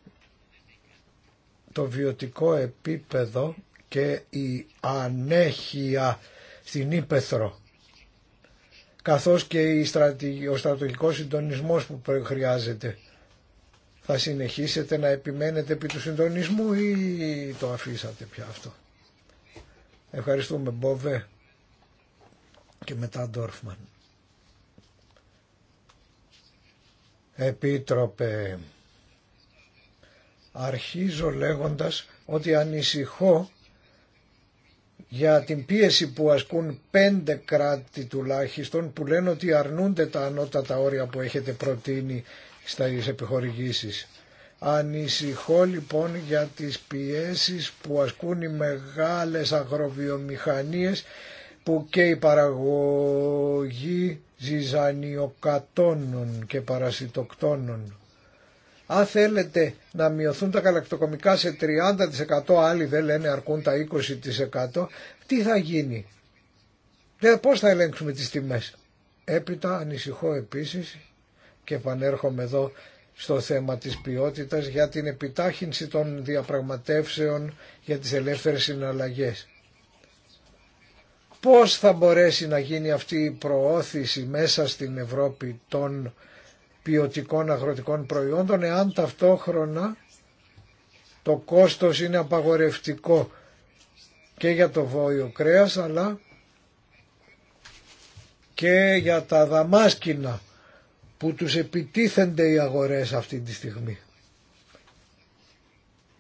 το βιωτικό επίπεδο και η ανέχεια στην Ήπεθρο καθώς και ο στρατηγικός συντονισμός που χρειάζεται. Θα συνεχίσετε να επιμένετε επί του συντονισμού ή το αφήσατε πια αυτό. Ευχαριστούμε Μπόβε και μετά Ντόρφμαν. Επίτροπε, αρχίζω λέγοντας ότι ανησυχώ για την πίεση που ασκούν πέντε κράτη τουλάχιστον που λένε ότι αρνούνται τα ανώτατα όρια που έχετε προτείνει στις επιχορηγήσεις. Ανησυχώ λοιπόν για τις πιέσεις που ασκούν οι μεγάλες αγροβιομηχανίες που και η παραγωγή ζυζανιοκατώνων και παρασιτοκτώνων. Αν θέλετε να μειωθούν τα καλακτοκομικά σε 30% άλλοι δεν λένε αρκούν τα 20% τι θα γίνει. Δεν πώς θα ελέγξουμε τις τιμές. Έπειτα ανησυχώ επίσης και επανέρχομαι εδώ στο θέμα της ποιότητας για την επιτάχυνση των διαπραγματεύσεων για τις ελεύθερες συναλλαγές πώς θα μπορέσει να γίνει αυτή η προώθηση μέσα στην Ευρώπη των ποιοτικών αγροτικών προϊόντων εάν ταυτόχρονα το κόστος είναι απαγορευτικό και για το βόλιο κρέας αλλά και για τα δαμάσκηνα που τους επιτίθενται οι αγορές αυτή τη στιγμή.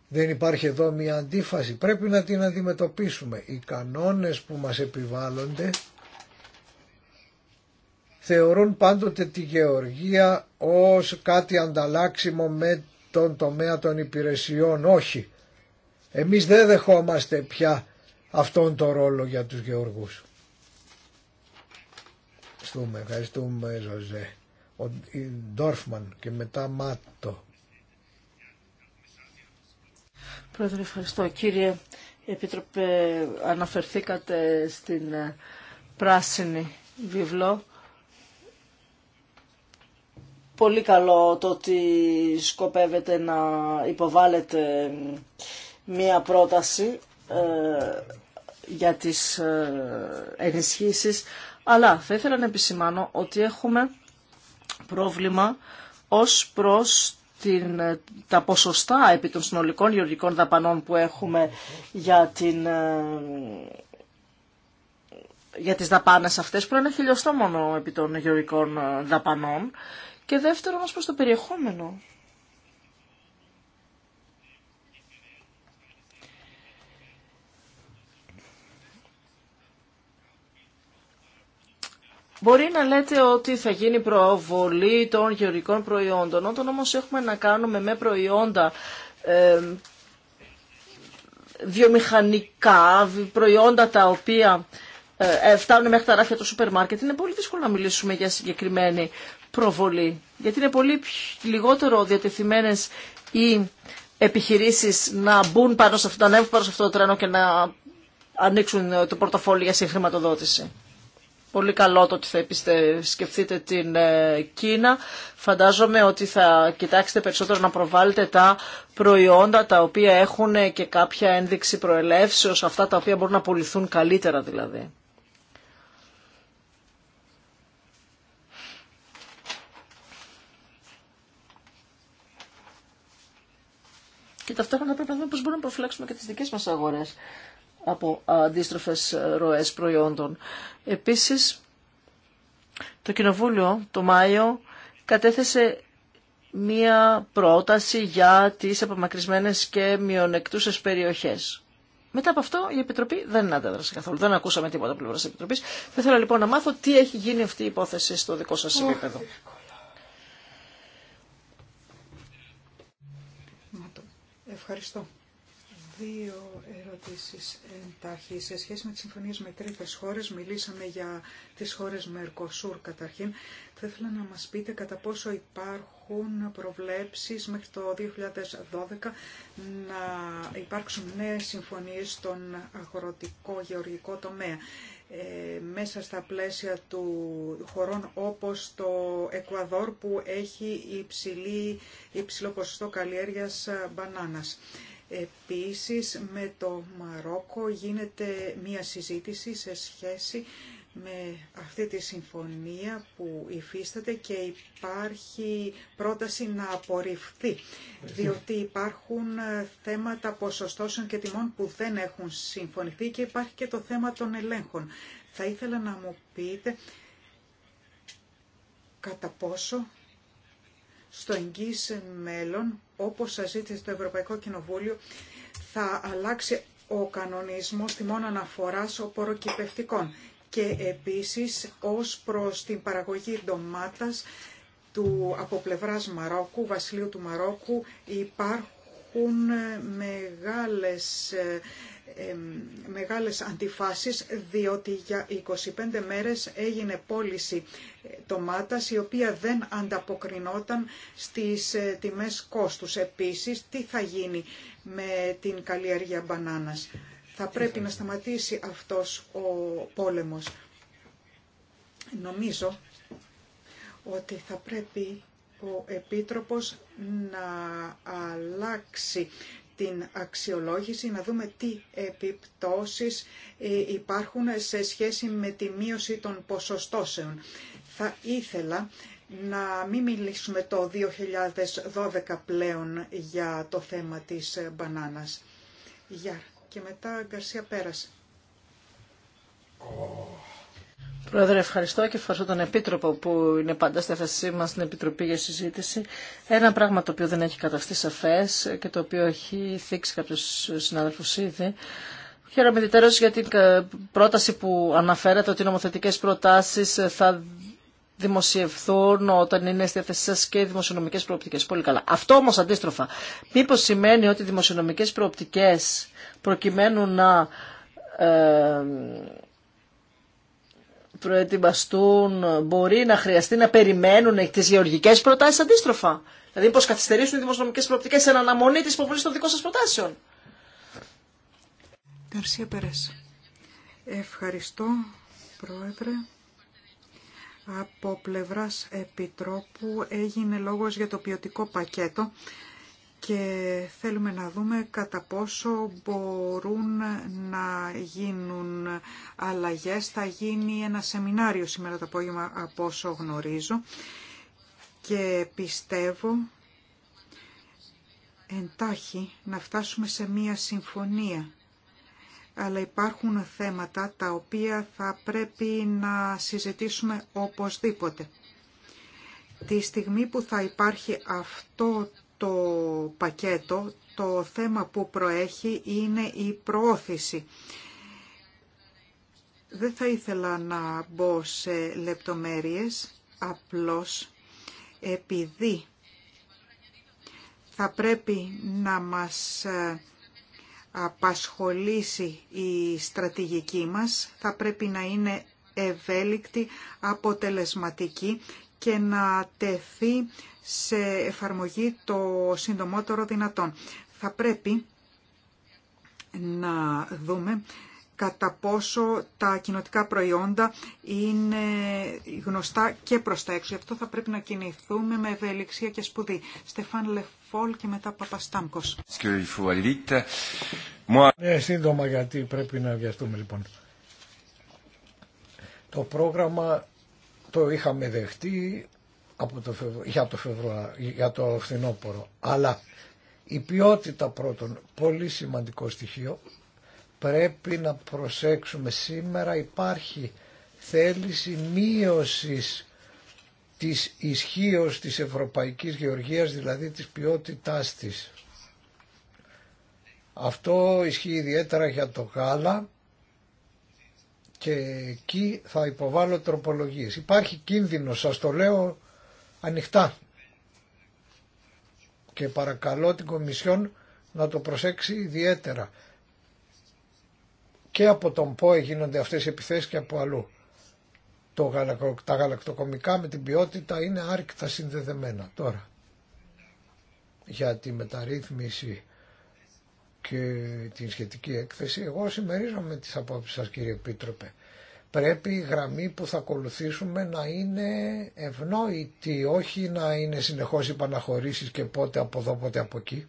Δεν υπάρχει εδώ μια αντίφαση. Πρέπει να την αντιμετωπίσουμε. Οι κανόνες που μας επιβάλλονται θεωρούν πάντοτε τη γεωργία ως κάτι ανταλλάξιμο με τον τομέα των υπηρεσιών. Όχι. Εμείς δεν δεχόμαστε πια αυτόν τον ρόλο για τους γεωργούς. Ευχαριστούμε, ευχαριστούμε Ζωζέ. Ο Ντόρφμαν και μετά Μάτο. Πρόεδρε, ευχαριστώ. Κύριε Επίτροπε, αναφερθήκατε στην ε, πράσινη βιβλό. Πολύ καλό το ότι σκοπεύετε να υποβάλετε μία πρόταση ε, για τις ε, αλλά θα ήθελα να επισημάνω ότι έχουμε πρόβλημα ως προς την, τα ποσοστά επί των συνολικών γεωργικών δαπανών που έχουμε για, την, ε, για τις δαπάνες αυτές που είναι χιλιοστό μόνο επί των γεωργικών ε, δαπανών και δεύτερον ως προς το περιεχόμενο Μπορεί να λέτε ότι θα γίνει προβολή των γεωργικών προϊόντων. Όταν όμως έχουμε να κάνουμε με προϊόντα ε, βιομηχανικά, προϊόντα τα οποία ε, ε, φτάνουν μέχρι τα ράφια του σούπερ μάρκετ, είναι πολύ δύσκολο να μιλήσουμε για συγκεκριμένη προβολή. Γιατί είναι πολύ λιγότερο διατεθειμένες οι επιχειρήσεις να μπουν πάνω σε αυτό, να ανέβουν πάνω σε αυτό το τρένο και να ανοίξουν το πορτοφόλι για συγχρηματοδότηση. Πολύ καλό το ότι θα επισκεφτείτε την ε, Κίνα. Φαντάζομαι ότι θα κοιτάξετε περισσότερο να προβάλλετε τα προϊόντα τα οποία έχουν ε, και κάποια ένδειξη προελεύσεως, αυτά τα οποία μπορούν να πουληθούν καλύτερα δηλαδή. Και ταυτόχρονα πρέπει να δούμε πώς μπορούμε να προφυλάξουμε και τις δικές μας αγορές από αντίστροφε ροές προϊόντων. Επίσης, το Κοινοβούλιο το Μάιο κατέθεσε μία πρόταση για τις απομακρυσμένες και μειονεκτούσες περιοχές. Μετά από αυτό η Επιτροπή δεν αντέδρασε καθόλου. Δεν ακούσαμε τίποτα από πλευρά τη Επιτροπή. Θα ήθελα λοιπόν να μάθω τι έχει γίνει αυτή η υπόθεση στο δικό σα επίπεδο. Ευχαριστώ. Δύο ερωτήσεις εντάχει. Σε σχέση με τις συμφωνίες με τρίτες χώρες, μιλήσαμε για τις χώρες Μερκοσούρ καταρχήν. Θα ήθελα να μας πείτε κατά πόσο υπάρχουν προβλέψεις μέχρι το 2012 να υπάρξουν νέες συμφωνίες στον αγροτικό γεωργικό τομέα. Ε, μέσα στα πλαίσια του χωρών όπως το Εκουαδόρ που έχει υψηλή, υψηλό ποσοστό καλλιέργειας ε, μπανάνας. Επίσης με το Μαρόκο γίνεται μία συζήτηση σε σχέση με αυτή τη συμφωνία που υφίσταται και υπάρχει πρόταση να απορριφθεί, διότι υπάρχουν ε, θέματα ποσοστώσεων και τιμών που δεν έχουν συμφωνηθεί και υπάρχει και το θέμα των ελέγχων. Θα ήθελα να μου πείτε κατά πόσο στο εγγύς μέλλον, όπως σας ζήτησε το Ευρωπαϊκό Κοινοβούλιο, θα αλλάξει ο κανονισμός τιμών αναφοράς οποροκυπευτικών και επίσης ως προς την παραγωγή ντομάτας του, από πλευράς Μαρόκου, βασιλείου του Μαρόκου, υπάρχουν ε, μεγάλες ε, μεγάλες αντιφάσεις διότι για 25 μέρες έγινε πώληση ε, τομάτας η οποία δεν ανταποκρινόταν στις ε, τιμές κόστους. Επίσης, τι θα γίνει με την καλλιέργεια μπανάνας. Θα πρέπει να σταματήσει αυτός ο πόλεμος. Νομίζω ότι θα πρέπει ο Επίτροπος να αλλάξει την αξιολόγηση, να δούμε τι επιπτώσεις ε, υπάρχουν σε σχέση με τη μείωση των ποσοστώσεων. Θα ήθελα να μην μιλήσουμε το 2012 πλέον για το θέμα της μπανάνας. Γεια. Και μετά Γκαρσία πέρασε. Πρόεδρε, ευχαριστώ και ευχαριστώ τον Επίτροπο που είναι πάντα στη θέση μα στην Επιτροπή για συζήτηση. Ένα πράγμα το οποίο δεν έχει καταστεί σαφέ και το οποίο έχει θίξει κάποιου συνάδελφου ήδη. Χαίρομαι ιδιαίτερω για την πρόταση που αναφέρατε ότι οι νομοθετικέ προτάσει θα δημοσιευθούν όταν είναι στη θέση σα και οι δημοσιονομικέ προοπτικέ. Πολύ καλά. Αυτό όμω αντίστροφα. Μήπω σημαίνει ότι οι δημοσιονομικέ προοπτικέ προκειμένου να. Ε, προετοιμαστούν, μπορεί να χρειαστεί να περιμένουν τι γεωργικές προτάσεις αντίστροφα. Δηλαδή πω καθυστερήσουν οι δημοσιονομικές προοπτικέ σε αναμονή της υποβολή των δικών σα προτάσεων. Ευχαριστώ, Πρόεδρε. Από πλευράς Επιτρόπου έγινε λόγος για το ποιοτικό πακέτο και θέλουμε να δούμε κατά πόσο μπορούν να γίνουν αλλαγές. Θα γίνει ένα σεμινάριο σήμερα το απόγευμα από όσο γνωρίζω και πιστεύω εντάχει να φτάσουμε σε μία συμφωνία. Αλλά υπάρχουν θέματα τα οποία θα πρέπει να συζητήσουμε οπωσδήποτε. Τη στιγμή που θα υπάρχει αυτό το πακέτο, το θέμα που προέχει είναι η προώθηση. Δεν θα ήθελα να μπω σε λεπτομέρειες, απλώς επειδή θα πρέπει να μας ε, απασχολήσει η στρατηγική μας, θα πρέπει να είναι ευέλικτη, αποτελεσματική και να τεθεί σε εφαρμογή το συντομότερο δυνατόν. Θα πρέπει να δούμε κατά πόσο τα κοινοτικά προϊόντα είναι γνωστά και προς τα έξω. Γι' αυτό θα πρέπει να κινηθούμε με ευελιξία και σπουδή. Στεφάν Λεφόλ και μετά Παπαστάμκος. Ναι, σύντομα γιατί πρέπει να βιαστούμε λοιπόν. Το πρόγραμμα το είχαμε δεχτεί από το για, το για το φθινόπωρο. Αλλά η ποιότητα πρώτον, πολύ σημαντικό στοιχείο, πρέπει να προσέξουμε. Σήμερα υπάρχει θέληση μείωσης της ισχύω της Ευρωπαϊκής Γεωργίας, δηλαδή της ποιότητάς της. Αυτό ισχύει ιδιαίτερα για το γάλα και εκεί θα υποβάλω τροπολογίες. Υπάρχει κίνδυνο, σας το λέω ανοιχτά και παρακαλώ την Κομισιόν να το προσέξει ιδιαίτερα. Και από τον ΠΟΕ γίνονται αυτές οι επιθέσεις και από αλλού. Το γαλακτο, τα γαλακτοκομικά με την ποιότητα είναι άρρηκτα συνδεδεμένα τώρα. Για τη μεταρρύθμιση και την σχετική έκθεση. Εγώ συμμερίζομαι τις απόψεις σας κύριε Επίτροπε. Πρέπει η γραμμή που θα ακολουθήσουμε να είναι ευνόητη, όχι να είναι συνεχώς οι και πότε από εδώ, πότε από εκεί.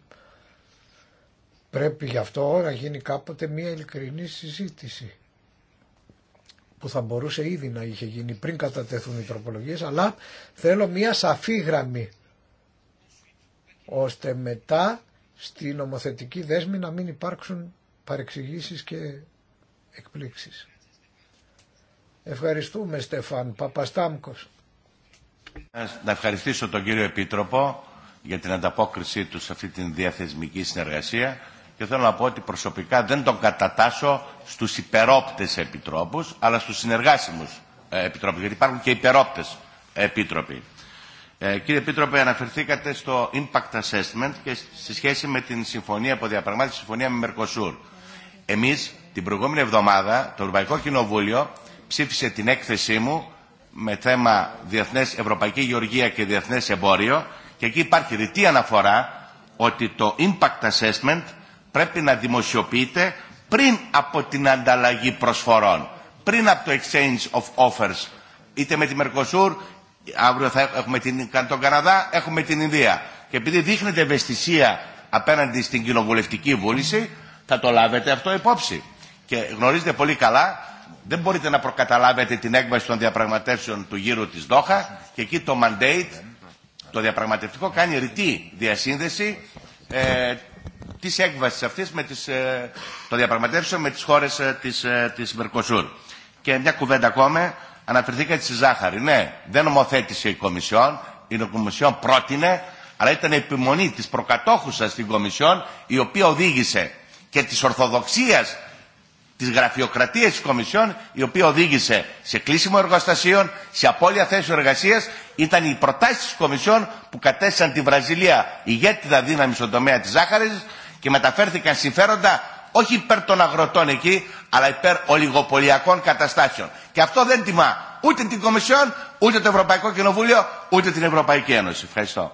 Πρέπει γι' αυτό να γίνει κάποτε μια ειλικρινή συζήτηση που θα μπορούσε ήδη να είχε γίνει πριν κατατεθούν οι τροπολογίες, αλλά θέλω μια σαφή γραμμή, ώστε μετά στη νομοθετική δέσμη να μην υπάρξουν παρεξηγήσεις και εκπλήξεις. Ευχαριστούμε Στεφάν Παπαστάμκος. Να ευχαριστήσω τον κύριο Επίτροπο για την ανταπόκρισή του σε αυτή την διαθεσμική συνεργασία και θέλω να πω ότι προσωπικά δεν τον κατατάσω στους υπερόπτες επιτρόπους αλλά στους συνεργάσιμους ε, επιτρόπους γιατί υπάρχουν και υπερόπτες επίτροποι. Ε, κύριε Πίτροπε, αναφερθήκατε στο impact assessment και στη σχέση με την συμφωνία, τη συμφωνία με Μερκοσούρ. Εμεί, την προηγούμενη εβδομάδα το Ευρωπαϊκό Κοινοβούλιο ψήφισε την έκθεσή μου με θέμα διεθνέ Ευρωπαϊκή Γεωργία και Διεθνέ Εμπόριο και εκεί υπάρχει ρητή αναφορά ότι το impact assessment πρέπει να δημοσιοποιείται πριν από την ανταλλαγή προσφορών, πριν από το exchange of offers, είτε με τη Mercosur αύριο θα έχουμε την, τον Καναδά, έχουμε την Ινδία. Και επειδή δείχνεται ευαισθησία απέναντι στην κοινοβουλευτική βούληση, θα το λάβετε αυτό υπόψη. Και γνωρίζετε πολύ καλά, δεν μπορείτε να προκαταλάβετε την έκβαση των διαπραγματεύσεων του γύρου της Δόχα και εκεί το mandate, το διαπραγματευτικό, κάνει ρητή διασύνδεση ε, της έκβασης αυτής με τις, ε, των διαπραγματεύσεων με τις χώρες ε, της, ε, της Μερκοσούρ. Και μια κουβέντα ακόμα, Αναφερθήκατε στη ζάχαρη. Ναι, δεν νομοθέτησε η Κομισιόν. Η Κομισιόν πρότεινε, αλλά ήταν επιμονή της προκατόχουσα στην Κομισιόν, η οποία οδήγησε και της ορθοδοξίας τη γραφειοκρατία τη Κομισιόν, η οποία οδήγησε σε κλείσιμο εργοστασίων, σε απώλεια θέσεων εργασία, ήταν οι προτάσει τη Κομισιόν που κατέστησαν τη Βραζιλία ηγέτιδα δύναμη στον τομέα τη ζάχαρη και μεταφέρθηκαν συμφέροντα όχι υπέρ των αγροτών εκεί, αλλά υπέρ ολιγοπολιακών καταστάσεων. Και αυτό δεν τιμά ούτε την Κομισιόν, ούτε το Ευρωπαϊκό Κοινοβούλιο, ούτε την Ευρωπαϊκή Ένωση. Ευχαριστώ.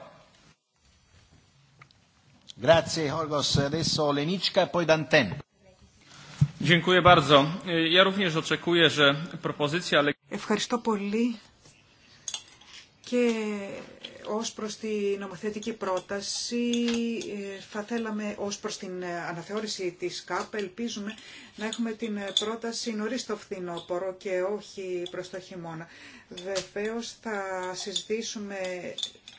Ευχαριστώ πολύ και ως προς τη νομοθετική πρόταση, ε, θα θέλαμε ως προς την αναθεώρηση της ΚΑΠ, ελπίζουμε να έχουμε την πρόταση νωρίς το φθινόπωρο και όχι προς το χειμώνα. Βεβαίω θα συζητήσουμε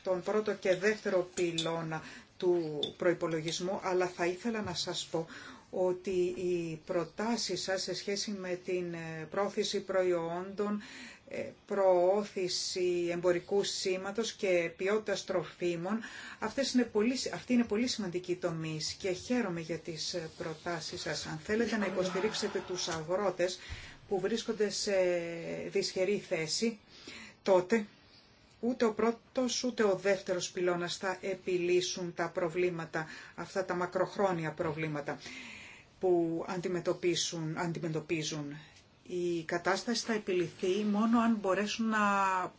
τον πρώτο και δεύτερο πυλώνα του προϋπολογισμού, αλλά θα ήθελα να σας πω ότι οι προτάσεις σας σε σχέση με την πρόθεση προϊόντων, ε, προώθηση εμπορικού σήματος και ποιότητα τροφίμων. Αυτές είναι πολύ, αυτή είναι πολύ σημαντική τομή και χαίρομαι για τις προτάσεις σας. Αν θέλετε να υποστηρίξετε τους αγρότες που βρίσκονται σε δυσχερή θέση, τότε ούτε ο πρώτος ούτε ο δεύτερος πυλώνας θα επιλύσουν τα προβλήματα, αυτά τα μακροχρόνια προβλήματα που αντιμετωπίζουν η κατάσταση θα επιληθεί μόνο αν μπορέσουν να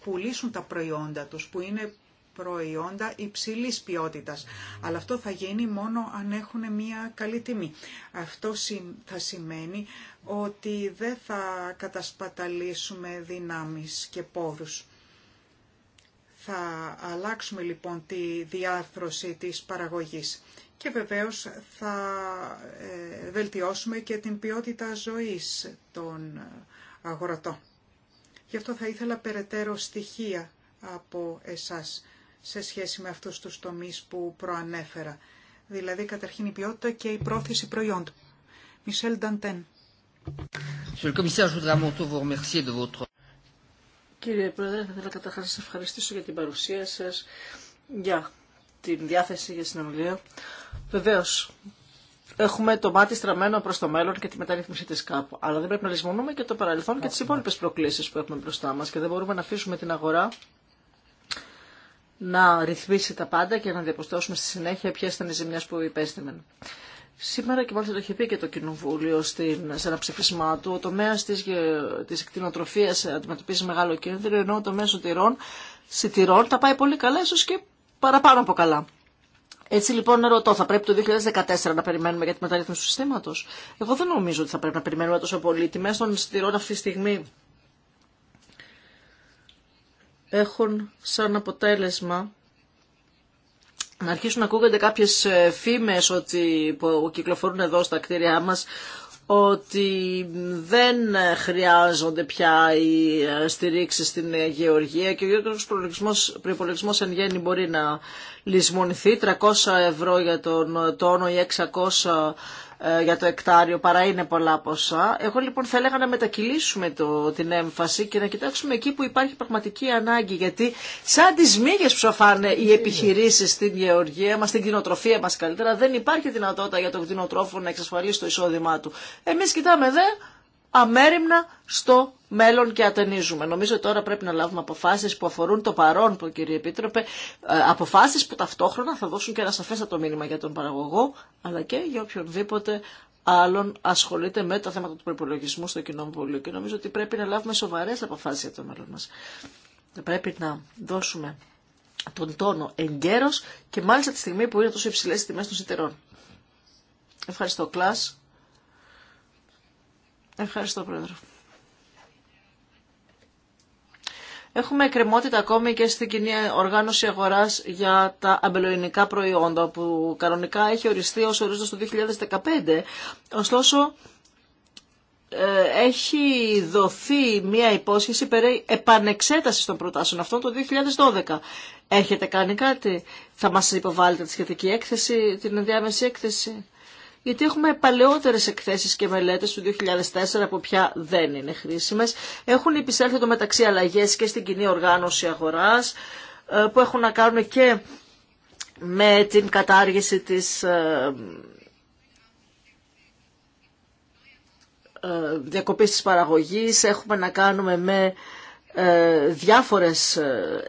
πουλήσουν τα προϊόντα τους, που είναι προϊόντα υψηλής ποιότητας. Αλλά αυτό θα γίνει μόνο αν έχουν μια καλή τιμή. Αυτό θα σημαίνει ότι δεν θα κατασπαταλήσουμε δυνάμεις και πόρους. Θα αλλάξουμε λοιπόν τη διάρθρωση της παραγωγής και βεβαίως θα ε, βελτιώσουμε και την ποιότητα ζωής των αγορατών. Γι' αυτό θα ήθελα περαιτέρω στοιχεία από εσάς σε σχέση με αυτούς τους τομείς που προανέφερα. Δηλαδή καταρχήν η ποιότητα και η πρόθεση προϊόντου. Μισελ Νταντέν. Κύριε Πρόεδρε, θα ήθελα καταρχάς να σας ευχαριστήσω για την παρουσία σας, για την διάθεση για συνομιλία. Βεβαίω, έχουμε το μάτι στραμμένο προ το μέλλον και τη μεταρρύθμιση τη ΚΑΠ. Αλλά δεν πρέπει να λησμονούμε και το παρελθόν και τι υπόλοιπε προκλήσει που έχουμε μπροστά μα και δεν μπορούμε να αφήσουμε την αγορά να ρυθμίσει τα πάντα και να διαπιστώσουμε στη συνέχεια ποιε ήταν οι ζημιές που υπέστημεν. Σήμερα και μάλιστα το είχε πει και το Κοινοβούλιο στην, σε ένα ψηφισμά του, ο τομέα τη της αντιμετωπίζει μεγάλο κίνδυνο, ενώ ο τομέα τυρών σιτηρών τα πάει πολύ καλά, ίσω και παραπάνω από καλά. Έτσι λοιπόν ρωτώ, θα πρέπει το 2014 να περιμένουμε για τη μεταρρύθμιση του συστήματο. Εγώ δεν νομίζω ότι θα πρέπει να περιμένουμε τόσο πολύ. Τιμέ των εισιτηρών αυτή τη στιγμή έχουν σαν αποτέλεσμα να αρχίσουν να ακούγονται κάποιες φήμες ότι που κυκλοφορούν εδώ στα κτίρια μας ότι δεν χρειάζονται πια οι ε, στηρίξει στην ε, γεωργία και ο γεωργικός προϋπολογισμός εν γέννη μπορεί να λησμονηθεί. 300 ευρώ για τον τόνο ή 600 ε, για το εκτάριο παρά είναι πολλά ποσά. Εγώ λοιπόν θα έλεγα να μετακυλήσουμε το, την έμφαση και να κοιτάξουμε εκεί που υπάρχει πραγματική ανάγκη γιατί σαν τις μύγες που οι επιχειρήσεις στην γεωργία μας, στην κτηνοτροφία μας καλύτερα δεν υπάρχει δυνατότητα για τον κτηνοτρόφο να εξασφαλίσει το εισόδημά του. Εμείς κοιτάμε δε αμέριμνα στο μέλλον και ατενίζουμε. Νομίζω τώρα πρέπει να λάβουμε αποφάσεις που αφορούν το παρόν, που, κύριε Επίτροπε, ε, αποφάσεις που ταυτόχρονα θα δώσουν και ένα σαφέστατο μήνυμα για τον παραγωγό, αλλά και για οποιονδήποτε άλλον ασχολείται με τα θέματα του προπολογισμού στο κοινό βουλίο. Και νομίζω ότι πρέπει να λάβουμε σοβαρές αποφάσεις για το μέλλον μας. Πρέπει να δώσουμε τον τόνο εγκαίρος και μάλιστα τη στιγμή που είναι τόσο υψηλές τιμές των σιτερών. Ευχαριστώ, Κλάς. Ευχαριστώ, Πρόεδρο. Έχουμε εκκρεμότητα ακόμη και στην κοινή οργάνωση αγοράς για τα αμπελοϊνικά προϊόντα που κανονικά έχει οριστεί ως ορίζοντα το 2015. Ωστόσο, ε, έχει δοθεί μία υπόσχεση περί επανεξέτασης των προτάσεων αυτών το 2012. Έχετε κάνει κάτι, θα μας υποβάλλετε τη σχετική έκθεση, την ενδιάμεση έκθεση γιατί έχουμε παλαιότερες εκθέσεις και μελέτες του 2004 από πια δεν είναι χρήσιμες. Έχουν επισέλθει το μεταξύ αλλαγές και στην κοινή οργάνωση αγοράς ε, που έχουν να κάνουν και με την κατάργηση της ε, ε, διακοπής της παραγωγής, έχουμε να κάνουμε με διάφορες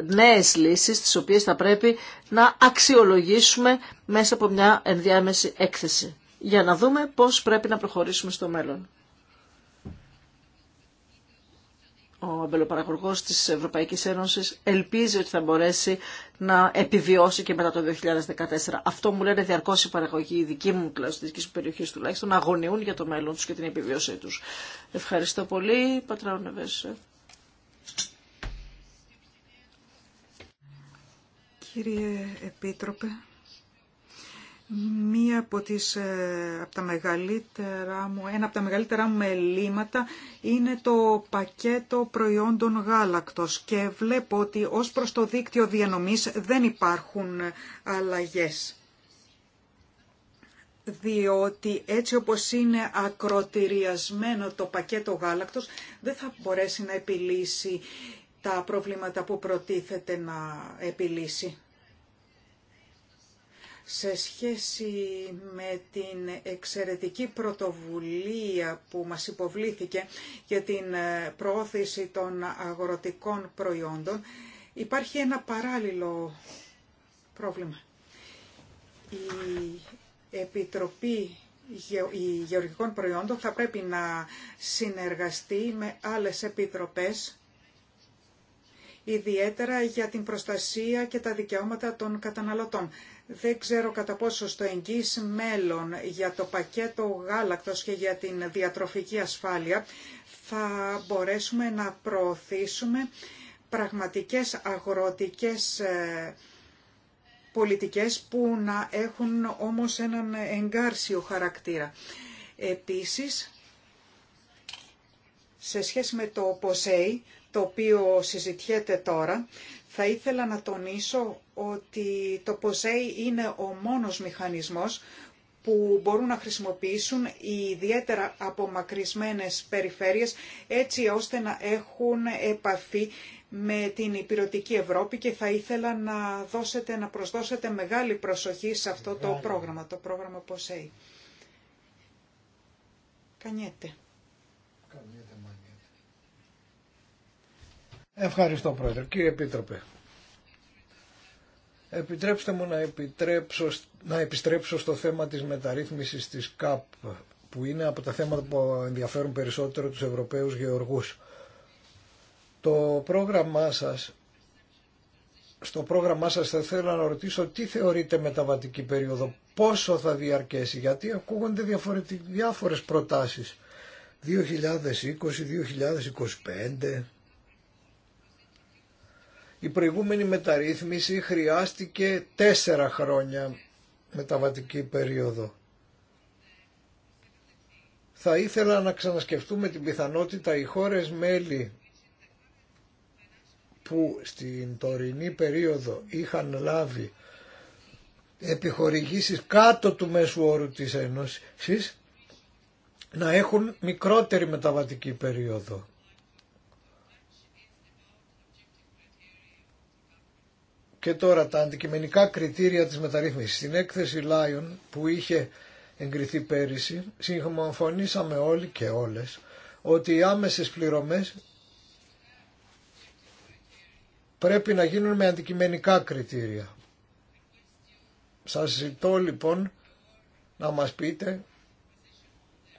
νέες λύσεις τις οποίες θα πρέπει να αξιολογήσουμε μέσα από μια ενδιάμεση έκθεση για να δούμε πώς πρέπει να προχωρήσουμε στο μέλλον. ο αμπελοπαραγωγός της Ευρωπαϊκής Ένωσης ελπίζει ότι θα μπορέσει να επιβιώσει και μετά το 2014. Αυτό μου λένε διαρκώς οι παραγωγοί, οι δικοί μου της δικής μου περιοχή τουλάχιστον, να αγωνιούν για το μέλλον τους και την επιβίωσή τους. Ευχαριστώ πολύ. Πατράω Κύριε Επίτροπε, Μία από τις, ε, από τα μεγαλύτερα μου, ένα από τα μεγαλύτερα μου ελλείμματα είναι το πακέτο προϊόντων γάλακτος και βλέπω ότι ως προς το δίκτυο διανομής δεν υπάρχουν ε, αλλαγές. Διότι έτσι όπως είναι ακροτηριασμένο το πακέτο γάλακτος δεν θα μπορέσει να επιλύσει τα προβλήματα που προτίθεται να επιλύσει σε σχέση με την εξαιρετική πρωτοβουλία που μας υποβλήθηκε για την ε, προώθηση των αγροτικών προϊόντων, υπάρχει ένα παράλληλο πρόβλημα. Η Επιτροπή Γεωργικών Προϊόντων θα πρέπει να συνεργαστεί με άλλες επιτροπές ιδιαίτερα για την προστασία και τα δικαιώματα των καταναλωτών. Δεν ξέρω κατά πόσο στο εγγύης μέλλον για το πακέτο γάλακτος και για την διατροφική ασφάλεια θα μπορέσουμε να προωθήσουμε πραγματικές αγροτικές ε, πολιτικές που να έχουν όμως έναν εγκάρσιο χαρακτήρα. Επίσης, σε σχέση με το ΠΟΣΕΙ, το οποίο συζητιέται τώρα, θα ήθελα να τονίσω ότι το ΠΟΣΕΙ είναι ο μόνος μηχανισμός που μπορούν να χρησιμοποιήσουν οι ιδιαίτερα απομακρυσμένες περιφέρειες έτσι ώστε να έχουν επαφή με την υπηρετική Ευρώπη και θα ήθελα να, δώσετε, να προσδώσετε μεγάλη προσοχή σε αυτό το πρόγραμμα, το πρόγραμμα ΠΟΣΕΙ. Κανιέται. Ευχαριστώ Πρόεδρε. Κύριε Επίτροπε, επιτρέψτε μου να, επιτρέψω, να επιστρέψω στο θέμα της μεταρρύθμισης της ΚΑΠ που είναι από τα θέματα που ενδιαφέρουν περισσότερο τους Ευρωπαίους γεωργούς. Το πρόγραμμά σας, στο πρόγραμμά σας θα ήθελα να ρωτήσω τι θεωρείτε μεταβατική περίοδο, πόσο θα διαρκέσει, γιατί ακούγονται διάφορες προτάσεις. 2020, 2025... Η προηγούμενη μεταρρύθμιση χρειάστηκε τέσσερα χρόνια μεταβατική περίοδο. Θα ήθελα να ξανασκεφτούμε την πιθανότητα οι χώρες μέλη που στην τωρινή περίοδο είχαν λάβει επιχορηγήσεις κάτω του μέσου όρου της Ένωσης να έχουν μικρότερη μεταβατική περίοδο. Και τώρα τα αντικειμενικά κριτήρια της μεταρρύθμισης. Στην έκθεση Lion που είχε εγκριθεί πέρυσι, συγχωμοφωνήσαμε όλοι και όλες ότι οι άμεσες πληρωμές πρέπει να γίνουν με αντικειμενικά κριτήρια. Σας ζητώ λοιπόν να μας πείτε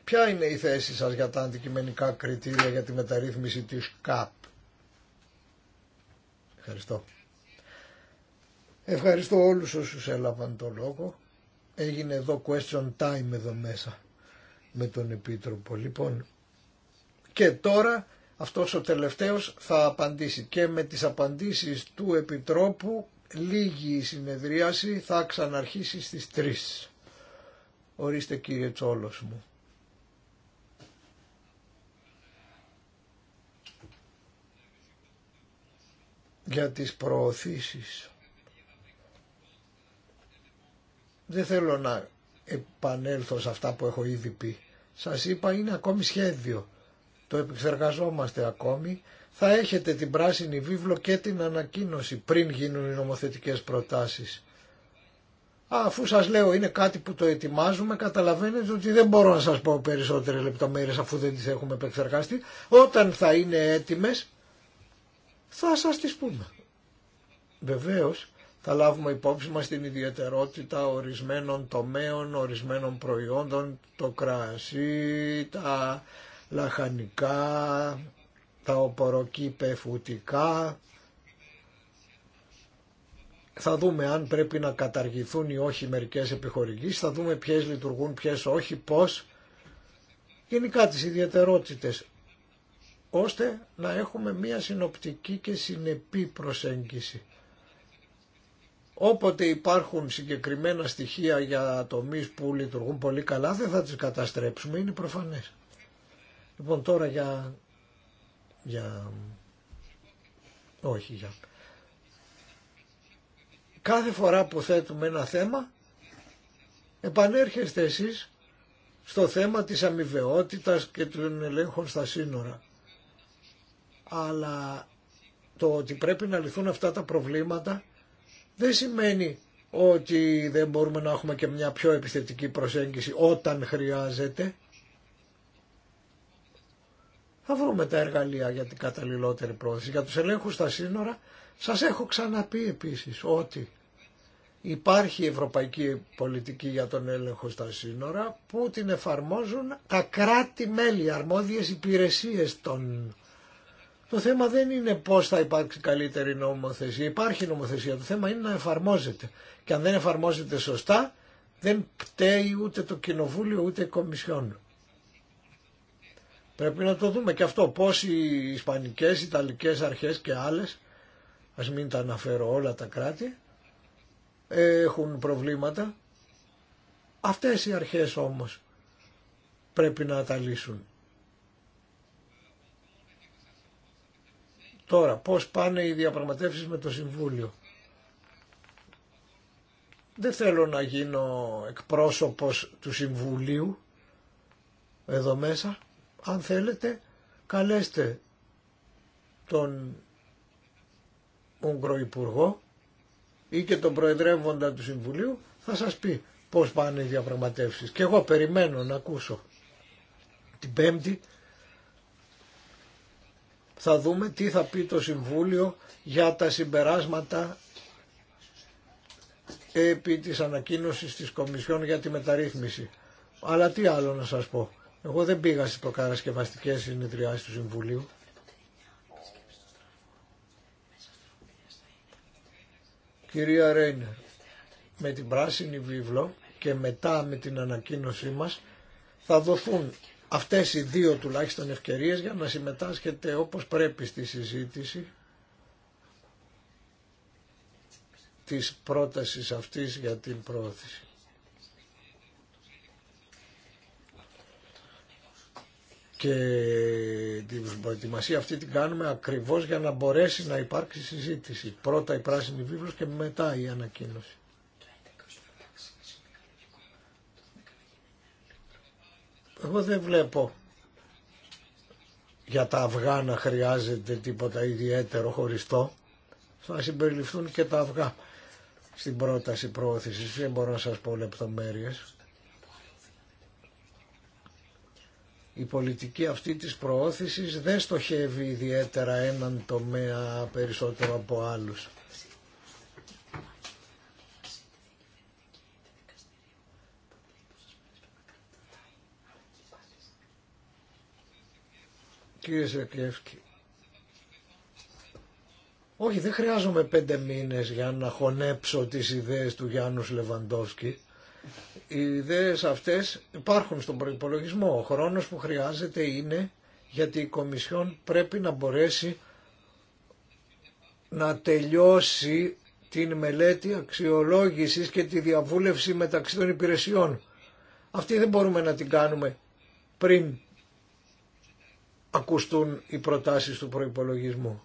ποια είναι η θέση σας για τα αντικειμενικά κριτήρια για τη μεταρρύθμιση της ΚΑΠ. Ευχαριστώ. Ευχαριστώ όλους όσους έλαβαν το λόγο. Έγινε εδώ question time εδώ μέσα με τον Επίτροπο. Λοιπόν, και τώρα αυτός ο τελευταίος θα απαντήσει και με τις απαντήσεις του Επιτρόπου λίγη η συνεδρίαση θα ξαναρχίσει στις 3. Ορίστε κύριε Τσόλος μου. για τις προωθήσεις. Δεν θέλω να επανέλθω σε αυτά που έχω ήδη πει. Σας είπα είναι ακόμη σχέδιο. Το επεξεργαζόμαστε ακόμη. Θα έχετε την πράσινη βίβλο και την ανακοίνωση πριν γίνουν οι νομοθετικές προτάσεις. αφού σας λέω είναι κάτι που το ετοιμάζουμε, καταλαβαίνετε ότι δεν μπορώ να σας πω περισσότερες λεπτομέρειες αφού δεν τις έχουμε επεξεργαστεί. Όταν θα είναι έτοιμες θα σας τις πούμε. Βεβαίως θα λάβουμε υπόψη μας την ιδιαιτερότητα ορισμένων τομέων, ορισμένων προϊόντων, το κρασί, τα λαχανικά, τα οποροκή πεφουτικά. Θα δούμε αν πρέπει να καταργηθούν ή όχι μερικές επιχορηγήσεις, θα δούμε ποιες λειτουργούν, ποιες όχι, πώς. Γενικά τις ιδιαιτερότητες, ώστε να έχουμε μία συνοπτική και συνεπή προσέγγιση Όποτε υπάρχουν συγκεκριμένα στοιχεία για τομείς που λειτουργούν πολύ καλά δεν θα τις καταστρέψουμε, είναι προφανές. Λοιπόν τώρα για... για... όχι για... Κάθε φορά που θέτουμε ένα θέμα επανέρχεστε εσείς στο θέμα της αμοιβαιότητας και των ελέγχων στα σύνορα. Αλλά το ότι πρέπει να λυθούν αυτά τα προβλήματα δεν σημαίνει ότι δεν μπορούμε να έχουμε και μια πιο επιθετική προσέγγιση όταν χρειάζεται. Θα βρούμε τα εργαλεία για την καταλληλότερη πρόθεση. Για τους ελέγχους στα σύνορα σας έχω ξαναπεί επίσης ότι υπάρχει ευρωπαϊκή πολιτική για τον έλεγχο στα σύνορα που την εφαρμόζουν τα κράτη-μέλη, αρμόδιες υπηρεσίες των το θέμα δεν είναι πώ θα υπάρξει καλύτερη νομοθεσία. Υπάρχει νομοθεσία. Το θέμα είναι να εφαρμόζεται. Και αν δεν εφαρμόζεται σωστά, δεν πταίει ούτε το Κοινοβούλιο ούτε η Κομισιόν. Πρέπει να το δούμε και αυτό. πώ οι Ισπανικές, Ιταλικές αρχές και άλλες, ας μην τα αναφέρω όλα τα κράτη, έχουν προβλήματα. Αυτές οι αρχές όμως πρέπει να τα λύσουν. Τώρα, πώς πάνε οι διαπραγματεύσεις με το Συμβούλιο. Δεν θέλω να γίνω εκπρόσωπος του Συμβουλίου εδώ μέσα. Αν θέλετε, καλέστε τον Ουγγροϊπουργό ή και τον Προεδρεύοντα του Συμβουλίου, θα σας πει πώς πάνε οι διαπραγματεύσεις. Και εγώ περιμένω να ακούσω. Την Πέμπτη θα δούμε τι θα πει το Συμβούλιο για τα συμπεράσματα επί της ανακοίνωσης της Κομισιόν για τη μεταρρύθμιση. Αλλά τι άλλο να σας πω. Εγώ δεν πήγα στις προκαρασκευαστικές συνεδριάσεις του Συμβουλίου. Κυρία Ρέινερ, με την πράσινη βίβλο και μετά με την ανακοίνωσή μας θα δοθούν αυτές οι δύο τουλάχιστον ευκαιρίες για να συμμετάσχετε όπως πρέπει στη συζήτηση της πρότασης αυτής για την πρόθεση. Και την προετοιμασία αυτή την κάνουμε ακριβώς για να μπορέσει να υπάρξει συζήτηση. Πρώτα η πράσινη βίβλος και μετά η ανακοίνωση. Εγώ δεν βλέπω για τα αυγά να χρειάζεται τίποτα ιδιαίτερο χωριστό. Θα συμπεριληφθούν και τα αυγά στην πρόταση προώθησης. Δεν μπορώ να σας πω λεπτομέρειες. Η πολιτική αυτή της προώθησης δεν στοχεύει ιδιαίτερα έναν τομέα περισσότερο από άλλους. κύριε Όχι, δεν χρειάζομαι πέντε μήνες για να χωνέψω τις ιδέες του Γιάννου Λεβαντόφσκι. Οι ιδέες αυτές υπάρχουν στον προϋπολογισμό. Ο χρόνος που χρειάζεται είναι γιατί η Κομισιόν πρέπει να μπορέσει να τελειώσει την μελέτη αξιολόγησης και τη διαβούλευση μεταξύ των υπηρεσιών. Αυτή δεν μπορούμε να την κάνουμε πριν ακουστούν οι προτάσεις του προϋπολογισμού.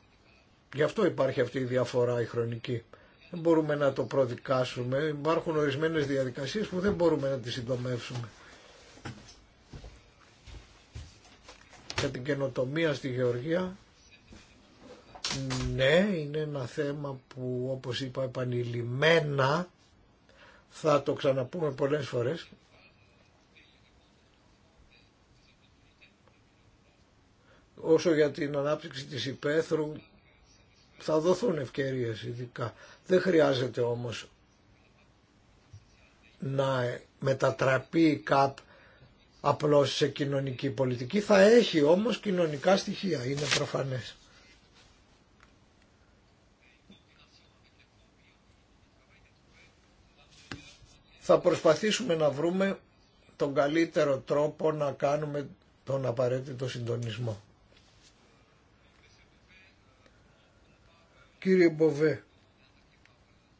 Γι' αυτό υπάρχει αυτή η διαφορά η χρονική. Δεν μπορούμε να το προδικάσουμε. Υπάρχουν ορισμένες διαδικασίες που δεν μπορούμε να τις συντομεύσουμε. Για την καινοτομία στη Γεωργία, ναι, είναι ένα θέμα που όπως είπα επανειλημμένα θα το ξαναπούμε πολλές φορές όσο για την ανάπτυξη της υπαίθρου θα δοθούν ευκαιρίες ειδικά. Δεν χρειάζεται όμως να μετατραπεί η ΚΑΠ απλώς σε κοινωνική πολιτική. Θα έχει όμως κοινωνικά στοιχεία, είναι προφανές. Θα προσπαθήσουμε να βρούμε τον καλύτερο τρόπο να κάνουμε τον απαραίτητο συντονισμό. Κύριε Μποβέ,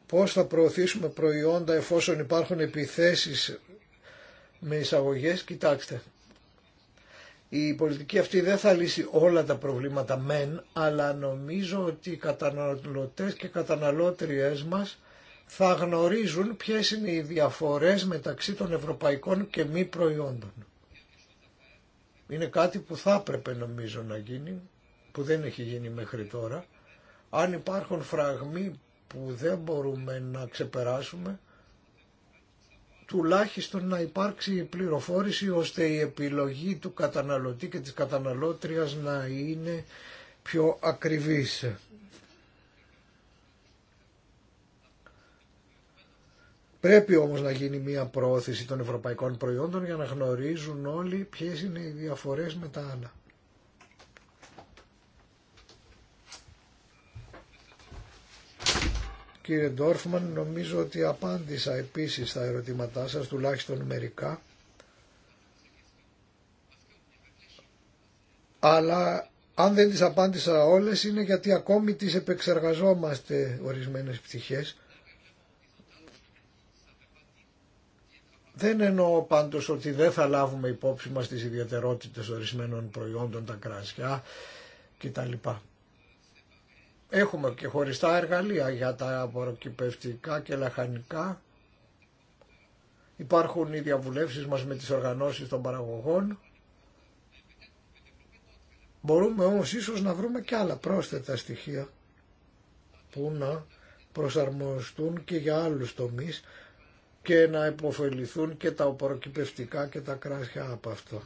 πώς θα προωθήσουμε προϊόντα εφόσον υπάρχουν επιθέσεις με εισαγωγές, κοιτάξτε. Η πολιτική αυτή δεν θα λύσει όλα τα προβλήματα μεν, αλλά νομίζω ότι οι καταναλωτές και καταναλώτριές μας θα γνωρίζουν ποιες είναι οι διαφορές μεταξύ των ευρωπαϊκών και μη προϊόντων. Είναι κάτι που θα έπρεπε νομίζω να γίνει, που δεν έχει γίνει μέχρι τώρα αν υπάρχουν φραγμοί που δεν μπορούμε να ξεπεράσουμε, τουλάχιστον να υπάρξει η πληροφόρηση ώστε η επιλογή του καταναλωτή και της καταναλώτριας να είναι πιο ακριβής. Πρέπει όμως να γίνει μια πρόθεση των ευρωπαϊκών προϊόντων για να γνωρίζουν όλοι ποιες είναι οι διαφορές με τα άλλα. Κύριε Ντόρφμαν, νομίζω ότι απάντησα επίσης στα ερωτήματά σας, τουλάχιστον μερικά. Αλλά αν δεν τις απάντησα όλες είναι γιατί ακόμη τις επεξεργαζόμαστε ορισμένες πτυχές. Δεν εννοώ πάντως ότι δεν θα λάβουμε υπόψη μας τις ιδιαιτερότητες ορισμένων προϊόντων, τα κρασιά κτλ. Έχουμε και χωριστά εργαλεία για τα απορροκυπευτικά και λαχανικά. Υπάρχουν οι διαβουλεύσεις μας με τις οργανώσεις των παραγωγών. Μπορούμε όμως ίσως να βρούμε και άλλα πρόσθετα στοιχεία που να προσαρμοστούν και για άλλους τομείς και να υποφεληθούν και τα προκυπευτικά και τα κράσια από αυτό.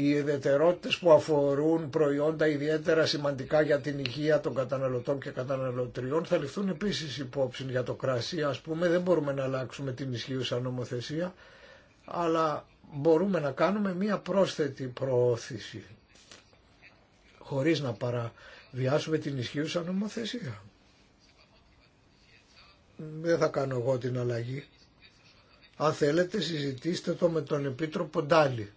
οι ιδιαιτερότητες που αφορούν προϊόντα ιδιαίτερα σημαντικά για την υγεία των καταναλωτών και καταναλωτριών θα ληφθούν επίσης υπόψη για το κρασί. Ας πούμε δεν μπορούμε να αλλάξουμε την ισχύουσα νομοθεσία, αλλά μπορούμε να κάνουμε μία πρόσθετη προώθηση, χωρίς να παραβιάσουμε την ισχύουσα νομοθεσία. Δεν θα κάνω εγώ την αλλαγή. Αν θέλετε συζητήστε το με τον Επίτροπο Ντάλι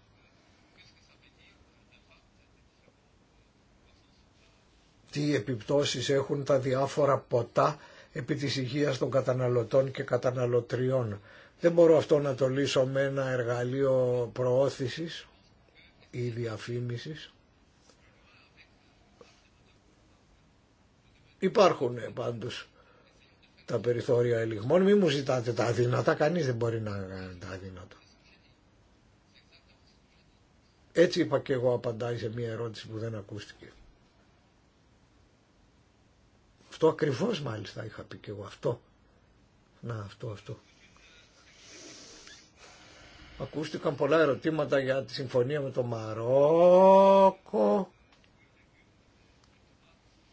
τι επιπτώσεις έχουν τα διάφορα ποτά επί της υγείας των καταναλωτών και καταναλωτριών. Δεν μπορώ αυτό να το λύσω με ένα εργαλείο προώθησης ή διαφήμισης. Υπάρχουν ε, πάντως τα περιθώρια ελιγμών. Μην μου ζητάτε τα αδύνατα. Κανείς δεν μπορεί να κάνει τα αδύνατα. Έτσι είπα και εγώ απαντάει σε μία ερώτηση που δεν ακούστηκε. Αυτό ακριβώς μάλιστα είχα πει και εγώ. Αυτό. Να αυτό αυτό. Ακούστηκαν πολλά ερωτήματα για τη συμφωνία με το Μαρόκο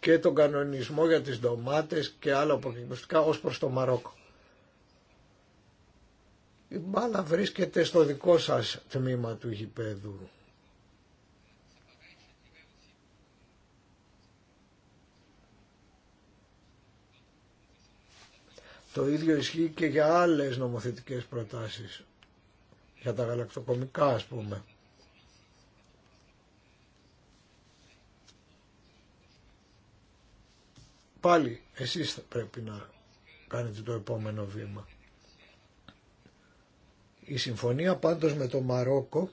και τον κανονισμό για τις ντομάτες και άλλα αποκλειστικά ως προς το Μαρόκο. Η μπάλα βρίσκεται στο δικό σας τμήμα του γηπέδου. Το ίδιο ισχύει και για άλλες νομοθετικές προτάσεις, για τα γαλακτοκομικά ας πούμε. Πάλι εσείς πρέπει να κάνετε το επόμενο βήμα. Η συμφωνία πάντως με το Μαρόκο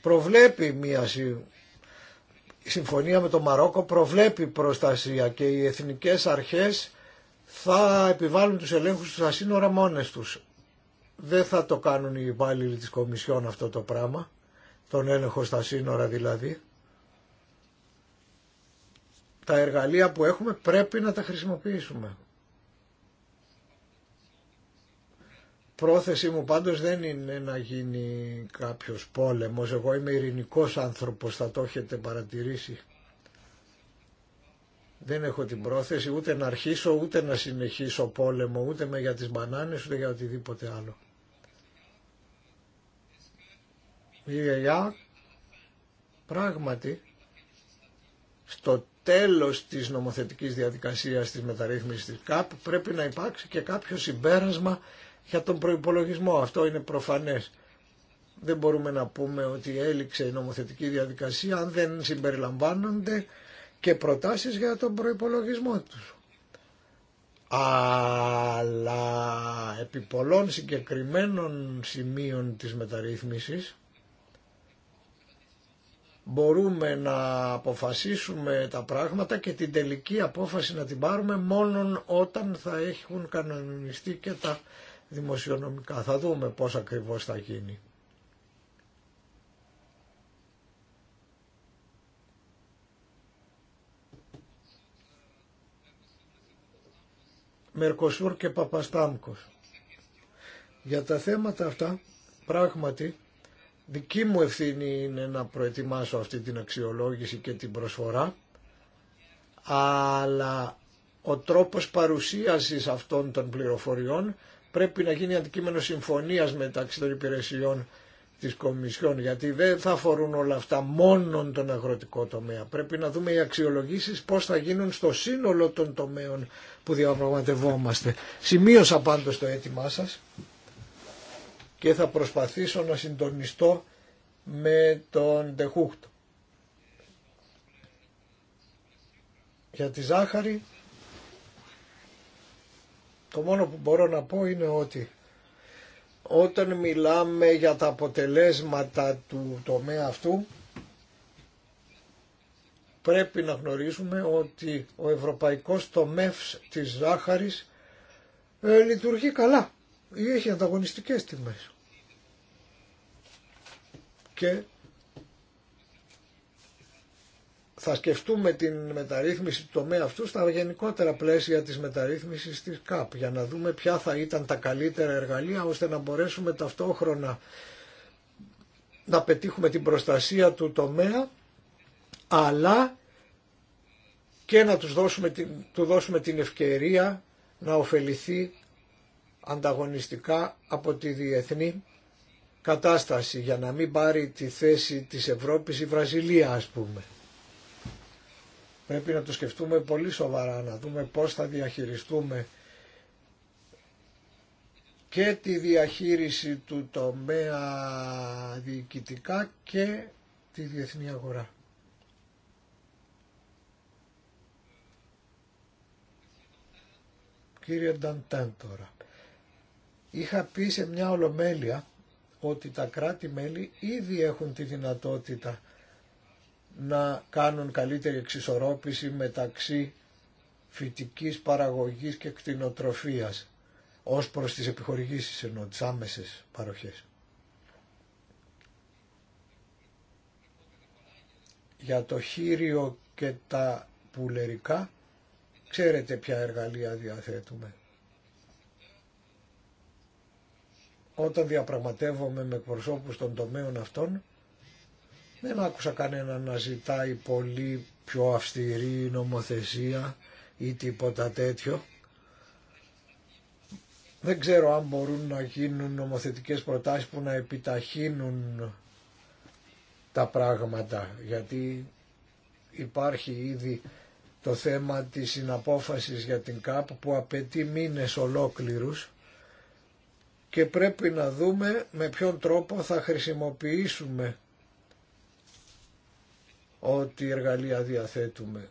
προβλέπει μία συμφωνία με το Μαρόκο προβλέπει προστασία και οι εθνικές αρχές θα επιβάλλουν τους ελέγχους στα σύνορα μόνες τους. Δεν θα το κάνουν οι υπάλληλοι της Κομισιόν αυτό το πράγμα, τον έλεγχο στα σύνορα δηλαδή. Τα εργαλεία που έχουμε πρέπει να τα χρησιμοποιήσουμε. πρόθεσή μου πάντως δεν είναι να γίνει κάποιος πόλεμος. Εγώ είμαι ειρηνικός άνθρωπος, θα το έχετε παρατηρήσει. Δεν έχω την πρόθεση ούτε να αρχίσω, ούτε να συνεχίσω πόλεμο, ούτε με για τις μπανάνες, ούτε για οτιδήποτε άλλο. Η ΕΕ, πράγματι στο τέλος της νομοθετικής διαδικασίας της μεταρρύθμισης της ΚΑΠ πρέπει να υπάρξει και κάποιο συμπέρασμα για τον προϋπολογισμό. Αυτό είναι προφανές. Δεν μπορούμε να πούμε ότι έληξε η νομοθετική διαδικασία αν δεν συμπεριλαμβάνονται και προτάσεις για τον προϋπολογισμό τους. Αλλά επί πολλών συγκεκριμένων σημείων της μεταρρύθμισης μπορούμε να αποφασίσουμε τα πράγματα και την τελική απόφαση να την πάρουμε μόνον όταν θα έχουν κανονιστεί και τα δημοσιονομικά. Θα δούμε πώς ακριβώς θα γίνει. Μερκοσούρ και Παπαστάμκος. Για τα θέματα αυτά, πράγματι, δική μου ευθύνη είναι να προετοιμάσω αυτή την αξιολόγηση και την προσφορά, αλλά ο τρόπος παρουσίασης αυτών των πληροφοριών πρέπει να γίνει αντικείμενο συμφωνίας μεταξύ των υπηρεσιών της Κομισιόν, γιατί δεν θα αφορούν όλα αυτά μόνον τον αγροτικό τομέα. Πρέπει να δούμε οι αξιολογήσεις πώς θα γίνουν στο σύνολο των τομέων που διαπραγματευόμαστε. Σημείωσα πάντως το αίτημά σας και θα προσπαθήσω να συντονιστώ με τον Ντεχούχτ. Για τη ζάχαρη το μόνο που μπορώ να πω είναι ότι όταν μιλάμε για τα αποτελέσματα του τομέα αυτού πρέπει να γνωρίζουμε ότι ο ευρωπαϊκός τομεύς της ζάχαρης ε, λειτουργεί καλά ή έχει ανταγωνιστικές τιμές. Και θα σκεφτούμε την μεταρρύθμιση του τομέα αυτού στα γενικότερα πλαίσια της μεταρρύθμισης της ΚΑΠ για να δούμε ποια θα ήταν τα καλύτερα εργαλεία ώστε να μπορέσουμε ταυτόχρονα να πετύχουμε την προστασία του τομέα αλλά και να τους δώσουμε του δώσουμε την ευκαιρία να ωφεληθεί ανταγωνιστικά από τη διεθνή κατάσταση για να μην πάρει τη θέση της Ευρώπης η Βραζιλία ας πούμε. Πρέπει να το σκεφτούμε πολύ σοβαρά, να δούμε πώς θα διαχειριστούμε και τη διαχείριση του τομέα διοικητικά και τη διεθνή αγορά. Κύριε Νταντάν τώρα. Είχα πει σε μια ολομέλεια ότι τα κράτη-μέλη ήδη έχουν τη δυνατότητα να κάνουν καλύτερη εξισορρόπηση μεταξύ φυτικής παραγωγής και κτηνοτροφίας ως προς τις επιχορηγήσεις ενώ τις άμεσες παροχές. Για το χείριο και τα πουλερικά ξέρετε ποια εργαλεία διαθέτουμε. Όταν διαπραγματεύομαι με προσώπους των τομέων αυτών δεν άκουσα κανέναν να ζητάει πολύ πιο αυστηρή νομοθεσία ή τίποτα τέτοιο. Δεν ξέρω αν μπορούν να γίνουν νομοθετικές προτάσεις που να επιταχύνουν τα πράγματα, γιατί υπάρχει ήδη το θέμα της συναπόφασης για την ΚΑΠ που απαιτεί μήνες ολόκληρους και πρέπει να δούμε με ποιον τρόπο θα χρησιμοποιήσουμε ό,τι εργαλεία διαθέτουμε.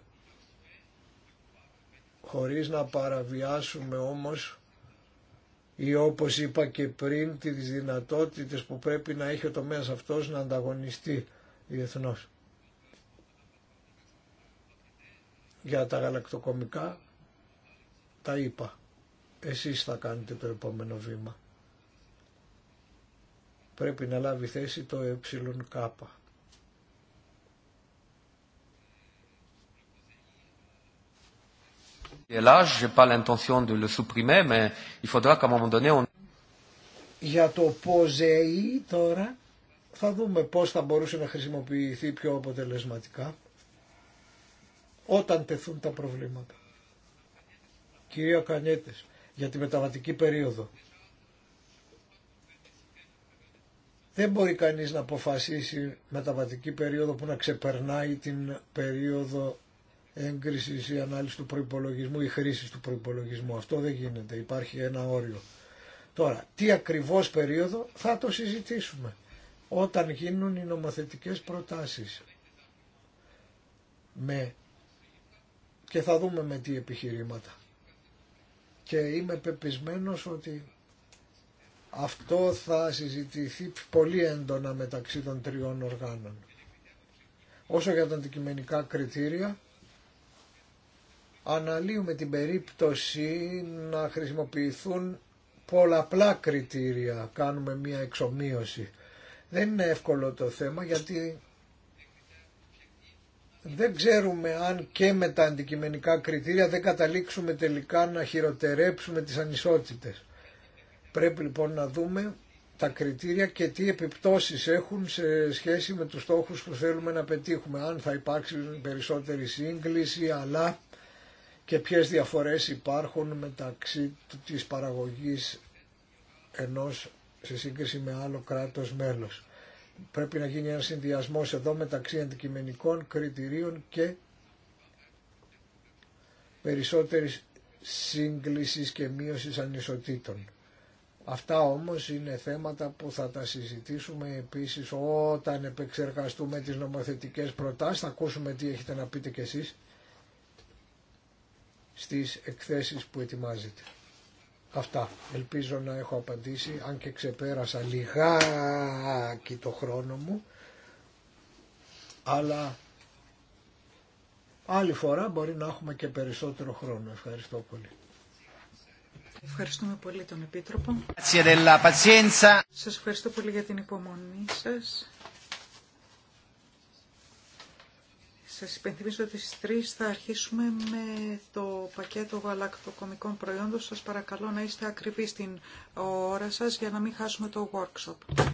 Χωρίς να παραβιάσουμε όμως ή όπως είπα και πριν τις δυνατότητες που πρέπει να έχει ο τομέας αυτός να ανταγωνιστεί διεθνώς. Για τα γαλακτοκομικά τα είπα. Εσείς θα κάνετε το επόμενο βήμα. Πρέπει να λάβει θέση το κάπα. Για το ΠΟΖΕΗ τώρα θα δούμε πώς θα μπορούσε να χρησιμοποιηθεί πιο αποτελεσματικά όταν τεθούν τα προβλήματα. Κυρία Κανέτες, για τη μεταβατική περίοδο. Δεν μπορεί κανείς να αποφασίσει μεταβατική περίοδο που να ξεπερνάει την περίοδο Έγκριση ή ανάλυση του προπολογισμού ή χρήση του προπολογισμού. Αυτό δεν γίνεται, υπάρχει ένα όριο. Τώρα, τι ακριβώς περίοδο θα το συζητήσουμε όταν γίνουν οι νομοθετικέ προτάσεις. Με... Και θα δούμε με τι επιχειρήματα. Και είμαι πεπισμένος ότι αυτό θα συζητηθεί πολύ έντονα μεταξύ των τριών οργάνων. Όσο για τα αντικειμενικά κριτήρια, αναλύουμε την περίπτωση να χρησιμοποιηθούν πολλαπλά κριτήρια, κάνουμε μία εξομοίωση. Δεν είναι εύκολο το θέμα γιατί δεν ξέρουμε αν και με τα αντικειμενικά κριτήρια δεν καταλήξουμε τελικά να χειροτερέψουμε τις ανισότητες. Πρέπει λοιπόν να δούμε τα κριτήρια και τι επιπτώσεις έχουν σε σχέση με τους στόχους που θέλουμε να πετύχουμε. Αν θα υπάρξει περισσότερη σύγκληση αλλά και ποιες διαφορές υπάρχουν μεταξύ της παραγωγής ενός σε σύγκριση με άλλο κράτος μέλος. Πρέπει να γίνει ένας συνδυασμός εδώ μεταξύ αντικειμενικών κριτηρίων και περισσότερης σύγκλησης και μείωσης ανισοτήτων. Αυτά όμως είναι θέματα που θα τα συζητήσουμε επίσης όταν επεξεργαστούμε τις νομοθετικές προτάσεις. Θα ακούσουμε τι έχετε να πείτε κι εσείς στις εκθέσεις που ετοιμάζεται. Αυτά. Ελπίζω να έχω απαντήσει, αν και ξεπέρασα λιγάκι το χρόνο μου, αλλά άλλη φορά μπορεί να έχουμε και περισσότερο χρόνο. Ευχαριστώ πολύ. Ευχαριστούμε πολύ τον Επίτροπο. Σας ευχαριστώ πολύ για την υπομονή σας. σας υπενθυμίζω ότι στις 3 θα αρχίσουμε με το πακέτο γαλακτοκομικών προϊόντων. Σας παρακαλώ να είστε ακριβείς στην ώρα σας για να μην χάσουμε το workshop.